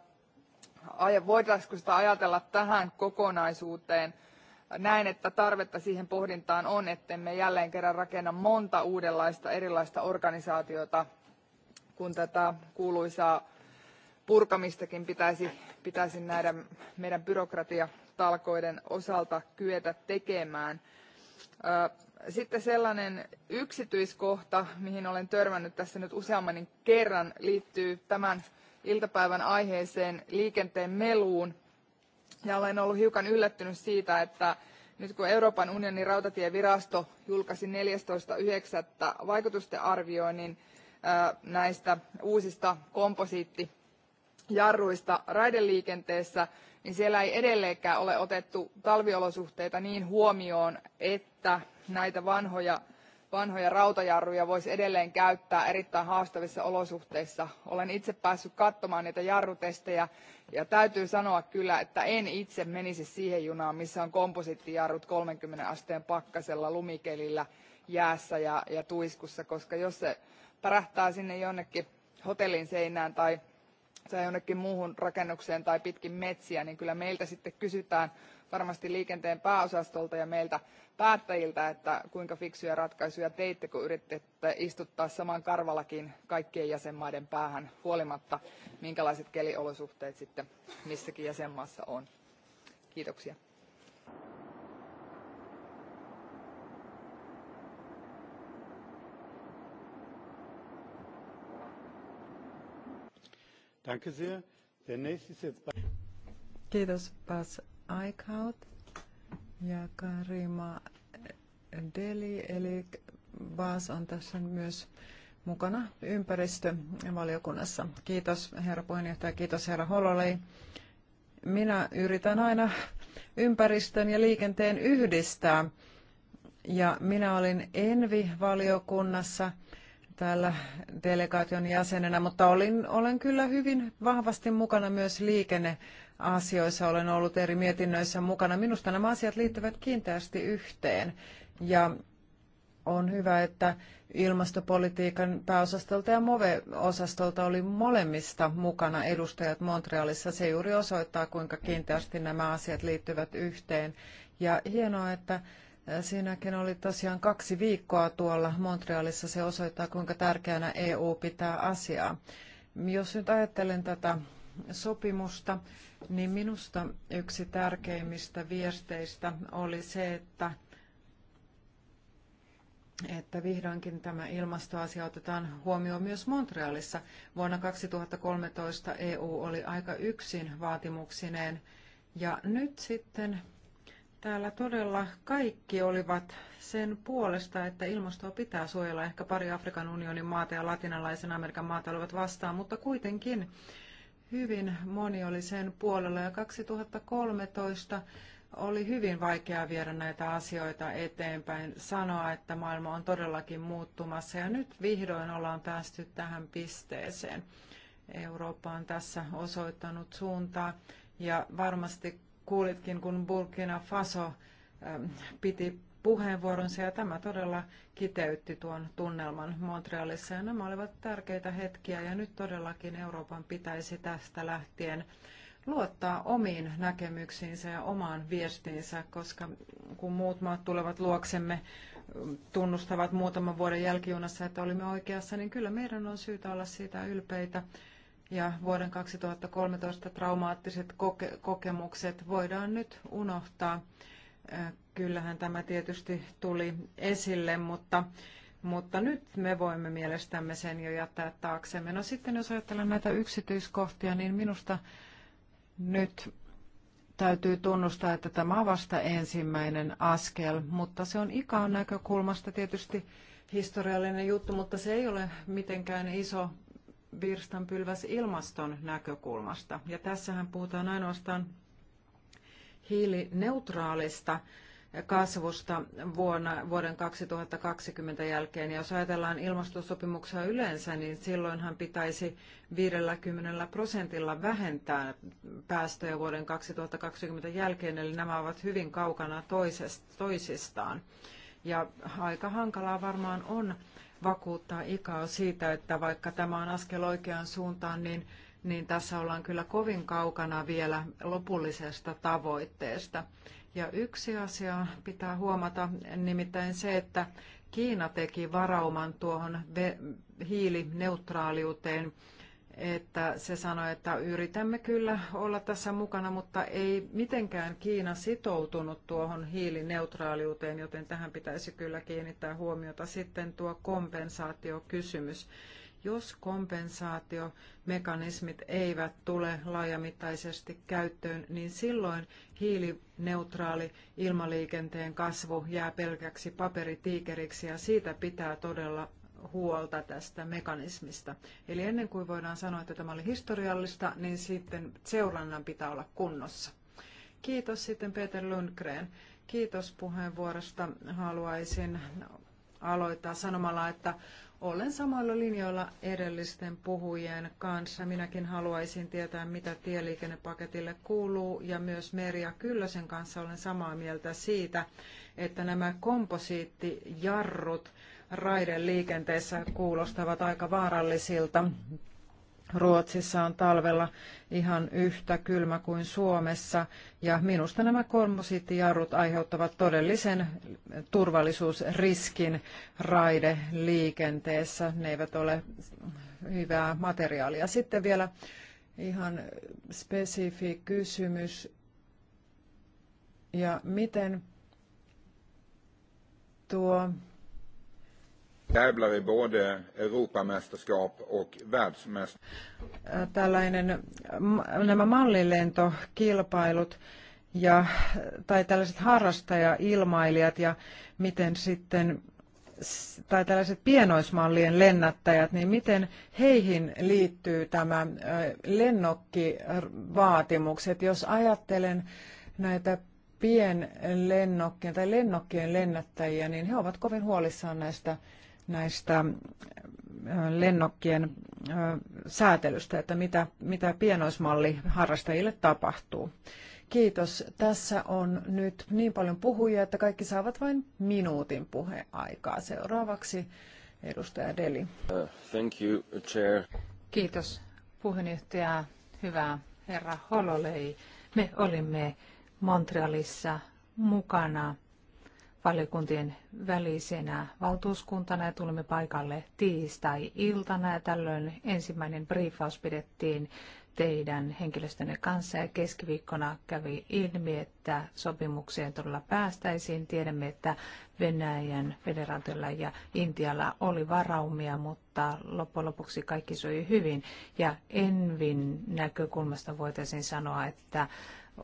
voitaisiko sitä ajatella tähän kokonaisuuteen? Näen, että tarvetta siihen pohdintaan on, ettemme jälleen kerran rakenna monta uudenlaista erilaista organisaatiota, kun tätä kuuluisaa purkamistakin pitäisi, pitäisi näiden meidän byrokratia talkoiden osalta kyetä tekemään. Sitten sellainen yksityiskohta, mihin olen törmännyt tässä nyt useamman niin kerran, liittyy tämän iltapäivän aiheeseen liikenteen meluun. Ja olen ollut hiukan yllättynyt siitä, että nyt kun Euroopan unionin rautatievirasto julkaisi 14.9. vaikutusten arvioinnin näistä uusista komposiittijarruista raideliikenteessä, niin siellä ei edelleenkään ole otettu talviolosuhteita niin huomioon, että näitä vanhoja, rautajarruja voisi edelleen käyttää erittäin haastavissa olosuhteissa. Olen itse päässyt katsomaan niitä jarrutestejä ja täytyy sanoa kyllä, että en itse menisi siihen junaan, missä on komposiittijarrut kolmekymmentä asteen pakkasella, lumikelillä, jäässä ja, ja tuiskussa, koska jos se pärähtää sinne jonnekin hotellin seinään tai se jonnekin muuhun rakennukseen tai pitkin metsiä, niin kyllä meiltä sitten kysytään varmasti liikenteen pääosastolta ja meiltä päättäjiltä, että kuinka fiksuja ratkaisuja teitte, kun yritätte istuttaa saman karvalakin kaikkien jäsenmaiden päähän huolimatta, minkälaiset keliolosuhteet sitten missäkin jäsenmaassa on. Kiitoksia. Kiitos Bas Aikaut ja Karima Deli, eli Bas on tässä myös mukana ympäristövaliokunnassa. Kiitos herra puheenjohtaja, kiitos herra Hololei. Minä yritän aina ympäristön ja liikenteen yhdistää. Ja minä olin Envi-valiokunnassa täällä delegaation jäsenenä, mutta olin, olen kyllä hyvin vahvasti mukana myös liikenneasioissa. Olen ollut eri mietinnöissä mukana. Minusta nämä asiat liittyvät kiinteästi yhteen. Ja on hyvä, että ilmastopolitiikan pääosastolta ja MOVE-osastolta oli molemmista mukana edustajat Montrealissa. Se juuri osoittaa, kuinka kiinteästi nämä asiat liittyvät yhteen. Ja hienoa, että Siinäkin oli tosiaan kaksi viikkoa tuolla Montrealissa. Se osoittaa, kuinka tärkeänä EU pitää asiaa. Jos nyt ajattelen tätä sopimusta, niin minusta yksi tärkeimmistä viesteistä oli se, että että vihdoinkin tämä ilmastoasia otetaan huomioon myös Montrealissa. Vuonna 2013 EU oli aika yksin vaatimuksineen ja nyt sitten Täällä todella kaikki olivat sen puolesta, että ilmastoa pitää suojella. Ehkä pari Afrikan unionin maata ja latinalaisen Amerikan maata olivat vastaan, mutta kuitenkin hyvin moni oli sen puolella. Ja 2013 oli hyvin vaikea viedä näitä asioita eteenpäin, sanoa, että maailma on todellakin muuttumassa. Ja nyt vihdoin ollaan päästy tähän pisteeseen. Eurooppa on tässä osoittanut suuntaa. Ja varmasti kuulitkin, kun Burkina Faso ähm, piti puheenvuoronsa ja tämä todella kiteytti tuon tunnelman Montrealissa ja nämä olivat tärkeitä hetkiä ja nyt todellakin Euroopan pitäisi tästä lähtien luottaa omiin näkemyksiinsä ja omaan viestiinsä, koska kun muut maat tulevat luoksemme, ähm, tunnustavat muutaman vuoden jälkijunassa, että olimme oikeassa, niin kyllä meidän on syytä olla siitä ylpeitä ja vuoden 2013 traumaattiset koke kokemukset voidaan nyt unohtaa. Kyllähän tämä tietysti tuli esille, mutta, mutta nyt me voimme mielestämme sen jo jättää taaksemme. No sitten jos ajatellaan näitä yksityiskohtia, niin minusta nyt täytyy tunnustaa, että tämä on vasta ensimmäinen askel, mutta se on ikaan näkökulmasta tietysti historiallinen juttu, mutta se ei ole mitenkään iso virstanpylväs ilmaston näkökulmasta. Ja tässähän puhutaan ainoastaan hiilineutraalista kasvusta vuonna, vuoden 2020 jälkeen. Ja jos ajatellaan ilmastosopimuksia yleensä, niin silloinhan pitäisi 50 prosentilla vähentää päästöjä vuoden 2020 jälkeen, eli nämä ovat hyvin kaukana toisest, toisistaan. Ja aika hankalaa varmaan on vakuuttaa ikää siitä, että vaikka tämä on askel oikeaan suuntaan, niin, niin tässä ollaan kyllä kovin kaukana vielä lopullisesta tavoitteesta. Ja yksi asia pitää huomata, nimittäin se, että Kiina teki varauman tuohon hiilineutraaliuteen että se sanoi, että yritämme kyllä olla tässä mukana, mutta ei mitenkään Kiina sitoutunut tuohon hiilineutraaliuteen, joten tähän pitäisi kyllä kiinnittää huomiota. Sitten tuo kompensaatiokysymys. Jos kompensaatiomekanismit eivät tule laajamittaisesti käyttöön, niin silloin hiilineutraali ilmaliikenteen kasvu jää pelkäksi paperitiikeriksi ja siitä pitää todella huolta tästä mekanismista. Eli ennen kuin voidaan sanoa, että tämä oli historiallista, niin sitten seurannan pitää olla kunnossa. Kiitos sitten Peter Lundgren. Kiitos puheenvuorosta. Haluaisin aloittaa sanomalla, että olen samoilla linjoilla edellisten puhujien kanssa. Minäkin haluaisin tietää, mitä tieliikennepaketille kuuluu, ja myös Merja Kyllösen kanssa olen samaa mieltä siitä, että nämä komposiittijarrut, raideliikenteessä kuulostavat aika vaarallisilta. Ruotsissa on talvella ihan yhtä kylmä kuin Suomessa ja minusta nämä kormosittijarrut aiheuttavat todellisen turvallisuusriskin raideliikenteessä. Ne eivät ole hyvää materiaalia. Sitten vielä ihan spesifi kysymys. Ja miten tuo Tävlar i både Europamästerskap och världsmästerskap. Äh, tällainen, nämä mallilentokilpailut ja, tai tällaiset harrastajailmailijat ja miten sitten tai tällaiset pienoismallien lennättäjät, niin miten heihin liittyy tämä äh, lennokkivaatimukset? Jos ajattelen näitä pienlennokkien tai lennokkien lennättäjiä, niin he ovat kovin huolissaan näistä näistä äh, lennokkien äh, säätelystä, että mitä, mitä pienoismalli harrastajille tapahtuu. Kiitos. Tässä on nyt niin paljon puhujia, että kaikki saavat vain minuutin puheaikaa. Seuraavaksi edustaja Deli. Uh, thank you, chair. Kiitos puheenjohtaja. Hyvä herra Hololei. Me olimme Montrealissa mukana valiokuntien välisenä valtuuskuntana ja tulimme paikalle tiistai-iltana ja tällöin ensimmäinen briefaus pidettiin teidän henkilöstönne kanssa ja keskiviikkona kävi ilmi, että sopimukseen todella päästäisiin. Tiedämme, että Venäjän federaatiolla ja Intialla oli varaumia, mutta loppujen lopuksi kaikki soi hyvin. Ja Envin näkökulmasta voitaisiin sanoa, että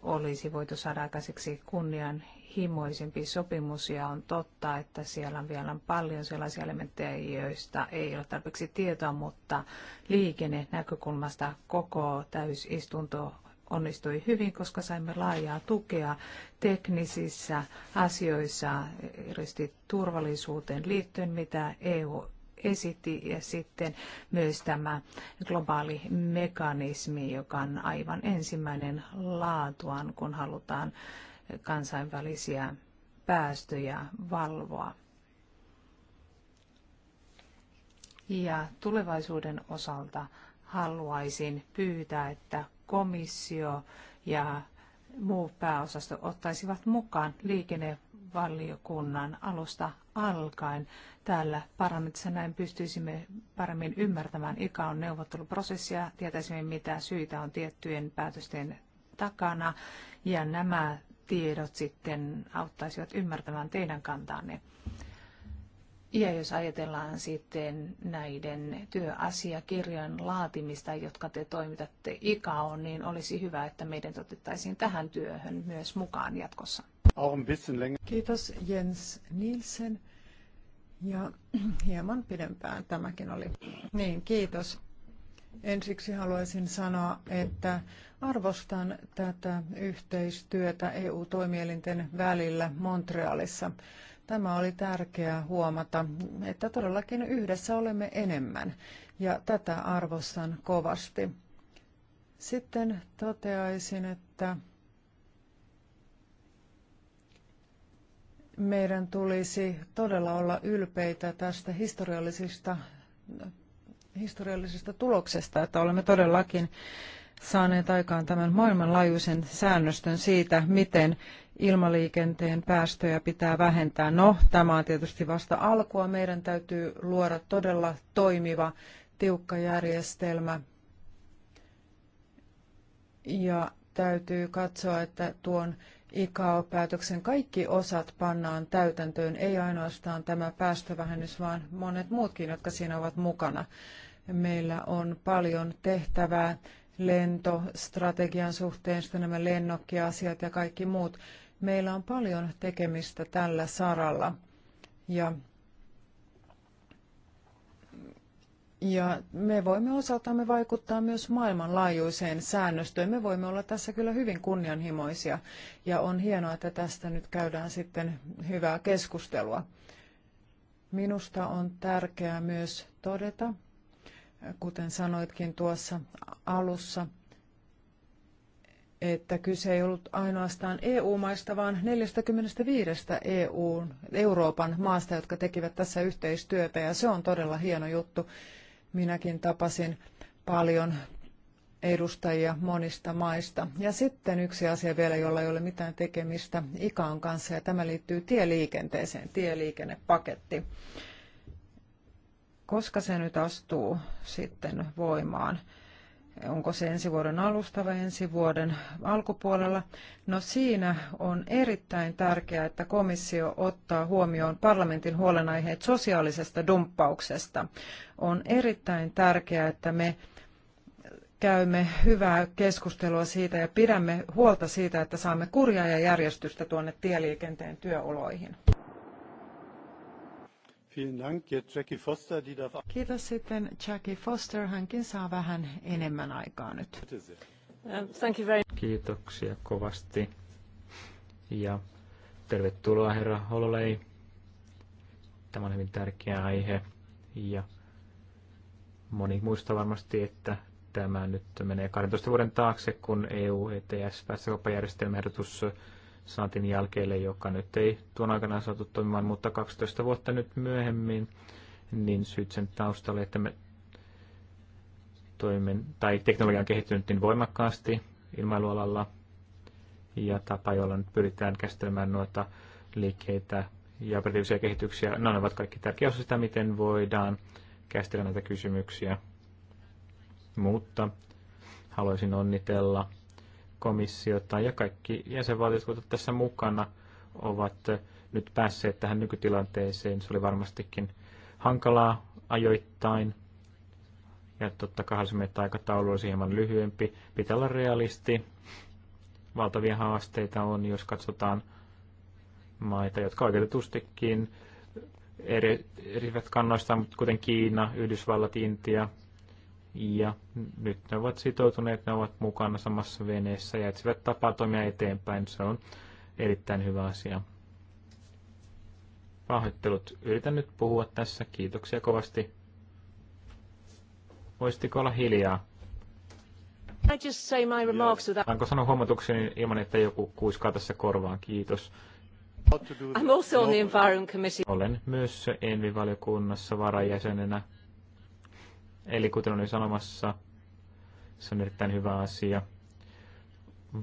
olisi voitu saada aikaiseksi kunnian kunnianhimoisempi sopimus ja on totta, että siellä on vielä paljon sellaisia elementtejä, joista ei ole tarpeeksi tietoa, mutta liikennenäkökulmasta koko täysistunto onnistui hyvin, koska saimme laajaa tukea teknisissä asioissa, erityisesti turvallisuuteen liittyen, mitä EU esitti ja sitten myös tämä globaali mekanismi, joka on aivan ensimmäinen laatuaan, kun halutaan kansainvälisiä päästöjä valvoa. Ja tulevaisuuden osalta haluaisin pyytää, että komissio ja muu pääosasto ottaisivat mukaan liikennevaliokunnan alusta alkaen täällä parlamentissa. Näin pystyisimme paremmin ymmärtämään ikaon neuvotteluprosessia, tietäisimme mitä syitä on tiettyjen päätösten takana ja nämä tiedot sitten auttaisivat ymmärtämään teidän kantaanne. Ja jos ajatellaan sitten näiden työasiakirjan laatimista, jotka te toimitatte ikaon, niin olisi hyvä, että meidän otettaisiin tähän työhön myös mukaan jatkossa. Kiitos Jens Nielsen. Ja hieman pidempään tämäkin oli. Niin, kiitos. Ensiksi haluaisin sanoa, että Arvostan tätä yhteistyötä EU-toimielinten välillä Montrealissa. Tämä oli tärkeää huomata, että todellakin yhdessä olemme enemmän, ja tätä arvostan kovasti. Sitten toteaisin, että meidän tulisi todella olla ylpeitä tästä historiallisesta, historiallisesta tuloksesta, että olemme todellakin saaneet aikaan tämän maailmanlaajuisen säännöstön siitä, miten ilmaliikenteen päästöjä pitää vähentää. No, tämä on tietysti vasta alkua. Meidän täytyy luoda todella toimiva, tiukka järjestelmä. Ja täytyy katsoa, että tuon ICAO-päätöksen kaikki osat pannaan täytäntöön, ei ainoastaan tämä päästövähennys, vaan monet muutkin, jotka siinä ovat mukana. Meillä on paljon tehtävää lentostrategian suhteen, sitten nämä lennokkiasiat ja kaikki muut. Meillä on paljon tekemistä tällä saralla. Ja, ja me voimme osaltamme vaikuttaa myös maailmanlaajuiseen säännöstöön. Me voimme olla tässä kyllä hyvin kunnianhimoisia ja on hienoa, että tästä nyt käydään sitten hyvää keskustelua. Minusta on tärkeää myös todeta, kuten sanoitkin tuossa alussa, että kyse ei ollut ainoastaan EU-maista, vaan 45 EU:n Euroopan maasta, jotka tekivät tässä yhteistyötä, ja se on todella hieno juttu. Minäkin tapasin paljon edustajia monista maista. Ja sitten yksi asia vielä, jolla ei ole mitään tekemistä ICAon kanssa, ja tämä liittyy tieliikenteeseen, tieliikennepaketti koska se nyt astuu sitten voimaan? Onko se ensi vuoden alusta vai ensi vuoden alkupuolella? No siinä on erittäin tärkeää, että komissio ottaa huomioon parlamentin huolenaiheet sosiaalisesta dumppauksesta. On erittäin tärkeää, että me käymme hyvää keskustelua siitä ja pidämme huolta siitä, että saamme kurjaa ja järjestystä tuonne tieliikenteen työoloihin. Kiitos sitten Jackie Foster. Hänkin saa vähän enemmän aikaa nyt. Um, thank you very... Kiitoksia kovasti. Ja tervetuloa herra Hololei. Tämä on hyvin tärkeä aihe. Ja moni muistaa varmasti, että tämä nyt menee 12 vuoden taakse, kun EU ETS päästökauppajärjestelmäehdotus saatiin jälkeelle, joka nyt ei tuon aikana saatu toimimaan, mutta 12 vuotta nyt myöhemmin, niin syyt sen taustalle, että me toimen, tai teknologia on kehittynyt niin voimakkaasti ilmailualalla, ja tapa, jolla nyt pyritään käsittelemään noita liikkeitä ja operatiivisia kehityksiä, no ne ovat kaikki tärkeä osa sitä, miten voidaan käsitellä näitä kysymyksiä. Mutta haluaisin onnitella komissiota ja kaikki jäsenvaltiot tässä mukana ovat nyt päässeet tähän nykytilanteeseen. Se oli varmastikin hankalaa ajoittain. Ja totta kai halusimme, että aikataulu olisi hieman lyhyempi. Pitää olla realisti. Valtavia haasteita on, jos katsotaan maita, jotka oikeutetustikin eri, erivät kannoista, mutta kuten Kiina, Yhdysvallat, Intia, ja nyt ne ovat sitoutuneet, ne ovat mukana samassa veneessä ja etsivät tapaa toimia eteenpäin. Se on erittäin hyvä asia. Pahoittelut. Yritän nyt puhua tässä. Kiitoksia kovasti. Voisitko olla hiljaa? I just say my remarks without... Saanko sanoa huomatukseni ilman, että joku kuiskaa tässä korvaan? Kiitos. I'm also on the Environment Committee. Olen myös Envi-valiokunnassa varajäsenenä. Eli kuten olin sanomassa, se on erittäin hyvä asia.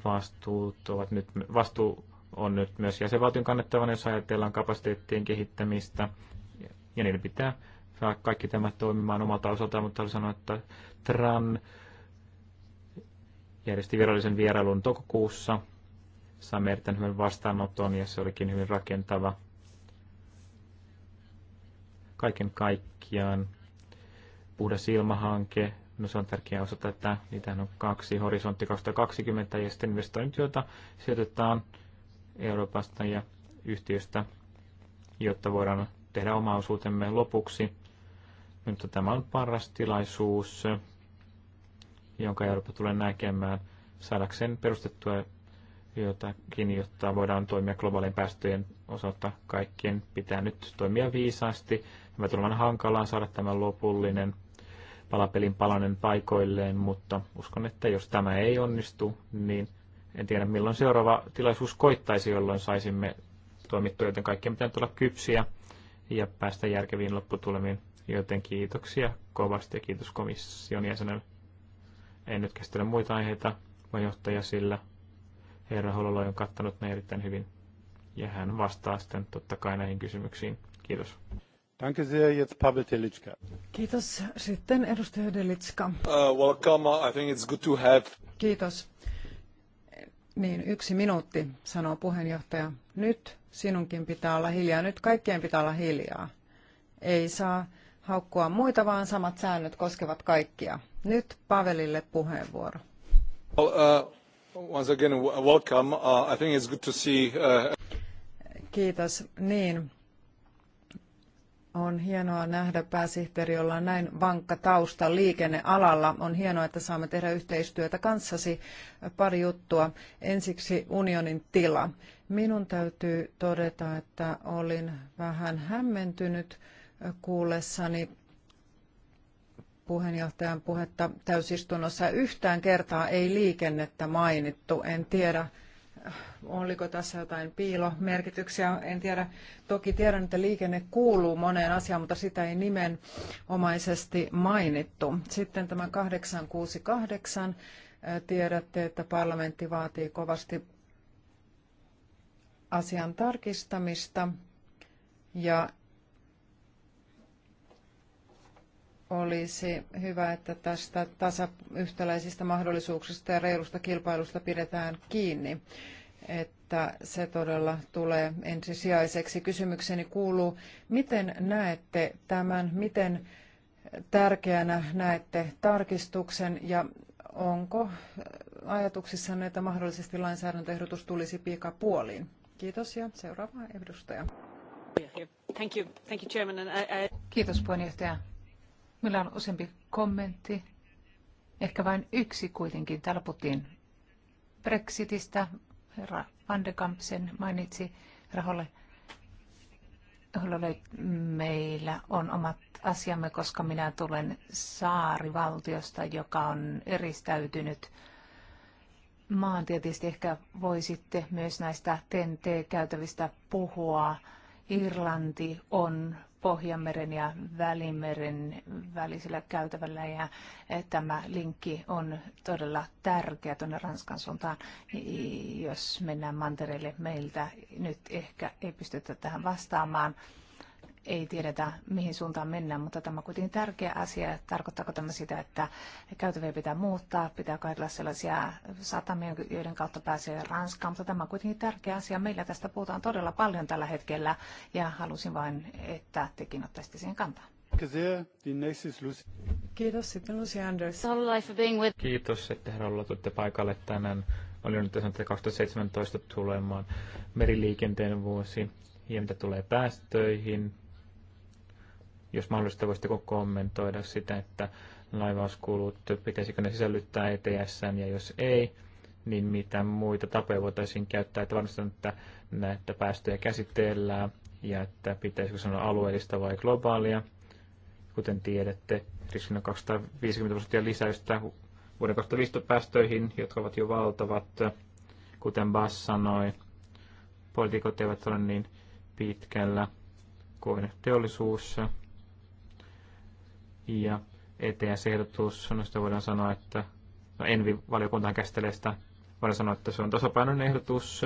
Vastuut ovat nyt, vastuu on nyt myös jäsenvaltion kannettavana, jos ajatellaan kapasiteettien kehittämistä. Ja niiden pitää saada kaikki tämä toimimaan omalta osaltaan, mutta haluan sanoa, että TRAN järjesti virallisen vierailun toukokuussa. Saimme erittäin hyvän vastaanoton ja se olikin hyvin rakentava kaiken kaikkiaan puhdas ilmahanke, no se on tärkeä osa tätä, niitä on kaksi, horisontti 2020 ja sitten investoinnit, joita sijoitetaan Euroopasta ja yhtiöstä, jotta voidaan tehdä oma osuutemme lopuksi. Mutta tämä on paras tilaisuus, jonka Eurooppa tulee näkemään saadakseen perustettua jotakin, jotta voidaan toimia globaalien päästöjen osalta kaikkien. Pitää nyt toimia viisaasti. Tämä tulee hankalaa saada tämä lopullinen palapelin palanen paikoilleen, mutta uskon, että jos tämä ei onnistu, niin en tiedä milloin seuraava tilaisuus koittaisi, jolloin saisimme toimittua, joten kaikkien pitää tulla kypsiä ja päästä järkeviin lopputulemiin. Joten kiitoksia kovasti ja kiitos komission jäsenelle. En nyt käsitellä muita aiheita, vaan johtaja sillä herra Hololo on kattanut ne erittäin hyvin. Ja hän vastaa sitten totta kai näihin kysymyksiin. Kiitos. Danke sehr, jetzt Pavel Telitschka. Kiitos. Sitten edustaja Delitska. Uh, welcome. I think it's good to have. Kiitos. Niin, yksi minuutti, sanoo puheenjohtaja. Nyt sinunkin pitää olla hiljaa. Nyt kaikkien pitää olla hiljaa. Ei saa haukkua muita, vaan samat säännöt koskevat kaikkia. Nyt Pavelille puheenvuoro. Well, uh, once again, welcome. Uh, I think it's good to see... Uh... Kiitos. Niin, on hienoa nähdä pääsihteeri, jolla on näin vankka tausta liikennealalla. On hienoa, että saamme tehdä yhteistyötä kanssasi. Pari juttua. Ensiksi unionin tila. Minun täytyy todeta, että olin vähän hämmentynyt kuullessani puheenjohtajan puhetta täysistunnossa. Yhtään kertaa ei liikennettä mainittu. En tiedä, oliko tässä jotain piilomerkityksiä, en tiedä. Toki tiedän, että liikenne kuuluu moneen asiaan, mutta sitä ei nimenomaisesti mainittu. Sitten tämä 868. Tiedätte, että parlamentti vaatii kovasti asian tarkistamista ja olisi hyvä, että tästä tasa yhtäläisistä mahdollisuuksista ja reilusta kilpailusta pidetään kiinni, että se todella tulee ensisijaiseksi. Kysymykseni kuuluu, miten näette tämän, miten tärkeänä näette tarkistuksen ja onko ajatuksissanne, että mahdollisesti lainsäädäntöehdotus tulisi pikapuoliin? Kiitos ja seuraava edustaja. Kiitos puheenjohtaja. Meillä on useampi kommentti. Ehkä vain yksi kuitenkin. Täällä puhuttiin Brexitistä. Herra Van de Kamp sen mainitsi raholle. Meillä on omat asiamme, koska minä tulen saarivaltiosta, joka on eristäytynyt maan. Tietysti ehkä voisitte myös näistä TNT-käytävistä puhua. Irlanti on Pohjanmeren ja Välimeren välisellä käytävällä ja eh, tämä linkki on todella tärkeä tuonne Ranskan suuntaan. Jos mennään mantereelle meiltä, nyt ehkä ei pystytä tähän vastaamaan ei tiedetä, mihin suuntaan mennään, mutta tämä on kuitenkin tärkeä asia. Tarkoittaako tämä sitä, että käytäviä pitää muuttaa, pitää kaikilla sellaisia satamia, joiden kautta pääsee Ranskaan, mutta tämä on kuitenkin tärkeä asia. Meillä tästä puhutaan todella paljon tällä hetkellä ja halusin vain, että tekin ottaisitte siihen kantaa. Kiitos, sitten Lucy Anders. Kiitos, että herralla tulitte paikalle tänään. Oli nyt tässä 2017 tulemaan meriliikenteen vuosi ja mitä tulee päästöihin, jos mahdollista, voisitteko kommentoida sitä, että laivauskulut, pitäisikö ne sisällyttää ets ja jos ei, niin mitä muita tapoja voitaisiin käyttää, että varmistetaan, että näitä päästöjä käsitellään ja että pitäisikö sanoa alueellista vai globaalia. Kuten tiedätte, riskinä 250 prosenttia lisäystä vuoden 2015 päästöihin, jotka ovat jo valtavat. Kuten Bass sanoi, poliitikot eivät ole niin pitkällä kuin teollisuus ja ETS-ehdotus, no sitä voidaan sanoa, että no Envi-valiokuntahan käsittelee sitä, voidaan sanoa, että se on tasapainoinen ehdotus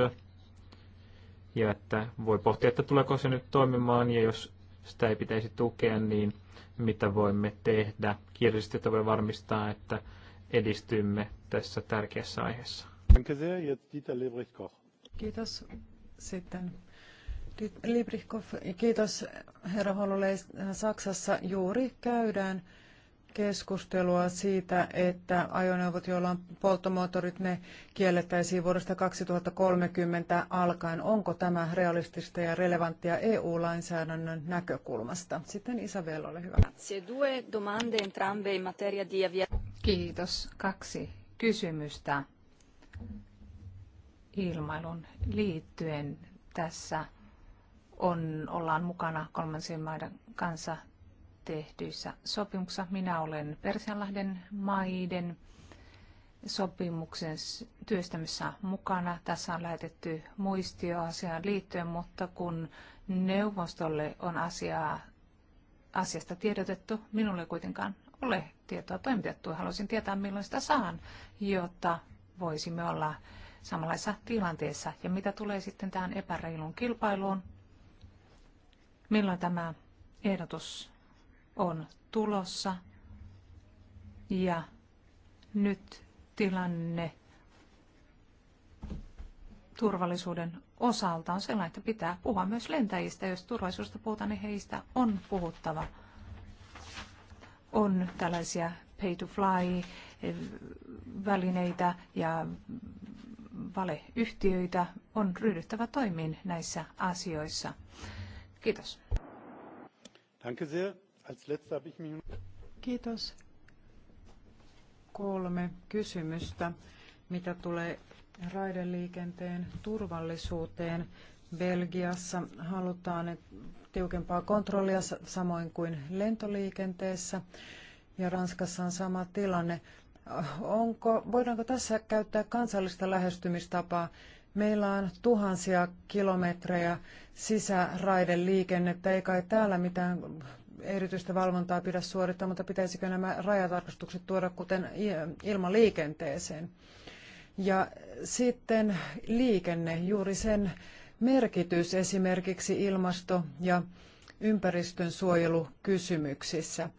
ja että voi pohtia, että tuleeko se nyt toimimaan ja jos sitä ei pitäisi tukea, niin mitä voimme tehdä kirjallisesti, että voi varmistaa, että edistymme tässä tärkeässä aiheessa. Kiitos. Sitten Librikov, kiitos herra Hololei. Saksassa juuri käydään keskustelua siitä, että ajoneuvot, joilla on polttomoottorit, ne kiellettäisiin vuodesta 2030 alkaen. Onko tämä realistista ja relevanttia EU-lainsäädännön näkökulmasta? Sitten Isabel, ole hyvä. Kiitos. Kaksi kysymystä ilmailun liittyen tässä on, ollaan mukana kolmansien maiden kanssa tehdyissä sopimuksissa. Minä olen Persianlahden maiden sopimuksen työstämisessä mukana. Tässä on lähetetty muistio asiaan liittyen, mutta kun neuvostolle on asiaa, asiasta tiedotettu, minulle ei kuitenkaan ole tietoa toimitettu. Haluaisin tietää, milloin sitä saan, jotta voisimme olla samanlaisessa tilanteessa. Ja mitä tulee sitten tähän epäreiluun kilpailuun, milloin tämä ehdotus on tulossa. Ja nyt tilanne turvallisuuden osalta on sellainen, että pitää puhua myös lentäjistä. Jos turvallisuudesta puhutaan, niin heistä on puhuttava. On tällaisia pay to fly välineitä ja valeyhtiöitä. On ryhdyttävä toimiin näissä asioissa. Kiitos. Kiitos. Kolme kysymystä, mitä tulee raideliikenteen turvallisuuteen. Belgiassa halutaan tiukempaa kontrollia samoin kuin lentoliikenteessä ja Ranskassa on sama tilanne. Onko, voidaanko tässä käyttää kansallista lähestymistapaa Meillä on tuhansia kilometrejä sisäraideliikennettä, kai täällä mitään erityistä valvontaa pidä suorittaa, mutta pitäisikö nämä rajatarkastukset tuoda kuten ilmaliikenteeseen? Ja sitten liikenne, juuri sen merkitys esimerkiksi ilmasto- ja ympäristön suojelukysymyksissä.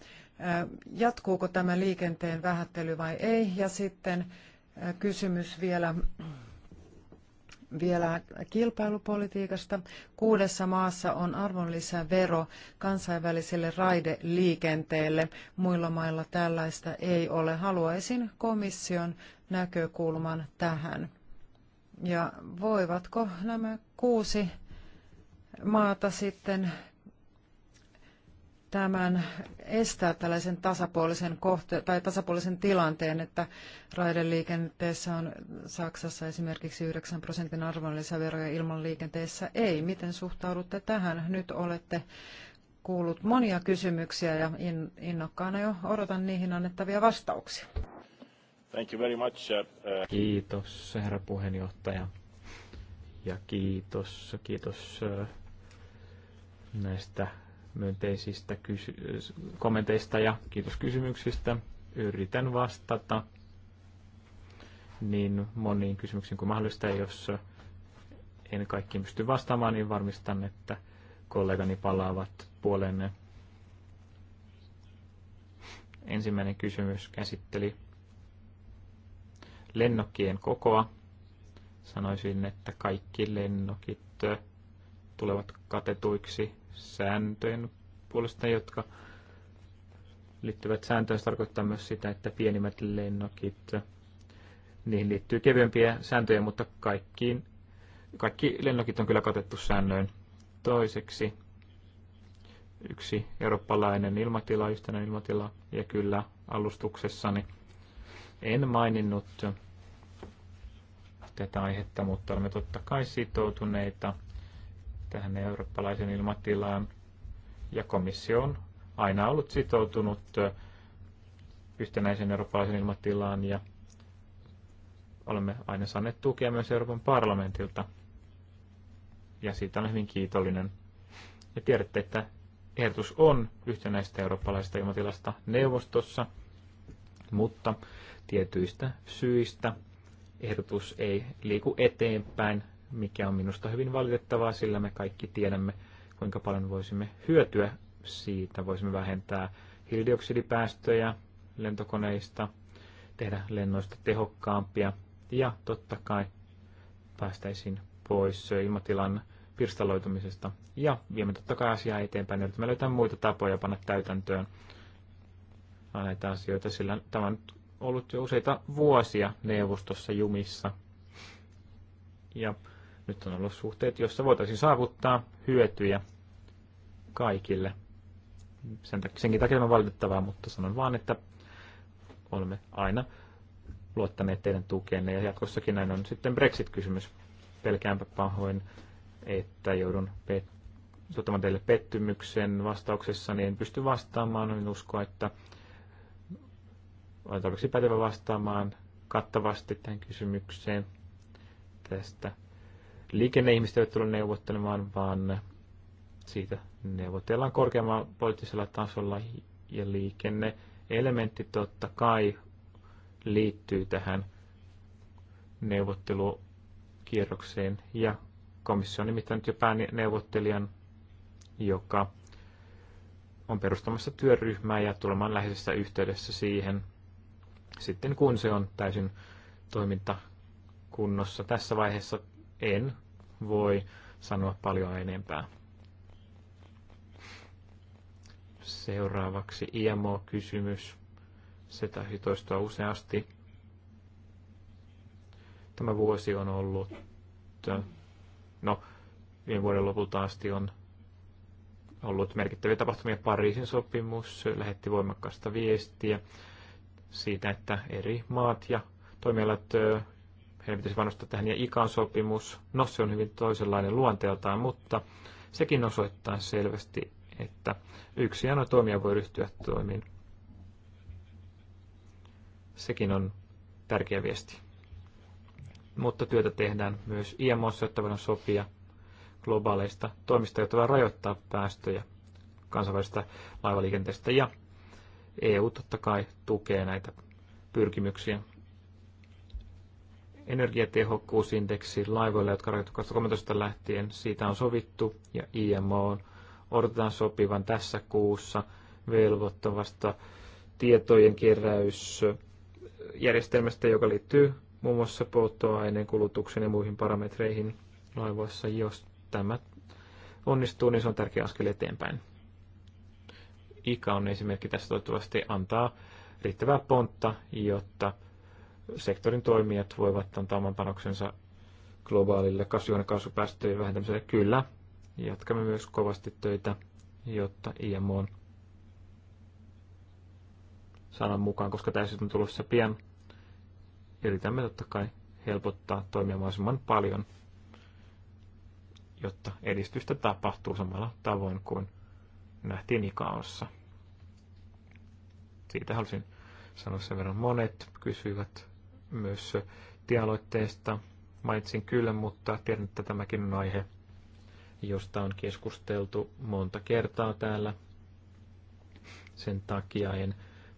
Jatkuuko tämä liikenteen vähättely vai ei? Ja sitten kysymys vielä vielä kilpailupolitiikasta. Kuudessa maassa on arvonlisävero kansainväliselle raideliikenteelle. Muilla mailla tällaista ei ole. Haluaisin komission näkökulman tähän. Ja voivatko nämä kuusi maata sitten tämän estää tällaisen tasapuolisen, kohte- tai tasapuolisen tilanteen, että raideliikenteessä on Saksassa esimerkiksi 9 prosentin arvonlisäveroja ilman liikenteessä ei. Miten suhtaudutte tähän? Nyt olette kuullut monia kysymyksiä ja in, innokkaana jo odotan niihin annettavia vastauksia. Thank you very much. Uh, kiitos herra puheenjohtaja ja kiitos, kiitos uh, näistä myönteisistä kysy- kommenteista ja kiitos kysymyksistä. Yritän vastata niin moniin kysymyksiin kuin mahdollista. Jos en kaikkiin pysty vastaamaan, niin varmistan, että kollegani palaavat puolenne. Ensimmäinen kysymys käsitteli lennokkien kokoa. Sanoisin, että kaikki lennokit tulevat katetuiksi sääntöjen puolesta, jotka liittyvät sääntöön. Se tarkoittaa myös sitä, että pienimmät lennokit, niihin liittyy kevyempiä sääntöjä, mutta kaikkiin, kaikki lennokit on kyllä katettu säännöin. Toiseksi yksi eurooppalainen ilmatila, yhtenä ilmatila, ja kyllä alustuksessani en maininnut tätä aihetta, mutta olemme totta kai sitoutuneita – tähän eurooppalaisen ilmatilaan. Ja komissio on aina ollut sitoutunut yhtenäisen eurooppalaisen ilmatilaan ja olemme aina saaneet tukea myös Euroopan parlamentilta. Ja siitä olen hyvin kiitollinen. Ja tiedätte, että ehdotus on yhtenäistä eurooppalaisesta ilmatilasta neuvostossa, mutta tietyistä syistä ehdotus ei liiku eteenpäin mikä on minusta hyvin valitettavaa, sillä me kaikki tiedämme, kuinka paljon voisimme hyötyä siitä. Voisimme vähentää hiilidioksidipäästöjä lentokoneista, tehdä lennoista tehokkaampia ja totta kai päästäisiin pois ilmatilan pirstaloitumisesta. Ja viemme totta kai asiaa eteenpäin, että me löytämme muita tapoja panna täytäntöön näitä asioita, sillä tämä on ollut jo useita vuosia neuvostossa jumissa. Ja nyt on ollut suhteet, joissa voitaisiin saavuttaa hyötyjä kaikille. Sen, senkin takia on valitettavaa, mutta sanon vaan, että olemme aina luottaneet teidän tukeenne ja jatkossakin näin on sitten Brexit-kysymys. Pelkäänpä pahoin, että joudun tuottamaan teille pettymyksen vastauksessa, niin en pysty vastaamaan. En usko, että olen tarpeeksi pätevä vastaamaan kattavasti tähän kysymykseen tästä liikenneihmiset eivät tule neuvottelemaan, vaan siitä neuvotellaan korkeammalla poliittisella tasolla ja liikenneelementti totta kai liittyy tähän neuvottelukierrokseen ja komissio on nimittänyt jo pääneuvottelijan, joka on perustamassa työryhmää ja tulemaan läheisessä yhteydessä siihen sitten kun se on täysin toiminta kunnossa. Tässä vaiheessa en voi sanoa paljon enempää. Seuraavaksi IMO-kysymys. Se täytyy toistaa useasti. Tämä vuosi on ollut, no viime vuoden lopulta asti on ollut merkittäviä tapahtumia. Pariisin sopimus lähetti voimakkaasta viestiä siitä, että eri maat ja toimialat heidän pitäisi panostaa tähän, ja ikan sopimus, no se on hyvin toisenlainen luonteeltaan, mutta sekin osoittaa selvästi, että yksi ainoa toimija voi ryhtyä toimiin. Sekin on tärkeä viesti. Mutta työtä tehdään myös IMOssa, jotta voidaan sopia globaaleista toimista, jotta voidaan rajoittaa päästöjä kansainvälisestä laivaliikenteestä. Ja EU totta kai tukee näitä pyrkimyksiä energiatehokkuusindeksi laivoille, jotka on 2013 lähtien. Siitä on sovittu ja IMO on odotetaan sopivan tässä kuussa velvoittavasta tietojen keräysjärjestelmästä, joka liittyy muun muassa polttoaineen kulutuksen ja muihin parametreihin laivoissa. Jos tämä onnistuu, niin se on tärkeä askel eteenpäin. ICA on esimerkki tässä toivottavasti antaa riittävää pontta, jotta – sektorin toimijat voivat antaa oman panoksensa globaalille kasvihuonekaasupäästöjen vähentämiselle. Kyllä, jatkamme myös kovasti töitä, jotta IMO on sanan mukaan, koska täysin on tulossa pian. Yritämme totta kai helpottaa toimia mahdollisimman paljon, jotta edistystä tapahtuu samalla tavoin kuin nähtiin Ikaossa. Siitä halusin sanoa sen verran monet kysyivät myös tialoitteesta Mainitsin kyllä, mutta tiedän, että tämäkin on aihe, josta on keskusteltu monta kertaa täällä. Sen takia en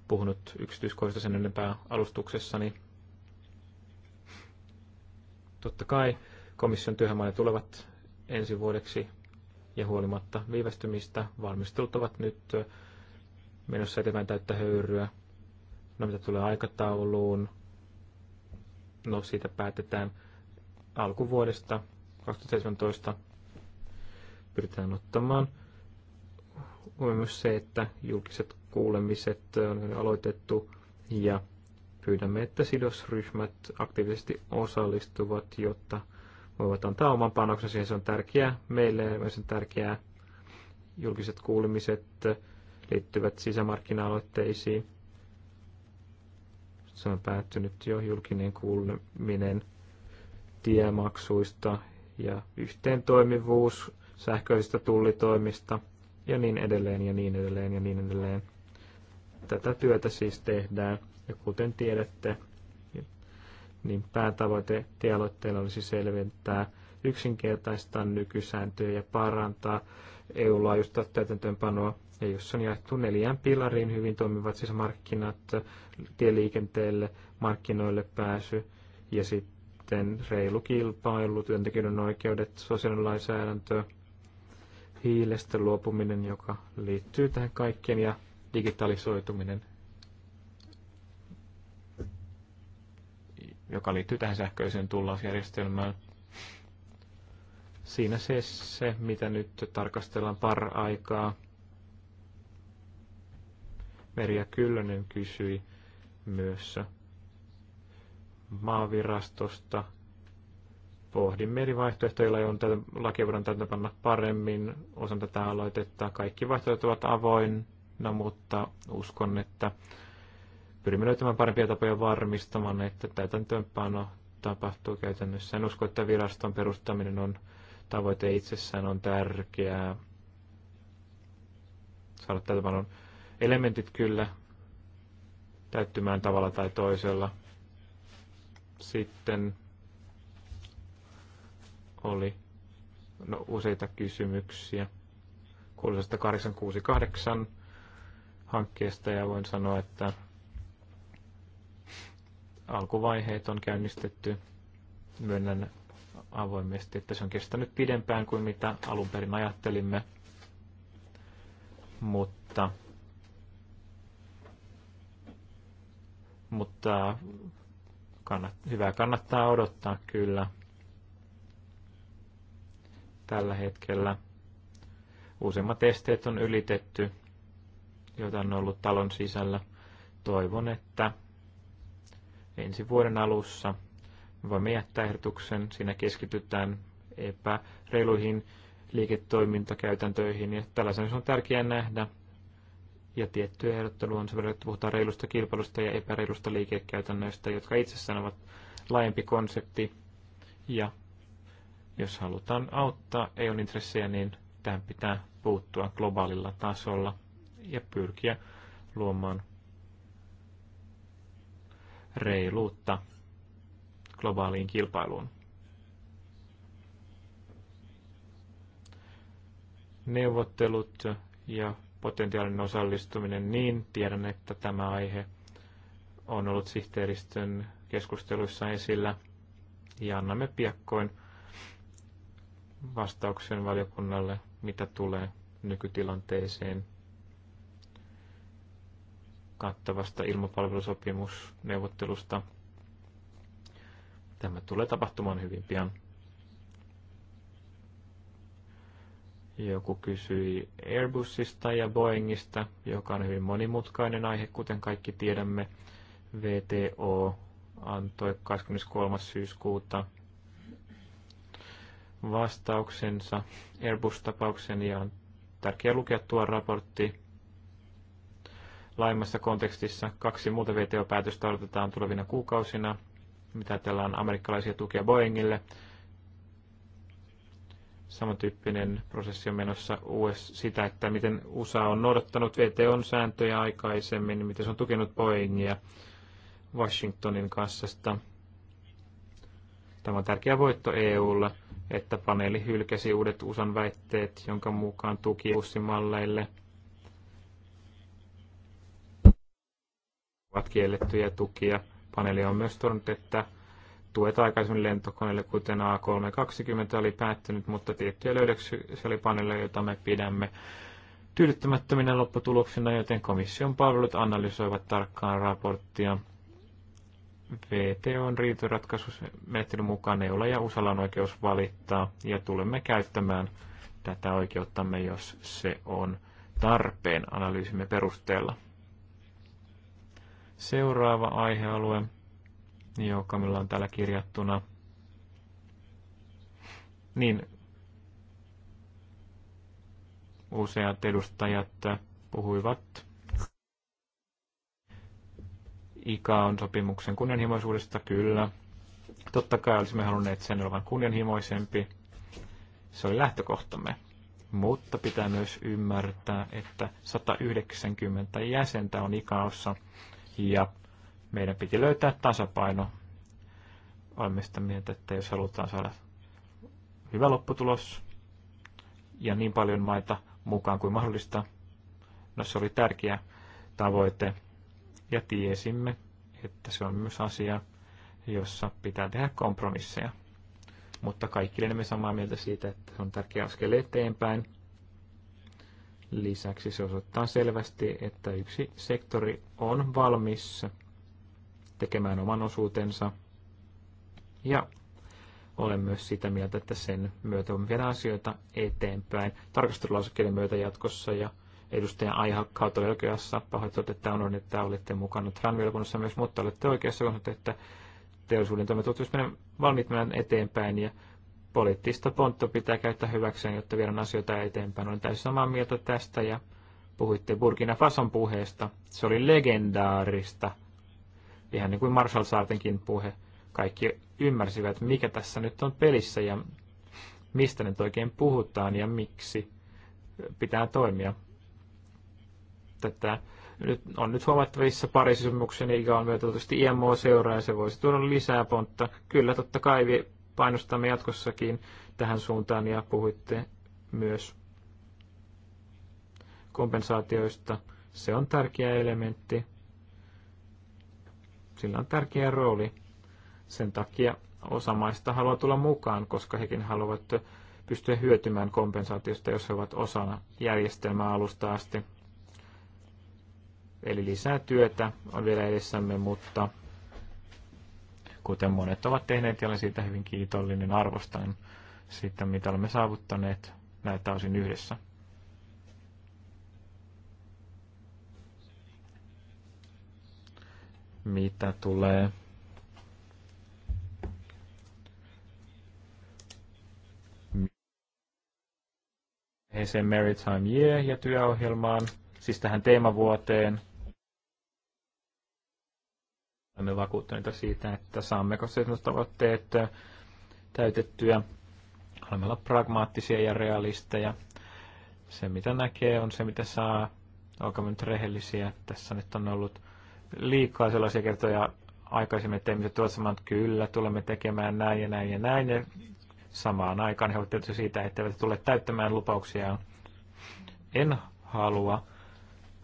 puhunut yksityiskohdista sen enempää alustuksessani. Totta kai komission työhönmaille tulevat ensi vuodeksi ja huolimatta viivästymistä valmistelut ovat nyt menossa eteenpäin täyttä höyryä. No mitä tulee aikatauluun, No siitä päätetään alkuvuodesta 2017. Pyritään ottamaan huomioon myös se, että julkiset kuulemiset on aloitettu ja pyydämme, että sidosryhmät aktiivisesti osallistuvat, jotta voivat antaa oman panoksen siihen. Se on tärkeää meille ja myös tärkeää julkiset kuulemiset liittyvät sisämarkkina-aloitteisiin se on päättynyt jo julkinen kuuleminen tiemaksuista ja yhteentoimivuus sähköisistä tullitoimista ja niin edelleen ja niin edelleen ja niin edelleen. Tätä työtä siis tehdään ja kuten tiedätte, niin päätavoite tieloitteella olisi selventää yksinkertaistaa nykysääntöjä ja parantaa EU-laajuista täytäntöönpanoa ja jos on jaettu neljään pilariin hyvin toimivat sisämarkkinat, tieliikenteelle, markkinoille pääsy ja sitten reilu kilpailu, työntekijöiden oikeudet, sosiaalinen lainsäädäntö, hiilestä luopuminen, joka liittyy tähän kaikkeen ja digitalisoituminen, joka liittyy tähän sähköiseen tullausjärjestelmään. Siinä se, se mitä nyt tarkastellaan par aikaa. Merja Kyllönen kysyi myös maavirastosta. Pohdimme eri vaihtoehtoja, joilla on tätä lakia voidaan panna paremmin osan tätä aloitetta. Kaikki vaihtoehdot ovat avoinna, no, mutta uskon, että pyrimme löytämään parempia tapoja varmistamaan, että täytäntöönpano tapahtuu käytännössä. En usko, että viraston perustaminen on tavoite itsessään on tärkeää. Saada täytäntöönpanon elementit kyllä täyttymään tavalla tai toisella. Sitten oli no, useita kysymyksiä kuuluisesta 868 hankkeesta ja voin sanoa, että alkuvaiheet on käynnistetty. Myönnän avoimesti, että se on kestänyt pidempään kuin mitä alun perin ajattelimme, mutta mutta kannat, hyvää kannattaa odottaa kyllä tällä hetkellä. Useimmat esteet on ylitetty, joita on ollut talon sisällä. Toivon, että ensi vuoden alussa voimme jättää ehdotuksen. Siinä keskitytään epäreiluihin liiketoimintakäytäntöihin ja tällaisen on tärkeää nähdä, ja tiettyä ehdottelua on sovellettu. Puhutaan reilusta kilpailusta ja epäreilusta liikekäytännöistä, jotka itsessään ovat laajempi konsepti. Ja jos halutaan auttaa EUn intressejä, niin tähän pitää puuttua globaalilla tasolla ja pyrkiä luomaan reiluutta globaaliin kilpailuun. Neuvottelut ja potentiaalinen osallistuminen, niin tiedän, että tämä aihe on ollut sihteeristön keskusteluissa esillä ja annamme piakkoin vastauksen valiokunnalle, mitä tulee nykytilanteeseen kattavasta ilmapalvelusopimusneuvottelusta. Tämä tulee tapahtumaan hyvin pian. Joku kysyi Airbusista ja Boeingista, joka on hyvin monimutkainen aihe, kuten kaikki tiedämme. VTO antoi 23. syyskuuta vastauksensa Airbus-tapauksen ja on tärkeää lukea tuo raportti laajemmassa kontekstissa. Kaksi muuta VTO-päätöstä odotetaan tulevina kuukausina, mitä tällä on amerikkalaisia tukia Boeingille – samantyyppinen prosessi on menossa US, sitä, että miten USA on noudattanut VTOn sääntöjä aikaisemmin, miten se on tukenut Boeingia Washingtonin kassasta. Tämä on tärkeä voitto EUlla, että paneeli hylkäsi uudet USAn väitteet, jonka mukaan tuki ussimalleille ovat kiellettyjä tukia. Paneeli on myös todennut, että tuet aikaisemmin lentokoneelle, kuten A320 oli päättynyt, mutta tiettyjä löydöksiä oli paneeleja, joita me pidämme tyydyttämättöminä lopputuloksina, joten komission palvelut analysoivat tarkkaan raporttia. VTOn riitoratkaisumenettelyn mukaan EUlla ja USAlla on oikeus valittaa ja tulemme käyttämään tätä oikeuttamme, jos se on tarpeen analyysimme perusteella. Seuraava aihealue joka meillä on täällä kirjattuna. Niin useat edustajat puhuivat on sopimuksen kunnianhimoisuudesta, kyllä. Totta kai olisimme halunneet sen olevan kunnianhimoisempi. Se oli lähtökohtamme. Mutta pitää myös ymmärtää, että 190 jäsentä on ikaossa ja meidän piti löytää tasapaino. Olemme sitä mieltä, että jos halutaan saada hyvä lopputulos ja niin paljon maita mukaan kuin mahdollista, no se oli tärkeä tavoite. Ja tiesimme, että se on myös asia, jossa pitää tehdä kompromisseja. Mutta kaikki olemme samaa mieltä siitä, että se on tärkeä askel eteenpäin. Lisäksi se osoittaa selvästi, että yksi sektori on valmis tekemään oman osuutensa. Ja olen myös sitä mieltä, että sen myötä on vielä asioita eteenpäin tarkastelulausekkeiden myötä jatkossa. Ja edustaja Aiha kautta oli oikeassa. Pahoittelut, että on että olitte mukana Tranvilkunnassa myös, mutta olette oikeassa, kun että teollisuuden toimet ovat valmiit menemään eteenpäin ja poliittista pontta pitää käyttää hyväkseen, jotta viedään asioita eteenpäin. Olen täysin samaa mieltä tästä ja puhuitte Burkina Fason puheesta. Se oli legendaarista Ihan niin kuin Marshall Saartenkin puhe, kaikki ymmärsivät, mikä tässä nyt on pelissä ja mistä nyt oikein puhutaan ja miksi pitää toimia. Tätä nyt, on nyt huomattavissa pari sopimuksen ikä on myötä tietysti IMO seuraa ja se voisi tuoda lisää pontta. Kyllä totta kai painostamme jatkossakin tähän suuntaan ja puhuitte myös kompensaatioista. Se on tärkeä elementti. Sillä on tärkeä rooli. Sen takia osa maista haluaa tulla mukaan, koska hekin haluavat pystyä hyötymään kompensaatiosta, jos he ovat osana järjestelmää alusta asti. Eli lisää työtä on vielä edessämme, mutta kuten monet ovat tehneet, ja olen siitä hyvin kiitollinen, arvostan sitä, mitä olemme saavuttaneet näitä osin yhdessä. mitä tulee aiheeseen Maritime Year ja työohjelmaan, siis tähän teemavuoteen. Olemme vakuuttuneita siitä, että saammeko tavoitteet täytettyä. Olemme olla pragmaattisia ja realisteja. Se, mitä näkee, on se, mitä saa. Olkaamme nyt rehellisiä. Tässä nyt on ollut liikaa sellaisia kertoja aikaisemmin, että ihmiset ovat sanomaan, että kyllä, tulemme tekemään näin ja näin ja näin. Ja samaan aikaan he ovat tietysti siitä, että eivät tule täyttämään lupauksiaan. En halua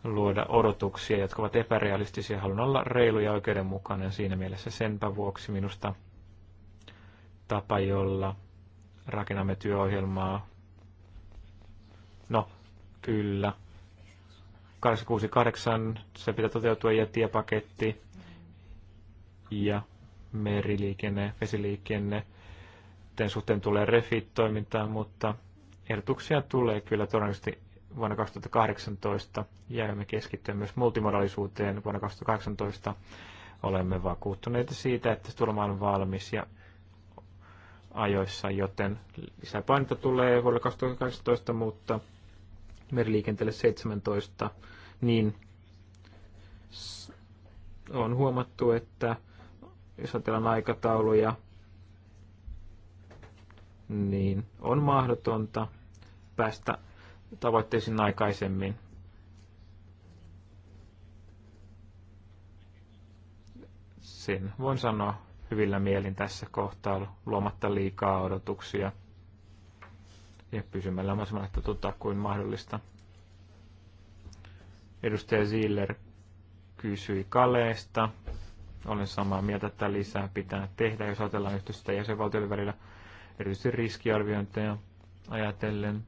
luoda odotuksia, jotka ovat epärealistisia. Haluan olla reilu ja oikeudenmukainen siinä mielessä senpä vuoksi minusta tapa, jolla rakennamme työohjelmaa. No, kyllä, 868, se pitää toteutua ja tiepaketti ja meriliikenne, vesiliikenne. Tämän suhteen tulee refit-toimintaa, mutta ehdotuksia tulee kyllä todennäköisesti vuonna 2018 ja me myös multimodalisuuteen vuonna 2018. Olemme vakuuttuneita siitä, että se on valmis ja ajoissa, joten lisäpainetta tulee vuonna 2018, mutta meriliikenteelle 17 niin on huomattu, että jos ajatellaan aikatauluja, niin on mahdotonta päästä tavoitteisiin aikaisemmin. Sen voin sanoa hyvillä mielin tässä kohtaa luomatta liikaa odotuksia ja pysymällä mahdollisimman tuota kuin mahdollista. Edustaja Ziller kysyi Kaleesta. Olen samaa mieltä, että lisää pitää tehdä, jos ajatellaan yhteistyötä jäsenvaltioiden välillä, erityisesti riskiarviointeja ajatellen.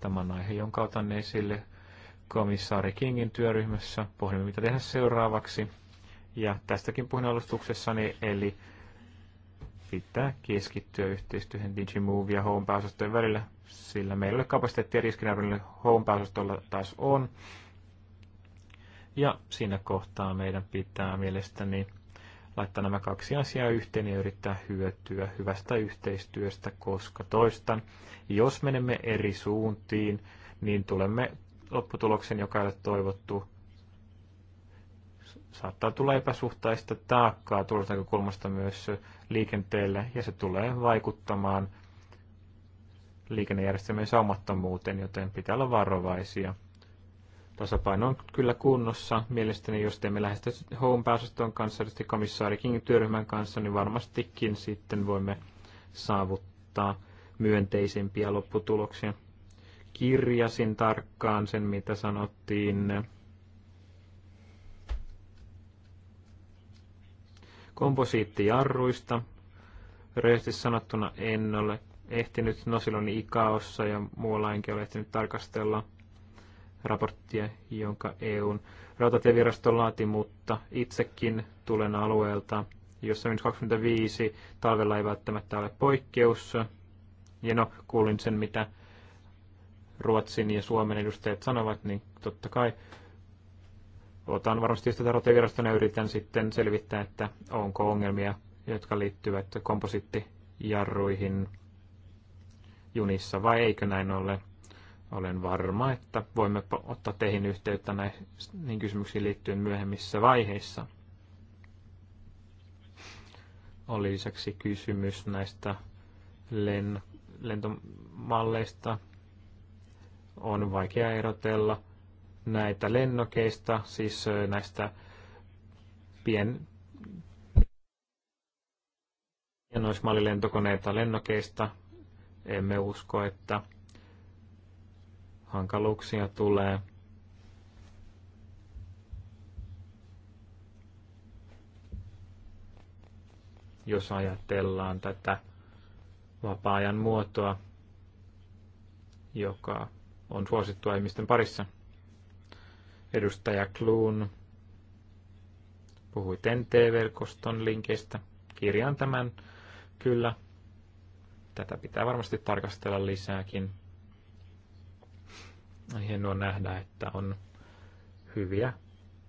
Tämä on aihe, jonka otan esille komissaari Kingin työryhmässä. Pohdimme, mitä tehdä seuraavaksi. Ja tästäkin puhun alustuksessani, eli pitää keskittyä yhteistyöhön Digimove ja Home-pääosastojen välillä, sillä meillä ei ole kapasiteettia riskinarvioinnille Home-pääosastolla taas on. Ja siinä kohtaa meidän pitää mielestäni laittaa nämä kaksi asiaa yhteen ja yrittää hyötyä hyvästä yhteistyöstä, koska toistan, jos menemme eri suuntiin, niin tulemme lopputuloksen, joka ei ole toivottu. Saattaa tulla epäsuhtaista taakkaa turvallisuusnäkökulmasta myös liikenteelle, ja se tulee vaikuttamaan liikennejärjestelmien saumattomuuteen, joten pitää olla varovaisia. Tasapaino on kyllä kunnossa. Mielestäni jos teemme lähestyä Home pääsystön kanssa, tietysti komissaari Kingin työryhmän kanssa, niin varmastikin sitten voimme saavuttaa myönteisempiä lopputuloksia. Kirjasin tarkkaan sen, mitä sanottiin. Komposiittijarruista. Rehellisesti sanottuna en ole ehtinyt, no silloin Ikaossa ja muualla enkä ole ehtinyt tarkastella – raporttia, jonka EUn rautatievirasto laati, mutta itsekin tulen alueelta, jossa minus 25 talvella ei välttämättä ole poikkeus. Ja no, kuulin sen, mitä Ruotsin ja Suomen edustajat sanovat, niin totta kai otan varmasti sitä rotevirastona ja yritän sitten selvittää, että onko ongelmia, jotka liittyvät komposittijarruihin junissa vai eikö näin ole. Olen varma, että voimme ottaa teihin yhteyttä näihin kysymyksiin liittyen myöhemmissä vaiheissa. Oli lisäksi kysymys näistä len, lentomalleista. On vaikea erotella näitä lennokeista, siis näistä pien, pienoismallilentokoneita lennokeista. Emme usko, että hankaluuksia tulee. Jos ajatellaan tätä vapaa-ajan muotoa, joka on suosittua ihmisten parissa. Edustaja Kluun puhui TNT-verkoston linkistä. Kirjaan tämän kyllä. Tätä pitää varmasti tarkastella lisääkin hienoa nähdä, että on hyviä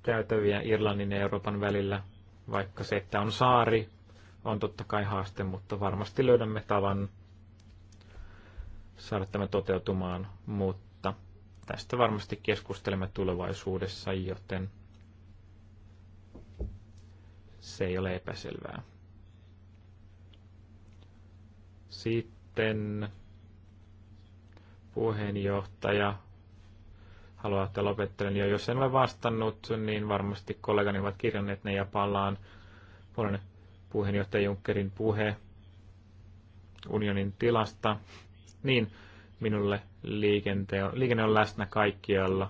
käytäviä Irlannin ja Euroopan välillä, vaikka se, että on saari, on totta kai haaste, mutta varmasti löydämme tavan saada tämä toteutumaan, mutta tästä varmasti keskustelemme tulevaisuudessa, joten se ei ole epäselvää. Sitten puheenjohtaja haluaa, että lopettelen. Ja jos en ole vastannut, niin varmasti kollegani ovat kirjanneet ne ja palaan puolen puheenjohtaja Junckerin puhe unionin tilasta. Niin minulle liikente on, liikenne on läsnä kaikkialla.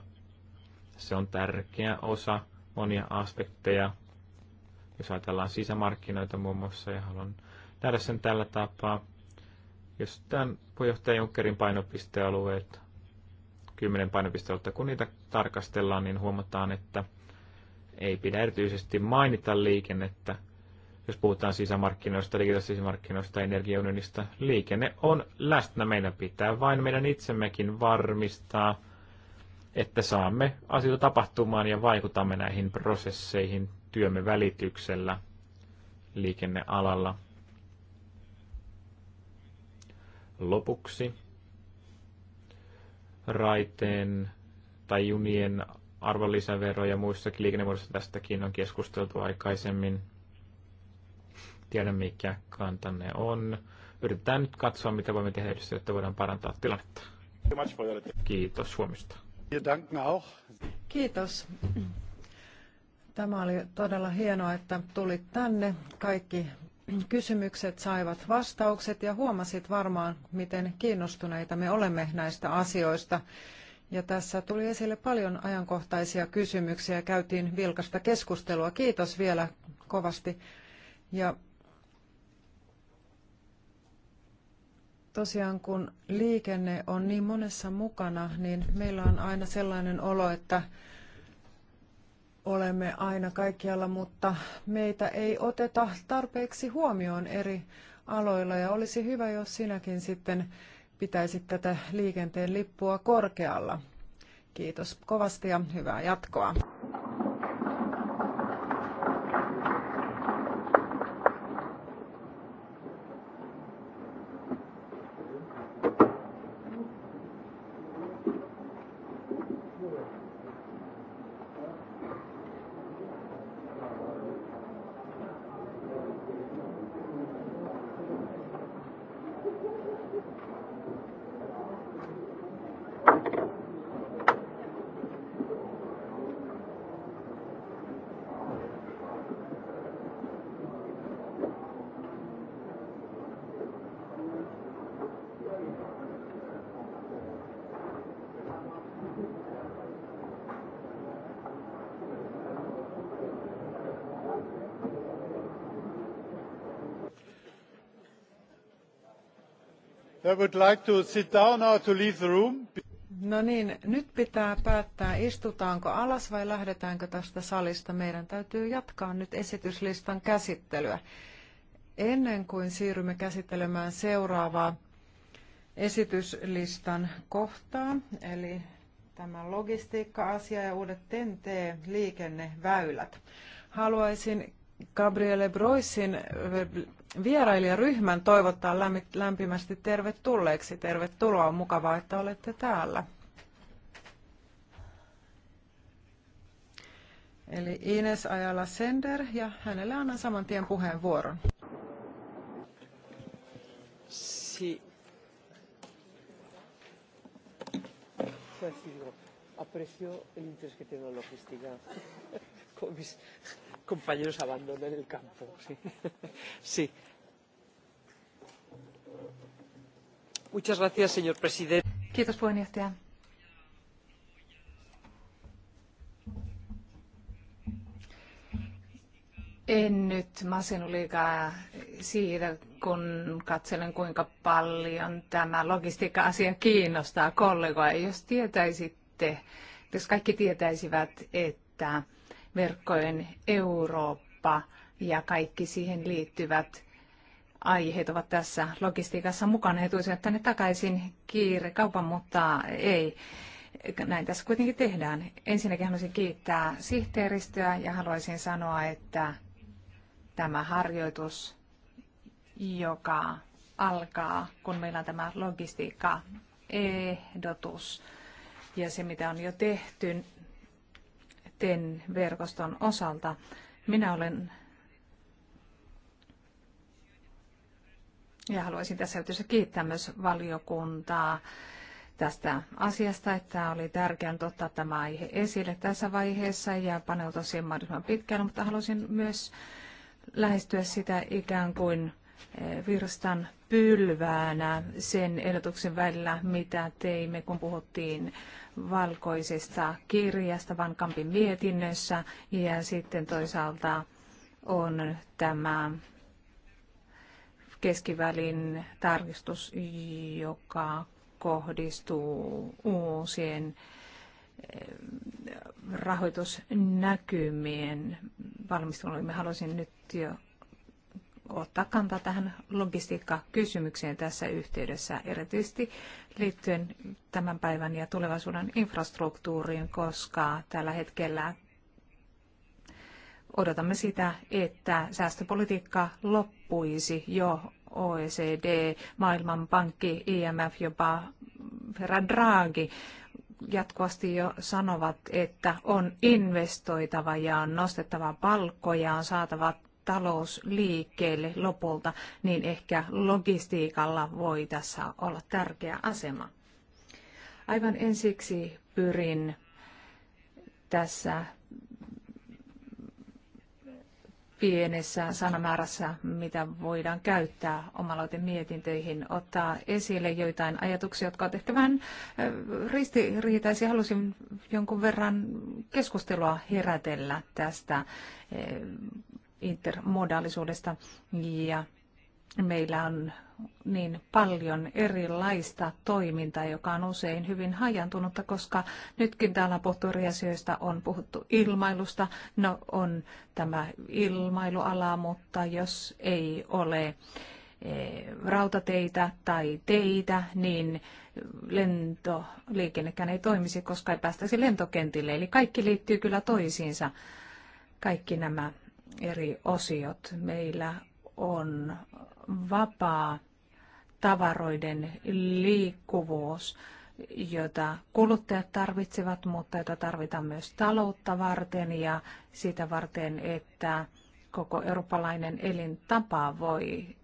Se on tärkeä osa monia aspekteja. Jos ajatellaan sisämarkkinoita muun muassa ja haluan nähdä sen tällä tapaa. Jos tämän puheenjohtaja Junckerin painopistealueet kymmenen painopistealuetta. Kun niitä tarkastellaan, niin huomataan, että ei pidä erityisesti mainita liikennettä. Jos puhutaan sisämarkkinoista, digitaalisista sisämarkkinoista, energiaunionista, liikenne on läsnä. Meidän pitää vain meidän itsemmekin varmistaa, että saamme asioita tapahtumaan ja vaikutamme näihin prosesseihin työmme välityksellä liikennealalla. Lopuksi raiteen tai junien arvonlisävero ja muissakin liikennemuodossa tästäkin on keskusteltu aikaisemmin. Tiedän, mikä kantanne on. Yritetään nyt katsoa, mitä voimme tehdä edessä, jotta voidaan parantaa tilannetta. Kiitos Suomesta. Kiitos. Tämä oli todella hienoa, että tulit tänne. Kaikki kysymykset saivat vastaukset ja huomasit varmaan, miten kiinnostuneita me olemme näistä asioista. Ja tässä tuli esille paljon ajankohtaisia kysymyksiä ja käytiin vilkasta keskustelua. Kiitos vielä kovasti. Ja tosiaan kun liikenne on niin monessa mukana, niin meillä on aina sellainen olo, että olemme aina kaikkialla, mutta meitä ei oteta tarpeeksi huomioon eri aloilla ja olisi hyvä, jos sinäkin sitten pitäisit tätä liikenteen lippua korkealla. Kiitos kovasti ja hyvää jatkoa. No niin, nyt pitää päättää, istutaanko alas vai lähdetäänkö tästä salista. Meidän täytyy jatkaa nyt esityslistan käsittelyä. Ennen kuin siirrymme käsittelemään seuraavaa esityslistan kohtaa, eli tämä logistiikka-asia ja uudet TNT-liikenneväylät. Haluaisin Gabriele Broissin vierailijaryhmän toivottaa lämpimästi tervetulleeksi. Tervetuloa, on mukavaa, että olette täällä. Eli Ines Ajala Sender ja hänelle annan saman tien puheenvuoron. Si. Aprecio el interés que tiene la logística. compañeros abandonen el campo. Sí. sí. Muchas gracias, señor presidente. Kiitos puheenjohtaja. En nyt masennu siitä, kun katselen kuinka paljon tämä logistiikka-asia kiinnostaa kollegoja. Jos tietäisitte, jos kaikki tietäisivät, että verkkojen Eurooppa ja kaikki siihen liittyvät aiheet ovat tässä logistiikassa mukana. He tulisivat tänne takaisin kiire kaupan, mutta ei. Näin tässä kuitenkin tehdään. Ensinnäkin haluaisin kiittää sihteeristöä ja haluaisin sanoa, että tämä harjoitus, joka alkaa, kun meillä on tämä logistiikka ehdotus ja se, mitä on jo tehty, TEN-verkoston osalta. Minä olen ja haluaisin tässä yhteydessä kiittää myös valiokuntaa tästä asiasta, että oli tärkeää ottaa tämä aihe esille tässä vaiheessa ja paneutua siihen mahdollisimman pitkään, mutta haluaisin myös lähestyä sitä ikään kuin eh, virstan pylväänä sen ehdotuksen välillä, mitä teimme, kun puhuttiin valkoisesta kirjasta Van Kampin mietinnössä ja sitten toisaalta on tämä keskivälin tarkistus, joka kohdistuu uusien eh, rahoitusnäkymien valmisteluun. haluaisin nyt jo ottaa kantaa tähän logistiikkakysymykseen tässä yhteydessä, erityisesti liittyen tämän päivän ja tulevaisuuden infrastruktuuriin, koska tällä hetkellä odotamme sitä, että säästöpolitiikka loppuisi jo OECD, Maailmanpankki, IMF, jopa Ferra Draghi jatkuvasti jo sanovat, että on investoitava ja on nostettava palkkoja, on saatava talous liikkeelle lopulta, niin ehkä logistiikalla voi tässä olla tärkeä asema. Aivan ensiksi pyrin tässä pienessä sanamäärässä, mitä voidaan käyttää omaloiden mietintöihin, ottaa esille joitain ajatuksia, jotka ovat ehkä vähän ristiriitaisia. Halusin jonkun verran keskustelua herätellä tästä intermodaalisuudesta ja meillä on niin paljon erilaista toimintaa, joka on usein hyvin hajantunutta, koska nytkin täällä on puhuttu asioista, on puhuttu ilmailusta, no on tämä ilmailuala, mutta jos ei ole e, rautateitä tai teitä, niin lentoliikennekään ei toimisi, koska ei päästäisi lentokentille. Eli kaikki liittyy kyllä toisiinsa, kaikki nämä eri osiot. Meillä on vapaa tavaroiden liikkuvuus, jota kuluttajat tarvitsevat, mutta jota tarvitaan myös taloutta varten ja sitä varten, että koko eurooppalainen elintapa voi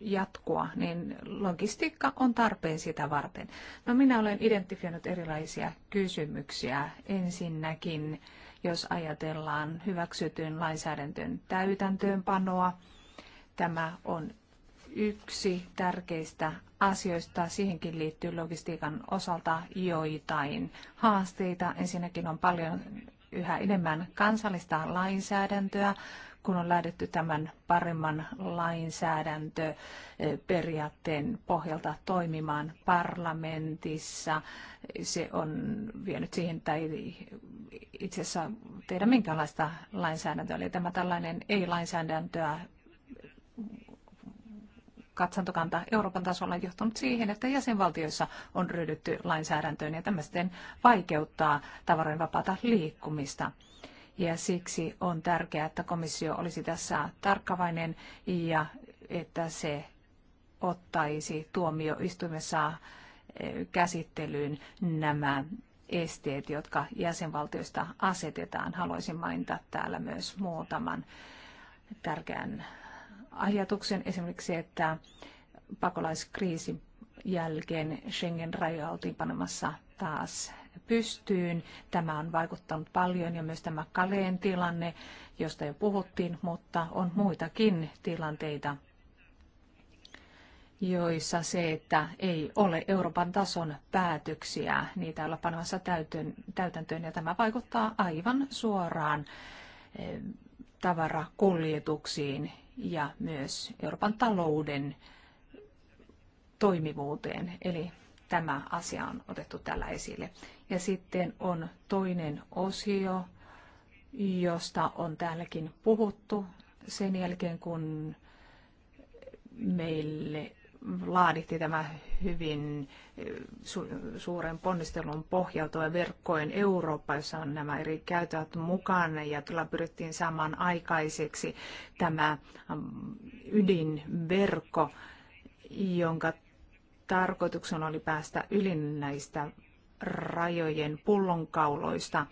jatkua, niin logistiikka on tarpeen sitä varten. No minä olen identifioinut erilaisia kysymyksiä. Ensinnäkin jos ajatellaan hyväksytyn lainsäädäntön täytäntöönpanoa. Tämä on yksi tärkeistä asioista. Siihenkin liittyy logistiikan osalta joitain haasteita. Ensinnäkin on paljon yhä enemmän kansallista lainsäädäntöä, kun on lähdetty tämän paremman lainsäädäntöperiaatteen pohjalta toimimaan parlamentissa. Se on vienyt siihen, tai itse asiassa tehdä minkälaista lainsäädäntöä. Eli tämä tällainen ei-lainsäädäntöä katsantokanta Euroopan tasolla on johtanut siihen, että jäsenvaltioissa on ryhdytty lainsäädäntöön ja tämä sitten vaikeuttaa tavaroiden vapaata liikkumista ja siksi on tärkeää, että komissio olisi tässä tarkkavainen ja että se ottaisi tuomioistuimessa eh, käsittelyyn nämä esteet, jotka jäsenvaltioista asetetaan. Haluaisin mainita täällä myös muutaman tärkeän ajatuksen, esimerkiksi että pakolaiskriisin jälkeen Schengen-rajoja oltiin panemassa taas pystyyn. Tämä on vaikuttanut paljon ja myös tämä Kaleen tilanne, josta jo puhuttiin, mutta on muitakin tilanteita, joissa se, että ei ole Euroopan tason päätöksiä, niitä olla panemassa täytäntöön ja tämä vaikuttaa aivan suoraan eh, tavarakuljetuksiin ja myös Euroopan talouden toimivuuteen. Eli tämä asia on otettu tällä esille. Ja sitten on toinen osio, josta on täälläkin puhuttu sen jälkeen, kun meille laadittiin tämä hyvin eh, su- suuren ponnistelun ja verkkojen Eurooppa, jossa on nämä eri käytävät mukana ja tulla pyrittiin saamaan aikaiseksi tämä mm, ydinverkko, jonka tarkoituksena oli päästä yli näistä rajojen pullonkauloista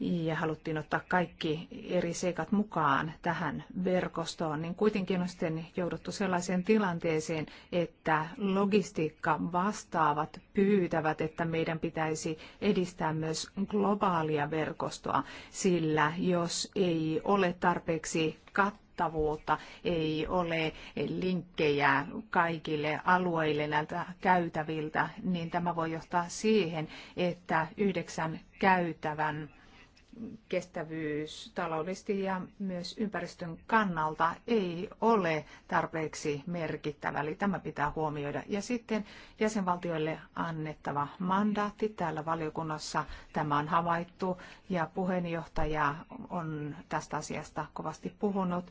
ja haluttiin ottaa kaikki eri seikat mukaan tähän verkostoon, niin kuitenkin on sitten jouduttu sellaiseen tilanteeseen, että logistiikka vastaavat pyytävät, että meidän pitäisi edistää myös globaalia verkostoa, sillä jos ei ole tarpeeksi kattavaa, kattavuutta, ei ole linkkejä kaikille alueille näiltä käytäviltä, niin tämä voi johtaa siihen, että yhdeksän käytävän kestävyys taloudellisesti ja myös ympäristön kannalta ei ole tarpeeksi merkittävä, eli tämä pitää huomioida. Ja sitten jäsenvaltioille annettava mandaatti täällä valiokunnassa, tämä on havaittu ja puheenjohtaja on tästä asiasta kovasti puhunut.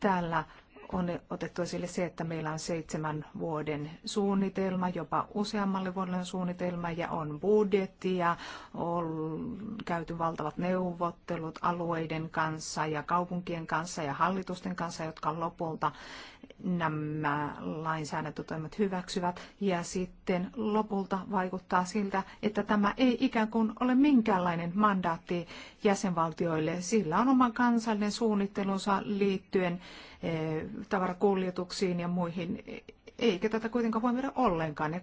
Täällä on otettu esille se, että meillä on seitsemän vuoden suunnitelma, jopa useammalle vuodelle suunnitelma ja on budjetti ja on käyty valtavat neuvottelut alueiden kanssa ja kaupunkien kanssa ja hallitusten kanssa, jotka lopulta nämä lainsäädäntötoimet hyväksyvät. Ja sitten lopulta vaikuttaa siltä, että tämä ei ikään kuin ole minkäänlainen mandaatti jäsenvaltioille. Sillä on oma kansallinen suunnittelunsa liittyen eh, tavarakuljetuksiin ja muihin eikä tätä kuitenkaan huomioida ollenkaan. Ja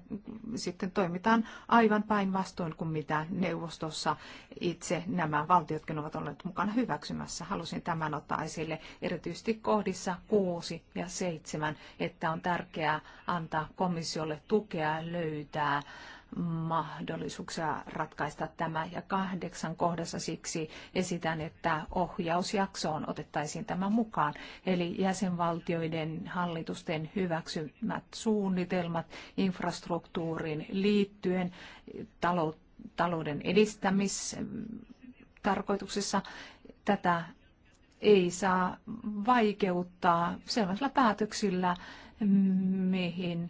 sitten toimitaan aivan päinvastoin kuin mitä neuvostossa itse nämä valtiotkin ovat olleet mukana hyväksymässä. Halusin tämän ottaa esille erityisesti kohdissa 6 ja 7, että on tärkeää antaa komissiolle tukea löytää mahdollisuuksia ratkaista tämä. Ja kahdeksan kohdassa siksi esitän, että ohjausjaksoon otettaisiin tämä mukaan. Eli jäsenvaltioiden hallitusten hyväksymät suunnitelmat infrastruktuuriin liittyen talouden edistämistarkoituksessa tätä ei saa vaikeuttaa sellaisilla päätöksillä, mihin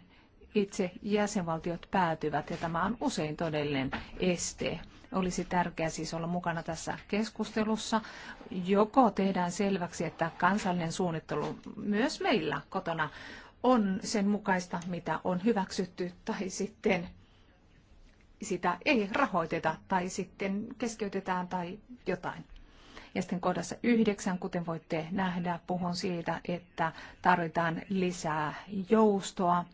itse jäsenvaltiot päätyvät, ja tämä on usein todellinen este. Olisi tärkeää siis olla mukana tässä keskustelussa. Joko tehdään selväksi, että kansallinen suunnittelu myös meillä kotona on sen mukaista, mitä on hyväksytty, tai sitten sitä ei rahoiteta, tai sitten keskeytetään tai jotain. Ja sitten kohdassa yhdeksän, kuten voitte nähdä, puhun siitä, että tarvitaan lisää joustoa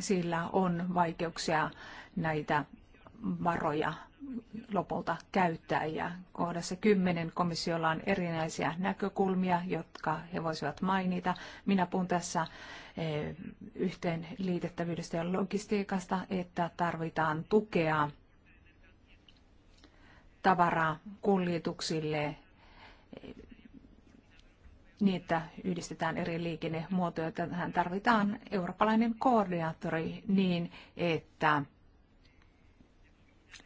sillä on vaikeuksia näitä varoja lopulta käyttää. Ja kohdassa 10 komissiolla on erinäisiä näkökulmia, jotka he voisivat mainita. Minä puhun tässä eh, yhteen liitettävyydestä ja logistiikasta, että tarvitaan tukea tavarakuljetuksille niin, että yhdistetään eri liikennemuotoja. Tähän tarvitaan eurooppalainen koordinaattori niin, että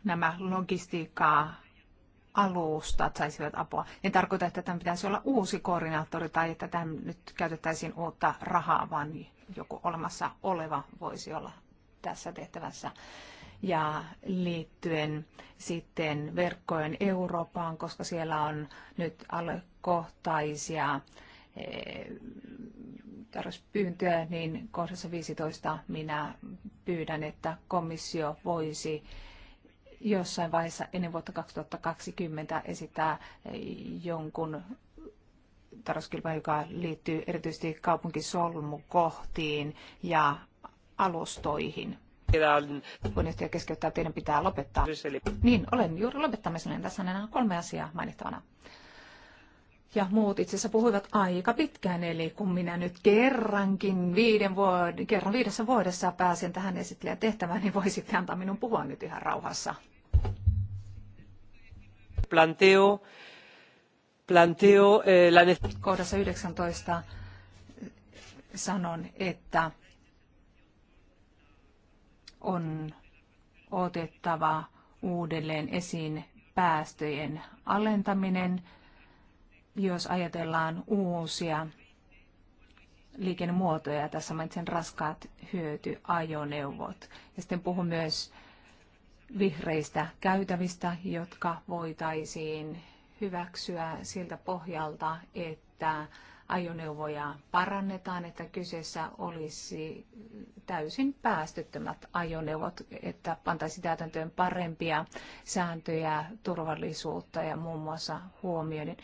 nämä logistiikkaa alustat saisivat apua. En tarkoita, että tämän pitäisi olla uusi koordinaattori tai että tämän nyt käytettäisiin uutta rahaa, vaan joku olemassa oleva voisi olla tässä tehtävässä. Ja liittyen sitten verkkojen Eurooppaan, koska siellä on nyt alle Kohtaisia eh, tarjouspyyntöjä, niin kohdassa 15 minä pyydän, että komissio voisi jossain vaiheessa ennen vuotta 2020 esittää eh, jonkun tarjouskilpailun, joka liittyy erityisesti kaupunkisolmukohtiin ja alustoihin. Puheenjohtaja keskeyttää, teidän pitää lopettaa. Niin, olen juuri lopettamisen Tässä on enää kolme asiaa mainittavana ja muut itse asiassa puhuivat aika pitkään, eli kun minä nyt kerrankin viiden vuod- kerran viidessä vuodessa pääsen tähän esittelijän tehtävään, niin voisitte antaa minun puhua nyt ihan rauhassa. Planteo, planteo, eh, la... Kohdassa 19 eh, sanon, että on otettava uudelleen esiin päästöjen alentaminen jos ajatellaan uusia liikennemuotoja. Tässä mainitsen raskaat hyötyajoneuvot. Ja sitten puhun myös vihreistä käytävistä, jotka voitaisiin hyväksyä siltä pohjalta, että ajoneuvoja parannetaan, että kyseessä olisi täysin päästöttömät ajoneuvot, että pantaisi täytäntöön parempia sääntöjä, turvallisuutta ja muun muassa huomioiden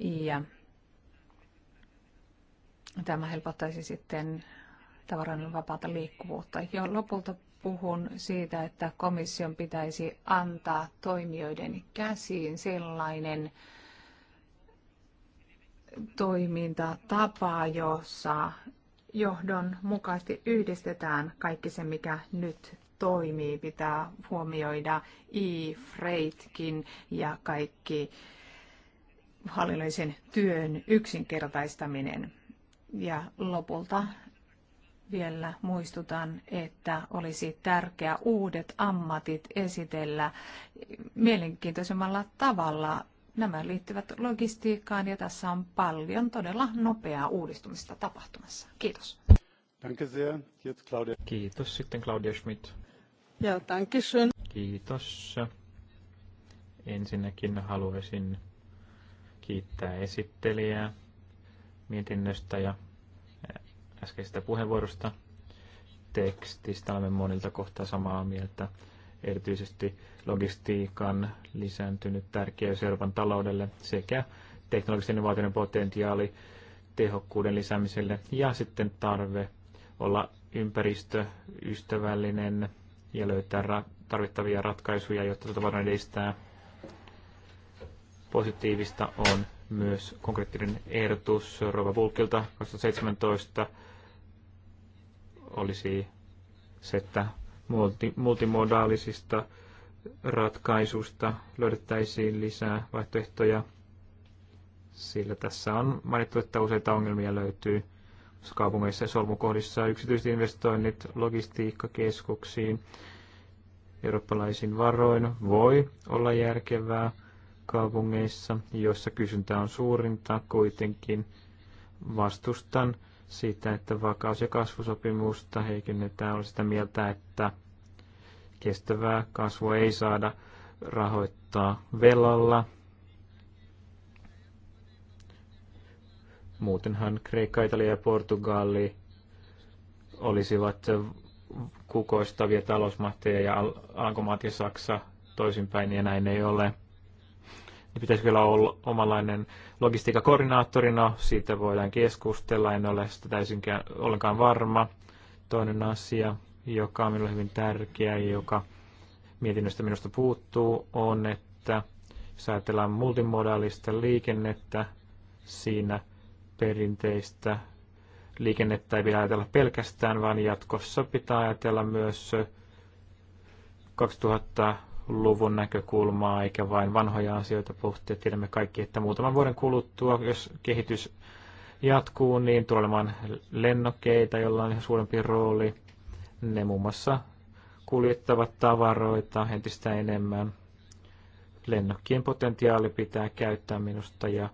ja tämä helpottaisi sitten tavaran vapaata liikkuvuutta. Ja lopulta puhun siitä, että komission pitäisi antaa toimijoiden käsiin sellainen toimintatapa, jossa mukaisesti yhdistetään kaikki se, mikä nyt toimii. Pitää huomioida e-freightkin ja kaikki hallinnollisen työn yksinkertaistaminen. Ja lopulta vielä muistutan, että olisi tärkeää uudet ammatit esitellä mielenkiintoisemmalla tavalla. Nämä liittyvät logistiikkaan ja tässä on paljon todella nopeaa uudistumista tapahtumassa. Kiitos. Danke sehr. Jetzt Claudia. Kiitos. Sitten Claudia Schmidt. Ja, danke schön. Kiitos. Ensinnäkin haluaisin kiittää esittelijää mietinnöstä ja äskeisestä puheenvuorosta tekstistä. Olemme monilta kohtaa samaa mieltä. Erityisesti logistiikan lisääntynyt tärkeys Euroopan taloudelle sekä teknologisen innovaatioiden potentiaali tehokkuuden lisäämiselle ja sitten tarve olla ympäristöystävällinen ja löytää ra- tarvittavia ratkaisuja, jotta tätä voidaan edistää Positiivista on myös konkreettinen ehdotus Rova Bulkilta 2017 olisi se, että multi, multimodaalisista ratkaisusta löydettäisiin lisää vaihtoehtoja, sillä tässä on mainittu, että useita ongelmia löytyy kaupungeissa ja solmukohdissa yksityiset investoinnit logistiikkakeskuksiin eurooppalaisin varoin voi olla järkevää, kaupungeissa, joissa kysyntä on suurinta kuitenkin. Vastustan sitä, että vakaus- ja kasvusopimusta heikennetään. Olen sitä mieltä, että kestävää kasvua ei saada rahoittaa velalla. Muutenhan Kreikka, Italia ja Portugali olisivat kukoistavia talousmahteja ja Alankomaat ja Saksa toisinpäin, ja näin ei ole niin pitäisi vielä olla omanlainen logistiikkakoordinaattori. No, siitä voidaan keskustella, en ole sitä täysinkään ollenkaan varma. Toinen asia, joka on minulle hyvin tärkeä ja joka mietinnöstä minusta puuttuu, on, että jos ajatellaan multimodaalista liikennettä, siinä perinteistä liikennettä ei pidä ajatella pelkästään, vaan jatkossa pitää ajatella myös 2000 luvun näkökulmaa, eikä vain vanhoja asioita pohtia. Tiedämme kaikki, että muutaman vuoden kuluttua, jos kehitys jatkuu, niin tulee olemaan lennokkeita, joilla on suurempi rooli. Ne muun muassa kuljettavat tavaroita entistä enemmän. Lennokkien potentiaali pitää käyttää minusta ja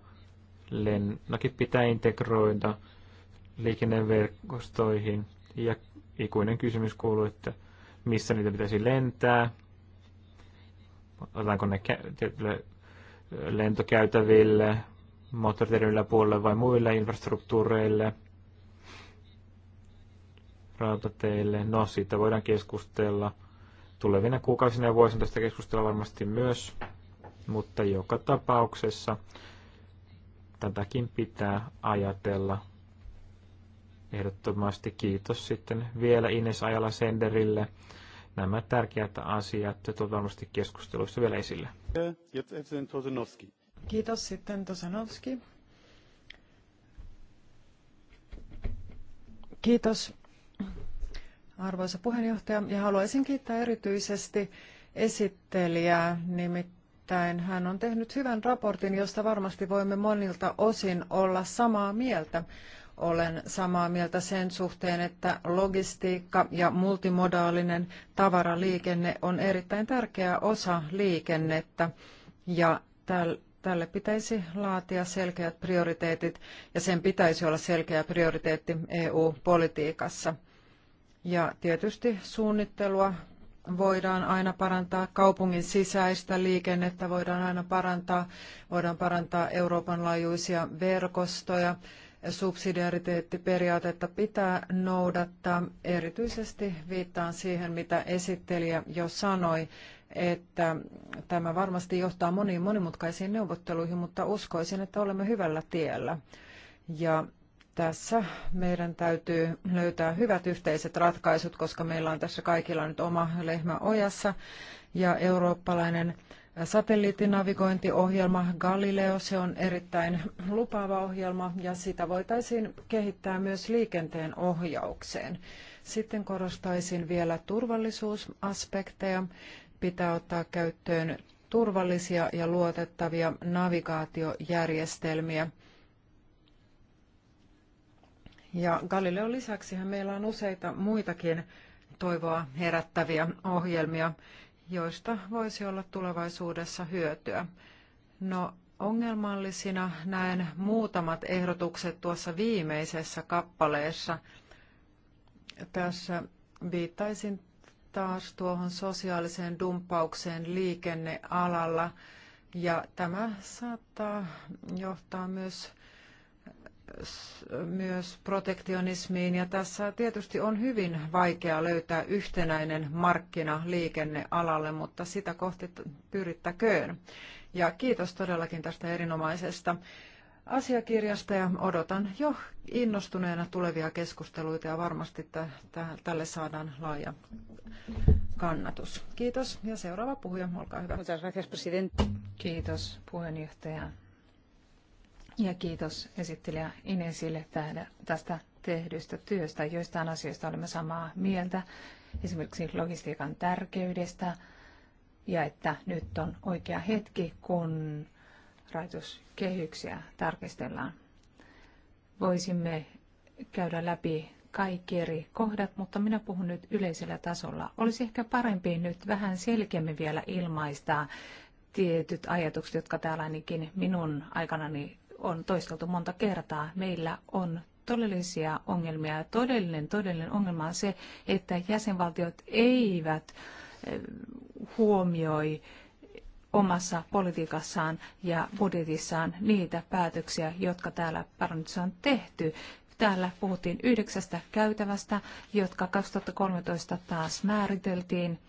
lennokit pitää integroida liikenneverkostoihin. Ja ikuinen kysymys kuuluu, että missä niitä pitäisi lentää, otetaanko ne tietyille lentokäytäville, moottoriteiden yläpuolelle vai muille infrastruktuureille, rautateille. No, siitä voidaan keskustella tulevina kuukausina ja vuosina tästä keskustella varmasti myös, mutta joka tapauksessa tätäkin pitää ajatella. Ehdottomasti kiitos sitten vielä Ines Ajala Senderille nämä tärkeät asiat tulevat varmasti keskusteluissa vielä esille. Kiitos sitten Tosanovski. Kiitos arvoisa puheenjohtaja ja haluaisin kiittää erityisesti esittelijää, nimittäin hän on tehnyt hyvän raportin, josta varmasti voimme monilta osin olla samaa mieltä. Olen samaa mieltä sen suhteen, että logistiikka ja multimodaalinen tavaraliikenne on erittäin tärkeä osa liikennettä ja tälle pitäisi laatia selkeät prioriteetit ja sen pitäisi olla selkeä prioriteetti EU-politiikassa. Ja tietysti suunnittelua voidaan aina parantaa, kaupungin sisäistä liikennettä voidaan aina parantaa, voidaan parantaa Euroopan laajuisia verkostoja subsidiariteettiperiaatetta pitää noudattaa. Erityisesti viittaan siihen, mitä esittelijä jo sanoi, että tämä varmasti johtaa moniin monimutkaisiin neuvotteluihin, mutta uskoisin, että olemme hyvällä tiellä. Ja tässä meidän täytyy löytää hyvät yhteiset ratkaisut, koska meillä on tässä kaikilla nyt oma lehmä ojassa ja eurooppalainen satelliittinavigointiohjelma Galileo, se on erittäin lupaava ohjelma ja sitä voitaisiin kehittää myös liikenteen ohjaukseen. Sitten korostaisin vielä turvallisuusaspekteja. Pitää ottaa käyttöön turvallisia ja luotettavia navigaatiojärjestelmiä. Ja Galileo lisäksi meillä on useita muitakin toivoa herättäviä ohjelmia joista voisi olla tulevaisuudessa hyötyä. No, ongelmallisina näen muutamat ehdotukset tuossa viimeisessä kappaleessa. Tässä viittaisin taas tuohon sosiaaliseen dumppaukseen liikennealalla. Ja tämä saattaa johtaa myös myös protektionismiin ja tässä tietysti on hyvin vaikea löytää yhtenäinen markkina liikennealalle, mutta sitä kohti pyrittäköön. Ja kiitos todellakin tästä erinomaisesta asiakirjasta ja odotan jo innostuneena tulevia keskusteluita ja varmasti tälle saadaan laaja kannatus. Kiitos ja seuraava puhuja, olkaa hyvä. Kiitos puheenjohtaja. Ja kiitos esittelijä Inesille tästä tehdystä työstä. Joistain asioista olemme samaa mieltä, esimerkiksi logistiikan tärkeydestä ja että nyt on oikea hetki, kun rajoituskehyksiä tarkistellaan. Voisimme käydä läpi kaikki eri kohdat, mutta minä puhun nyt yleisellä tasolla. Olisi ehkä parempi nyt vähän selkeämmin vielä ilmaista tietyt ajatukset, jotka täällä ainakin minun aikanani on toisteltu monta kertaa. Meillä on todellisia ongelmia. Todellinen, todellinen ongelma on se, että jäsenvaltiot eivät eh, huomioi omassa politiikassaan ja budjetissaan niitä päätöksiä, jotka täällä parlamentissa on tehty. Täällä puhuttiin yhdeksästä käytävästä, jotka 2013 taas määriteltiin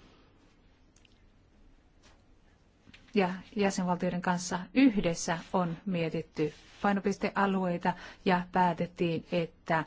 ja jäsenvaltioiden kanssa yhdessä on mietitty painopistealueita ja päätettiin, että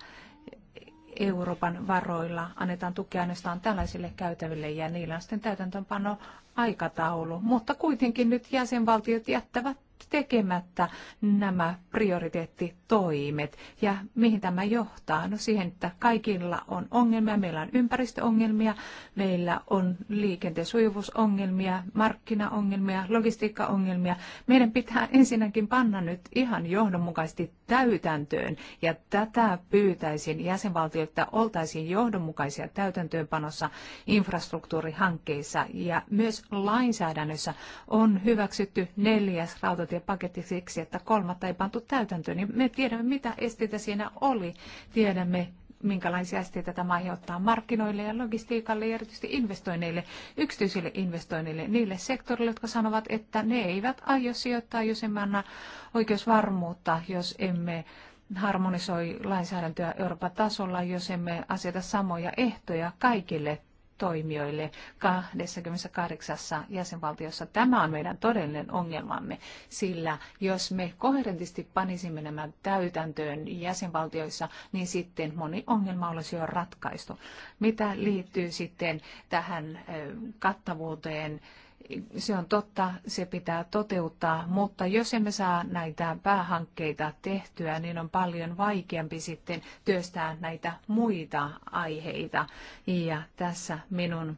Euroopan varoilla annetaan tukea ainoastaan tällaisille käytäville ja niillä on sitten täytäntöönpano aikataulu. Mutta kuitenkin nyt jäsenvaltiot jättävät tekemättä nämä prioriteettitoimet. Ja mihin tämä johtaa? No siihen, että kaikilla on ongelmia. Meillä on ympäristöongelmia, meillä on liikenteen sujuvuusongelmia, markkinaongelmia, logistiikkaongelmia. Meidän pitää ensinnäkin panna nyt ihan johdonmukaisesti täytäntöön. Ja tätä pyytäisin jäsenvaltioilta oltaisiin johdonmukaisia täytäntöönpanossa infrastruktuurihankkeissa ja myös lainsäädännössä on hyväksytty neljäs rautat rautatiepaketti siksi, että kolmatta ei pantu täytäntöön. Niin me tiedämme, mitä esteitä siinä oli. Tiedämme, minkälaisia esteitä tämä aiheuttaa markkinoille ja logistiikalle ja erityisesti investoinneille, yksityisille investoinneille, niille sektorille, jotka sanovat, että ne eivät aio sijoittaa, jos emme anna oikeusvarmuutta, jos emme harmonisoi lainsäädäntöä Euroopan tasolla, jos emme aseta samoja ehtoja kaikille toimijoille 28 jäsenvaltiossa. Tämä on meidän todellinen ongelmamme, sillä jos me koherentisti panisimme nämä täytäntöön jäsenvaltioissa, niin sitten moni ongelma olisi jo ratkaistu. Mitä liittyy sitten tähän kattavuuteen? se on totta, se pitää toteuttaa, mutta jos emme saa näitä päähankkeita tehtyä, niin on paljon vaikeampi sitten työstää näitä muita aiheita. Ja tässä minun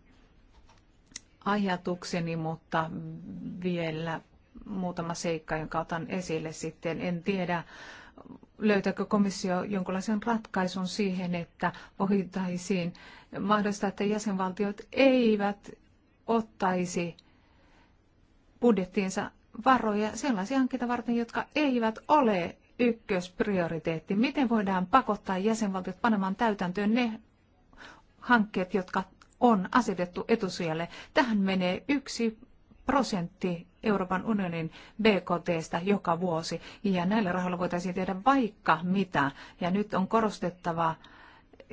ajatukseni, mutta vielä muutama seikka, jonka otan esille sitten. En tiedä, löytääkö komissio jonkinlaisen ratkaisun siihen, että voitaisiin mahdollistaa, että jäsenvaltiot eivät ottaisi budjettiinsa varoja sellaisia hankkeita varten, jotka eivät ole ykkösprioriteetti. Miten voidaan pakottaa jäsenvaltiot panemaan täytäntöön ne hankkeet, jotka on asetettu etusijalle? Tähän menee yksi prosentti Euroopan unionin BKTstä joka vuosi, ja näillä rahoilla voitaisiin tehdä vaikka mitä. Ja nyt on korostettava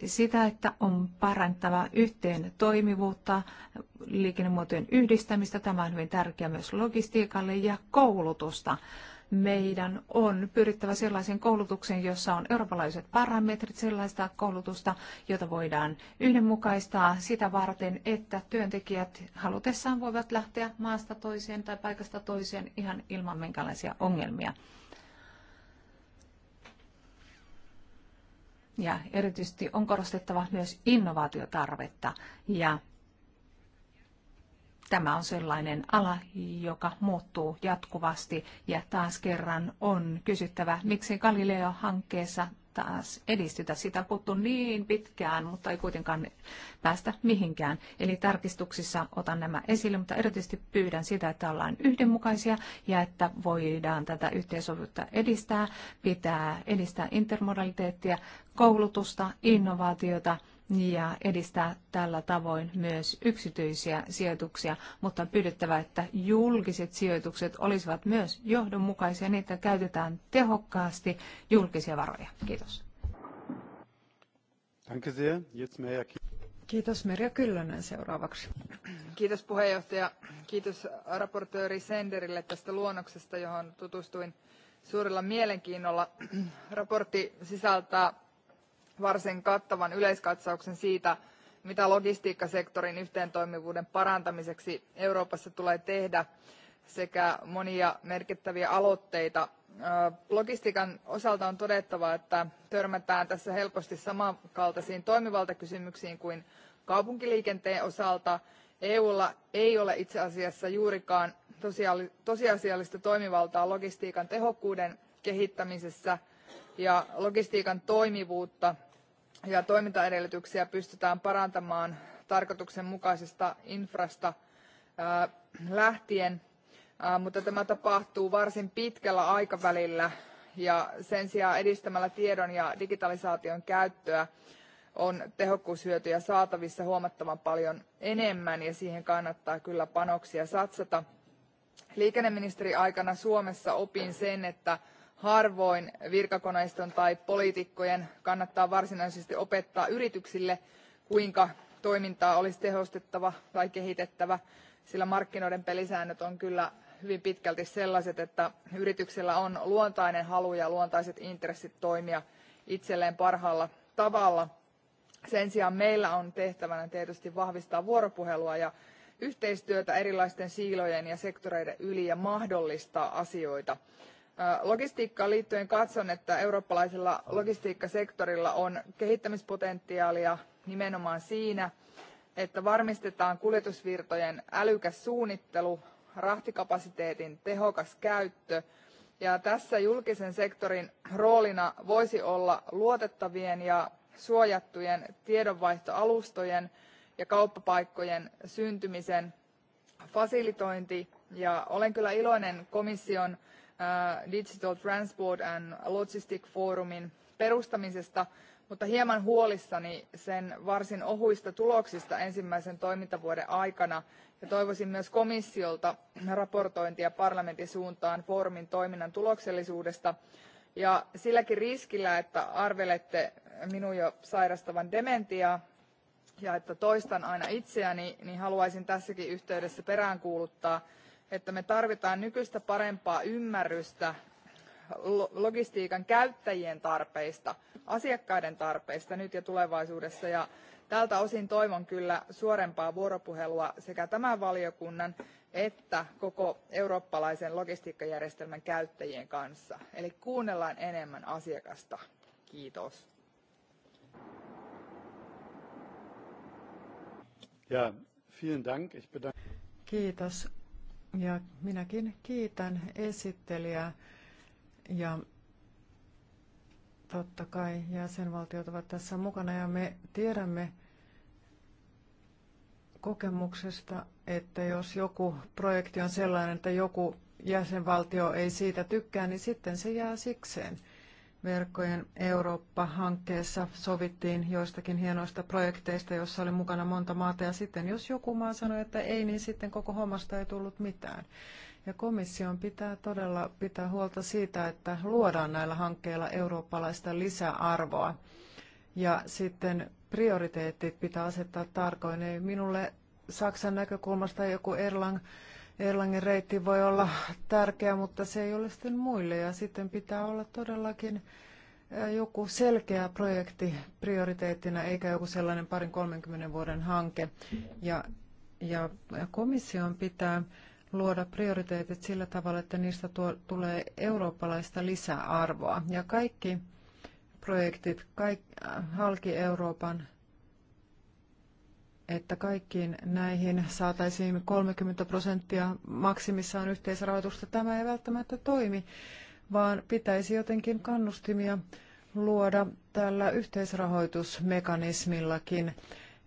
sitä, että on parantava yhteen toimivuutta, liikennemuotojen yhdistämistä. Tämä on hyvin tärkeää myös logistiikalle ja koulutusta. Meidän on pyrittävä sellaisen koulutuksen, jossa on eurooppalaiset parametrit, sellaista koulutusta, jota voidaan yhdenmukaistaa sitä varten, että työntekijät halutessaan voivat lähteä maasta toiseen tai paikasta toiseen ihan ilman minkälaisia ongelmia. Ja erityisesti on korostettava myös innovaatiotarvetta ja tämä on sellainen ala, joka muuttuu jatkuvasti ja taas kerran on kysyttävä, miksi Galileo-hankkeessa taas edistytä. Sitä on puhuttu niin pitkään, mutta ei kuitenkaan päästä mihinkään. Eli tarkistuksissa otan nämä esille, mutta erityisesti pyydän sitä, että ollaan yhdenmukaisia ja että voidaan tätä yhteensoviutta edistää. Pitää edistää intermodaliteettia, koulutusta, innovaatiota – ja edistää tällä tavoin myös yksityisiä sijoituksia, mutta on pyydettävä, että julkiset sijoitukset olisivat myös johdonmukaisia, niin että käytetään tehokkaasti julkisia varoja. Kiitos. Kiitos Merja Kyllönen seuraavaksi. Kiitos puheenjohtaja. Kiitos raportööri Senderille tästä luonnoksesta, johon tutustuin suurella mielenkiinnolla. Raportti sisältää varsin kattavan yleiskatsauksen siitä, mitä logistiikkasektorin yhteentoimivuuden parantamiseksi Euroopassa tulee tehdä sekä monia merkittäviä aloitteita. Logistiikan osalta on todettava, että törmätään tässä helposti samankaltaisiin toimivaltakysymyksiin kuin kaupunkiliikenteen osalta. EUlla ei ole itse asiassa juurikaan tosiasiallista toimivaltaa logistiikan tehokkuuden kehittämisessä ja logistiikan toimivuutta ja toimintaedellytyksiä pystytään parantamaan tarkoituksenmukaisesta infrasta lähtien, mutta tämä tapahtuu varsin pitkällä aikavälillä ja sen sijaan edistämällä tiedon ja digitalisaation käyttöä on tehokkuushyötyjä saatavissa huomattavan paljon enemmän ja siihen kannattaa kyllä panoksia satsata. Liikenneministeri aikana Suomessa opin sen, että harvoin virkakoneiston tai poliitikkojen kannattaa varsinaisesti opettaa yrityksille kuinka toimintaa olisi tehostettava tai kehitettävä sillä markkinoiden pelisäännöt on kyllä hyvin pitkälti sellaiset että yrityksellä on luontainen halu ja luontaiset intressit toimia itselleen parhaalla tavalla. sen sijaan meillä on tehtävänä tietysti vahvistaa vuoropuhelua ja yhteistyötä erilaisten siilojen ja sektoreiden yli ja mahdollistaa asioita. Logistiikkaan liittyen katson, että eurooppalaisella logistiikkasektorilla on kehittämispotentiaalia nimenomaan siinä, että varmistetaan kuljetusvirtojen älykäs suunnittelu, rahtikapasiteetin tehokas käyttö ja tässä julkisen sektorin roolina voisi olla luotettavien ja suojattujen tiedonvaihtoalustojen ja kauppapaikkojen syntymisen fasilitointi ja olen kyllä iloinen komission Digital Transport and Logistics Forumin perustamisesta, mutta hieman huolissani sen varsin ohuista tuloksista ensimmäisen toimintavuoden aikana ja toivoisin myös komissiolta raportointia parlamentin suuntaan foorumin toiminnan tuloksellisuudesta ja silläkin riskillä, että arvelette minun jo sairastavan dementiaa ja että toistan aina itseäni, niin haluaisin tässäkin yhteydessä peräänkuuluttaa että me tarvitsemme nykyistä parempaa ymmärrystä logistiikan käyttäjien tarpeista, asiakkaiden tarpeista nyt ja tulevaisuudessa. Ja tältä osin toivon kyllä suorempaa vuoropuhelua sekä tämän valiokunnan että koko eurooppalaisen logistiikkajärjestelmän käyttäjien kanssa. Eli kuunnellaan enemmän asiakasta. Kiitos. Ja, vielen Dank. Ich bedanke. Kiitos ja minäkin kiitän esittelijää ja totta kai jäsenvaltiot ovat tässä mukana ja me tiedämme kokemuksesta, että jos joku projekti on sellainen, että joku jäsenvaltio ei siitä tykkää, niin sitten se jää sikseen verkkojen Eurooppa-hankkeessa sovittiin joistakin hienoista projekteista, joissa oli mukana monta maata, ja sitten jos joku maa sanoi, että ei, niin sitten koko hommasta ei tullut mitään. Ja komission pitää todella pitää huolta siitä, että luodaan näillä hankkeilla eurooppalaista lisäarvoa. Ja sitten prioriteetit pitää asettaa tarkoin. Ei minulle Saksan näkökulmasta joku Erlang Erlangen reitti voi olla tärkeä, mutta se ei ole sitten muille. Ja sitten pitää olla todellakin joku selkeä projekti prioriteettina, eikä joku sellainen parin 30 vuoden hanke. Ja, ja komission pitää luoda prioriteetit sillä tavalla, että niistä tuo, tulee eurooppalaista lisäarvoa. Ja kaikki projektit kaikki halki Euroopan että kaikkiin näihin saataisiin 30 prosenttia maksimissaan yhteisrahoitusta. Tämä ei välttämättä toimi, vaan pitäisi jotenkin kannustimia luoda tällä yhteisrahoitusmekanismillakin,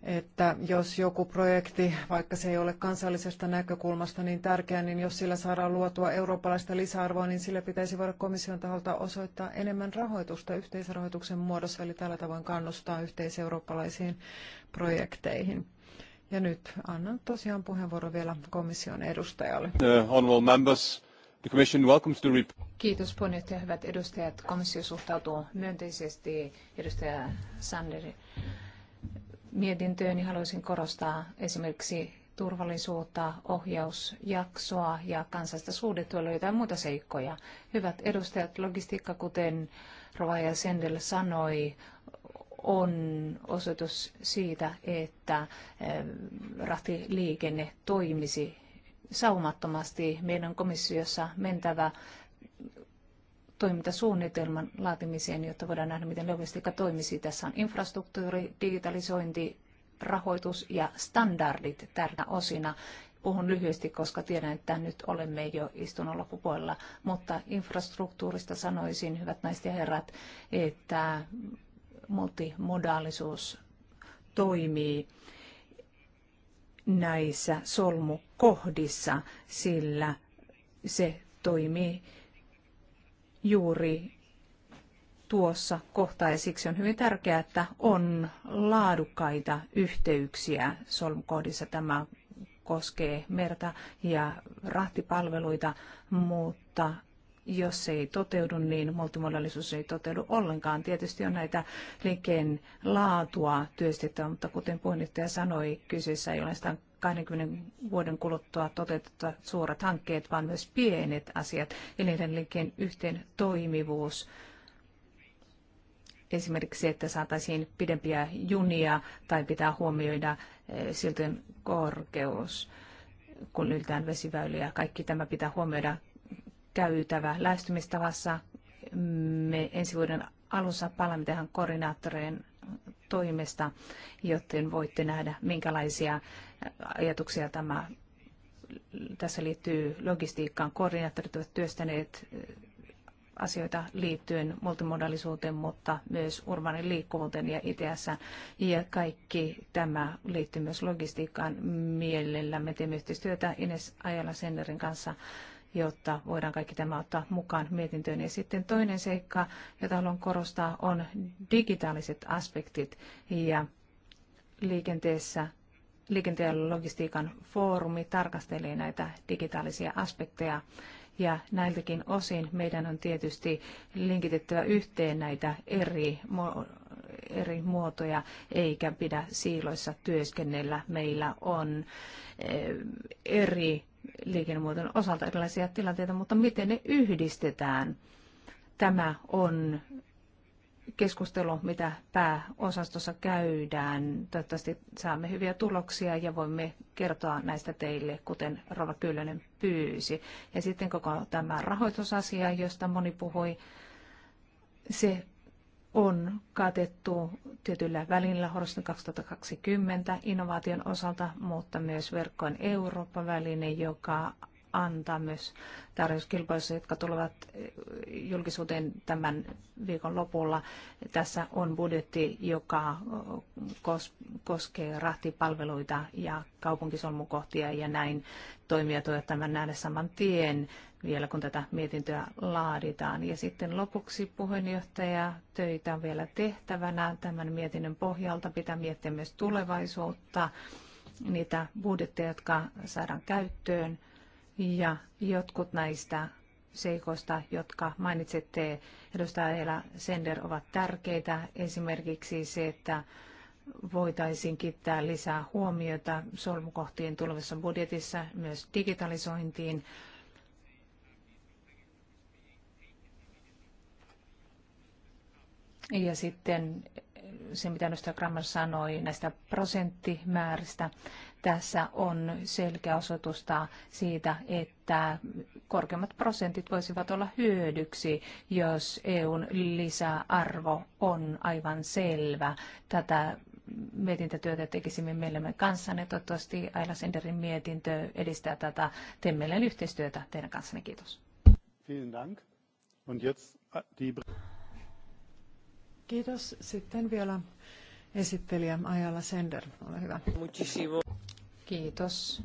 että jos joku projekti, vaikka se ei ole kansallisesta näkökulmasta niin tärkeä, niin jos sillä saadaan luotua eurooppalaista lisäarvoa, niin sille pitäisi voida komission taholta osoittaa enemmän rahoitusta yhteisrahoituksen muodossa, eli tällä tavoin kannustaa yhteiseurooppalaisiin projekteihin. Ja nyt annan tosiaan puheenvuoron vielä komission edustajalle. members, the commission welcomes the report. Kiitos puheenjohtaja, hyvät edustajat. Komissio suhtautuu myönteisesti edustaja Sanderin mietintöön, haluaisin korostaa esimerkiksi turvallisuutta, ohjausjaksoa ja kansallista suunnittelua ja muita seikkoja. Hyvät edustajat, logistiikka, kuten Rova ja Sendel sanoi, on osoitus siitä, että eh, rahtiliikenne toimisi saumattomasti. Meidän komissiossa mentävä toimintasuunnitelman laatimiseen, jotta voidaan nähdä, miten logistiikka toimisi. Tässä on infrastruktuuri, digitalisointi, rahoitus ja standardit tärkeänä osina. Puhun lyhyesti, koska tiedän, että nyt olemme jo istunnon loppupuolella, mutta infrastruktuurista sanoisin, hyvät naiset ja herrat, että multimodaalisuus toimii näissä solmukohdissa, sillä se toimii juuri tuossa kohtaa ja siksi on hyvin tärkeää, että on laadukkaita yhteyksiä solmukohdissa. Tämä koskee merta ja rahtipalveluita, mutta jos se ei toteudu, niin multimodaalisuus ei toteudu ollenkaan. Tietysti on näitä linkkeen laatua työstettävä, mutta kuten puheenjohtaja sanoi, kyseessä ei ole sitä 20 vuoden kuluttua toteutettua suuret hankkeet, vaan myös pienet asiat ja niiden linkkeen yhteen toimivuus esimerkiksi, että saataisiin pidempiä junia tai pitää huomioida eh, siltojen korkeus, kun yltään vesiväyliä. Kaikki tämä pitää huomioida käytävä lähestymistavassa. Me ensi vuoden alussa palaamme tähän koordinaattoreen toimesta, joten voitte nähdä, minkälaisia ajatuksia tämä tässä liittyy logistiikkaan. Koordinaattorit ovat työstäneet eh, asioita liittyen multimodaalisuuteen, mutta myös urbaanin liikkuvuuteen ja ITS. Ja kaikki tämä liittyy myös logistiikkaan. Mielellämme teemme yhteistyötä Ines Ajala Sennerin kanssa jotta voidaan kaikki tämä ottaa mukaan mietintöön. Ja sitten toinen seikka, jota haluan korostaa, on digitaaliset aspektit ja liikenteessä liikenteen logistiikan foorumi tarkastelee näitä digitaalisia aspekteja. Ja näiltäkin osin meidän on tietysti linkitettävä yhteen näitä eri, eri muotoja, eikä pidä siiloissa työskennellä. Meillä on eh, eri liikennemuotojen osalta erilaisia tilanteita, mutta miten ne yhdistetään? Tämä on keskustelu, mitä pääosastossa käydään. Toivottavasti saamme hyviä tuloksia ja voimme kertoa näistä teille, kuten Rova Kyllönen pyysi. Ja sitten koko tämä rahoitusasia, josta moni puhui, se on katettu tietyllä välillä Horisontti 2020 innovaation osalta, mutta myös verkkoon Eurooppa-väline, joka antaa myös tarjouskilpailussa, jotka tulevat eh, julkisuuteen tämän viikon lopulla. Tässä on budjetti, joka eh, koskee rahtipalveluita ja kaupunkisolmukohtia ja näin toimijat ovat tämän nähdä saman tien vielä, kun tätä mietintöä laaditaan. Ja sitten lopuksi puheenjohtaja töitä on vielä tehtävänä. Tämän mietinnön pohjalta pitää miettiä myös tulevaisuutta, niitä budjetteja, jotka saadaan käyttöön. Ja jotkut näistä seikoista, jotka mainitsette, edustaja Eila Sender, ovat tärkeitä. Esimerkiksi se, että voitaisiin kiittää lisää huomiota solmukohtiin tulevassa budjetissa myös digitalisointiin Ja sitten se, mitä Nostra Grammar sanoi näistä prosenttimääristä, tässä on selkeä osoitusta siitä, että korkeammat prosentit voisivat olla hyödyksi, jos EUn lisäarvo on aivan selvä. Tätä mietintätyötä tekisimme mielemme kanssanne. Niin toivottavasti Aila Senderin mietintö edistää tätä. Teemme yhteistyötä teidän kanssanne. Kiitos. Vielen Dank. Und jetzt die... Kiitos. Sitten vielä esittelijä Ajala Sender. Ole hyvä. Kiitos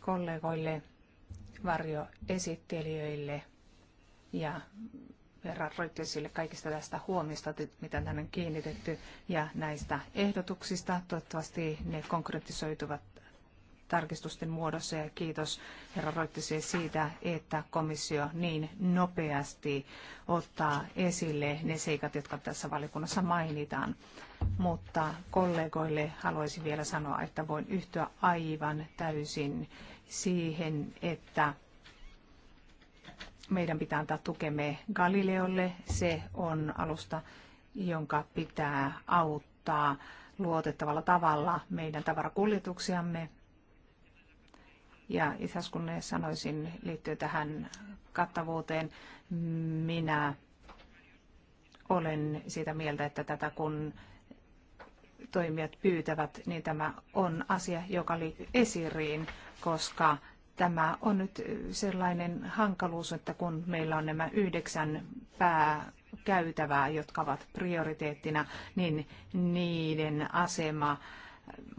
kollegoille, varjoesittelijöille ja Verran kaikista tästä huomiosta, mitä tänne on kiinnitetty, ja näistä ehdotuksista. Toivottavasti ne konkretisoituvat tarkistusten muodossa ja kiitos herra Roittisi siitä, että komissio niin nopeasti ottaa esille ne seikat, jotka tässä valiokunnassa mainitaan. Mutta kollegoille haluaisin vielä sanoa, että voin yhtyä aivan täysin siihen, että meidän pitää antaa tukemme Galileolle. Se on alusta, jonka pitää auttaa luotettavalla tavalla meidän tavarakuljetuksiamme ja itse asiassa kun sanoisin liittyen tähän kattavuuteen, minä olen sitä mieltä, että tätä kun toimijat pyytävät, niin tämä on asia, joka liittyy esiriin, koska tämä on nyt sellainen hankaluus, että kun meillä on nämä yhdeksän pääkäytävää, jotka ovat prioriteettina, niin niiden asema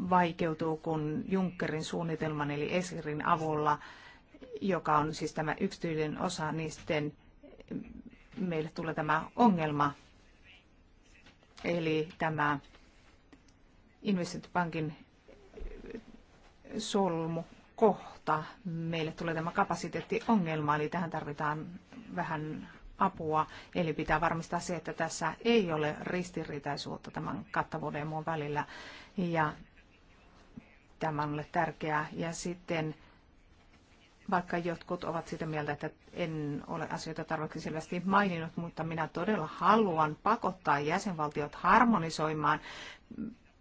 vaikeutuu, kun Junckerin suunnitelman eli Esirin avulla, joka on siis tämä yksityinen osa, niin sitten meille tulee tämä ongelma, eli tämä investointipankin solmu kohta. Meille tulee tämä kapasiteettiongelma, eli tähän tarvitaan vähän apua. Eli pitää varmistaa se, että tässä ei ole ristiriitaisuutta tämän kattavuuden ja muun välillä ja tämä on ollut tärkeää. Ja sitten vaikka jotkut ovat sitä mieltä, että en ole asioita tarpeeksi selvästi maininnut, mutta minä todella haluan pakottaa jäsenvaltiot harmonisoimaan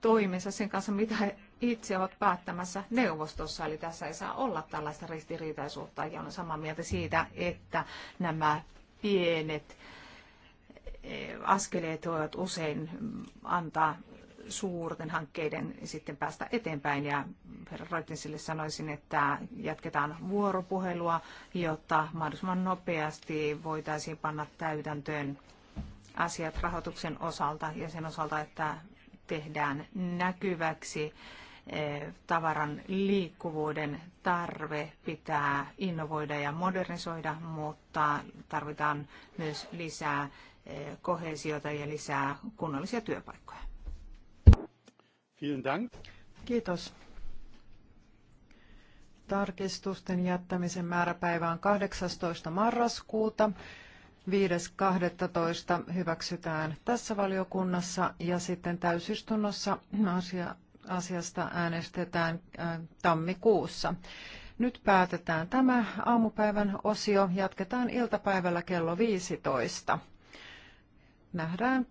toimensa sen kanssa, mitä he itse ovat päättämässä neuvostossa. Eli tässä ei saa olla tällaista ristiriitaisuutta ja olen samaa mieltä siitä, että nämä pienet eh, askeleet voivat usein antaa suurten hankkeiden sitten päästä eteenpäin. Ja herra Roitinsille sanoisin, että jatketaan vuoropuhelua, jotta mahdollisimman nopeasti voitaisiin panna täytäntöön asiat rahoituksen osalta ja sen osalta, että tehdään näkyväksi eh, tavaran liikkuvuuden tarve pitää innovoida ja modernisoida, mutta tarvitaan myös lisää eh, kohesiota ja lisää kunnollisia työpaikkoja. Vielen Dank. Kiitos. Tarkistusten jättämisen määräpäivä on 18. marraskuuta. 5.12. hyväksytään tässä valiokunnassa ja sitten täysistunnossa asia, asiasta äänestetään äh, tammikuussa. Nyt päätetään tämä aamupäivän osio. Jatketaan iltapäivällä kello 15. Nähdään.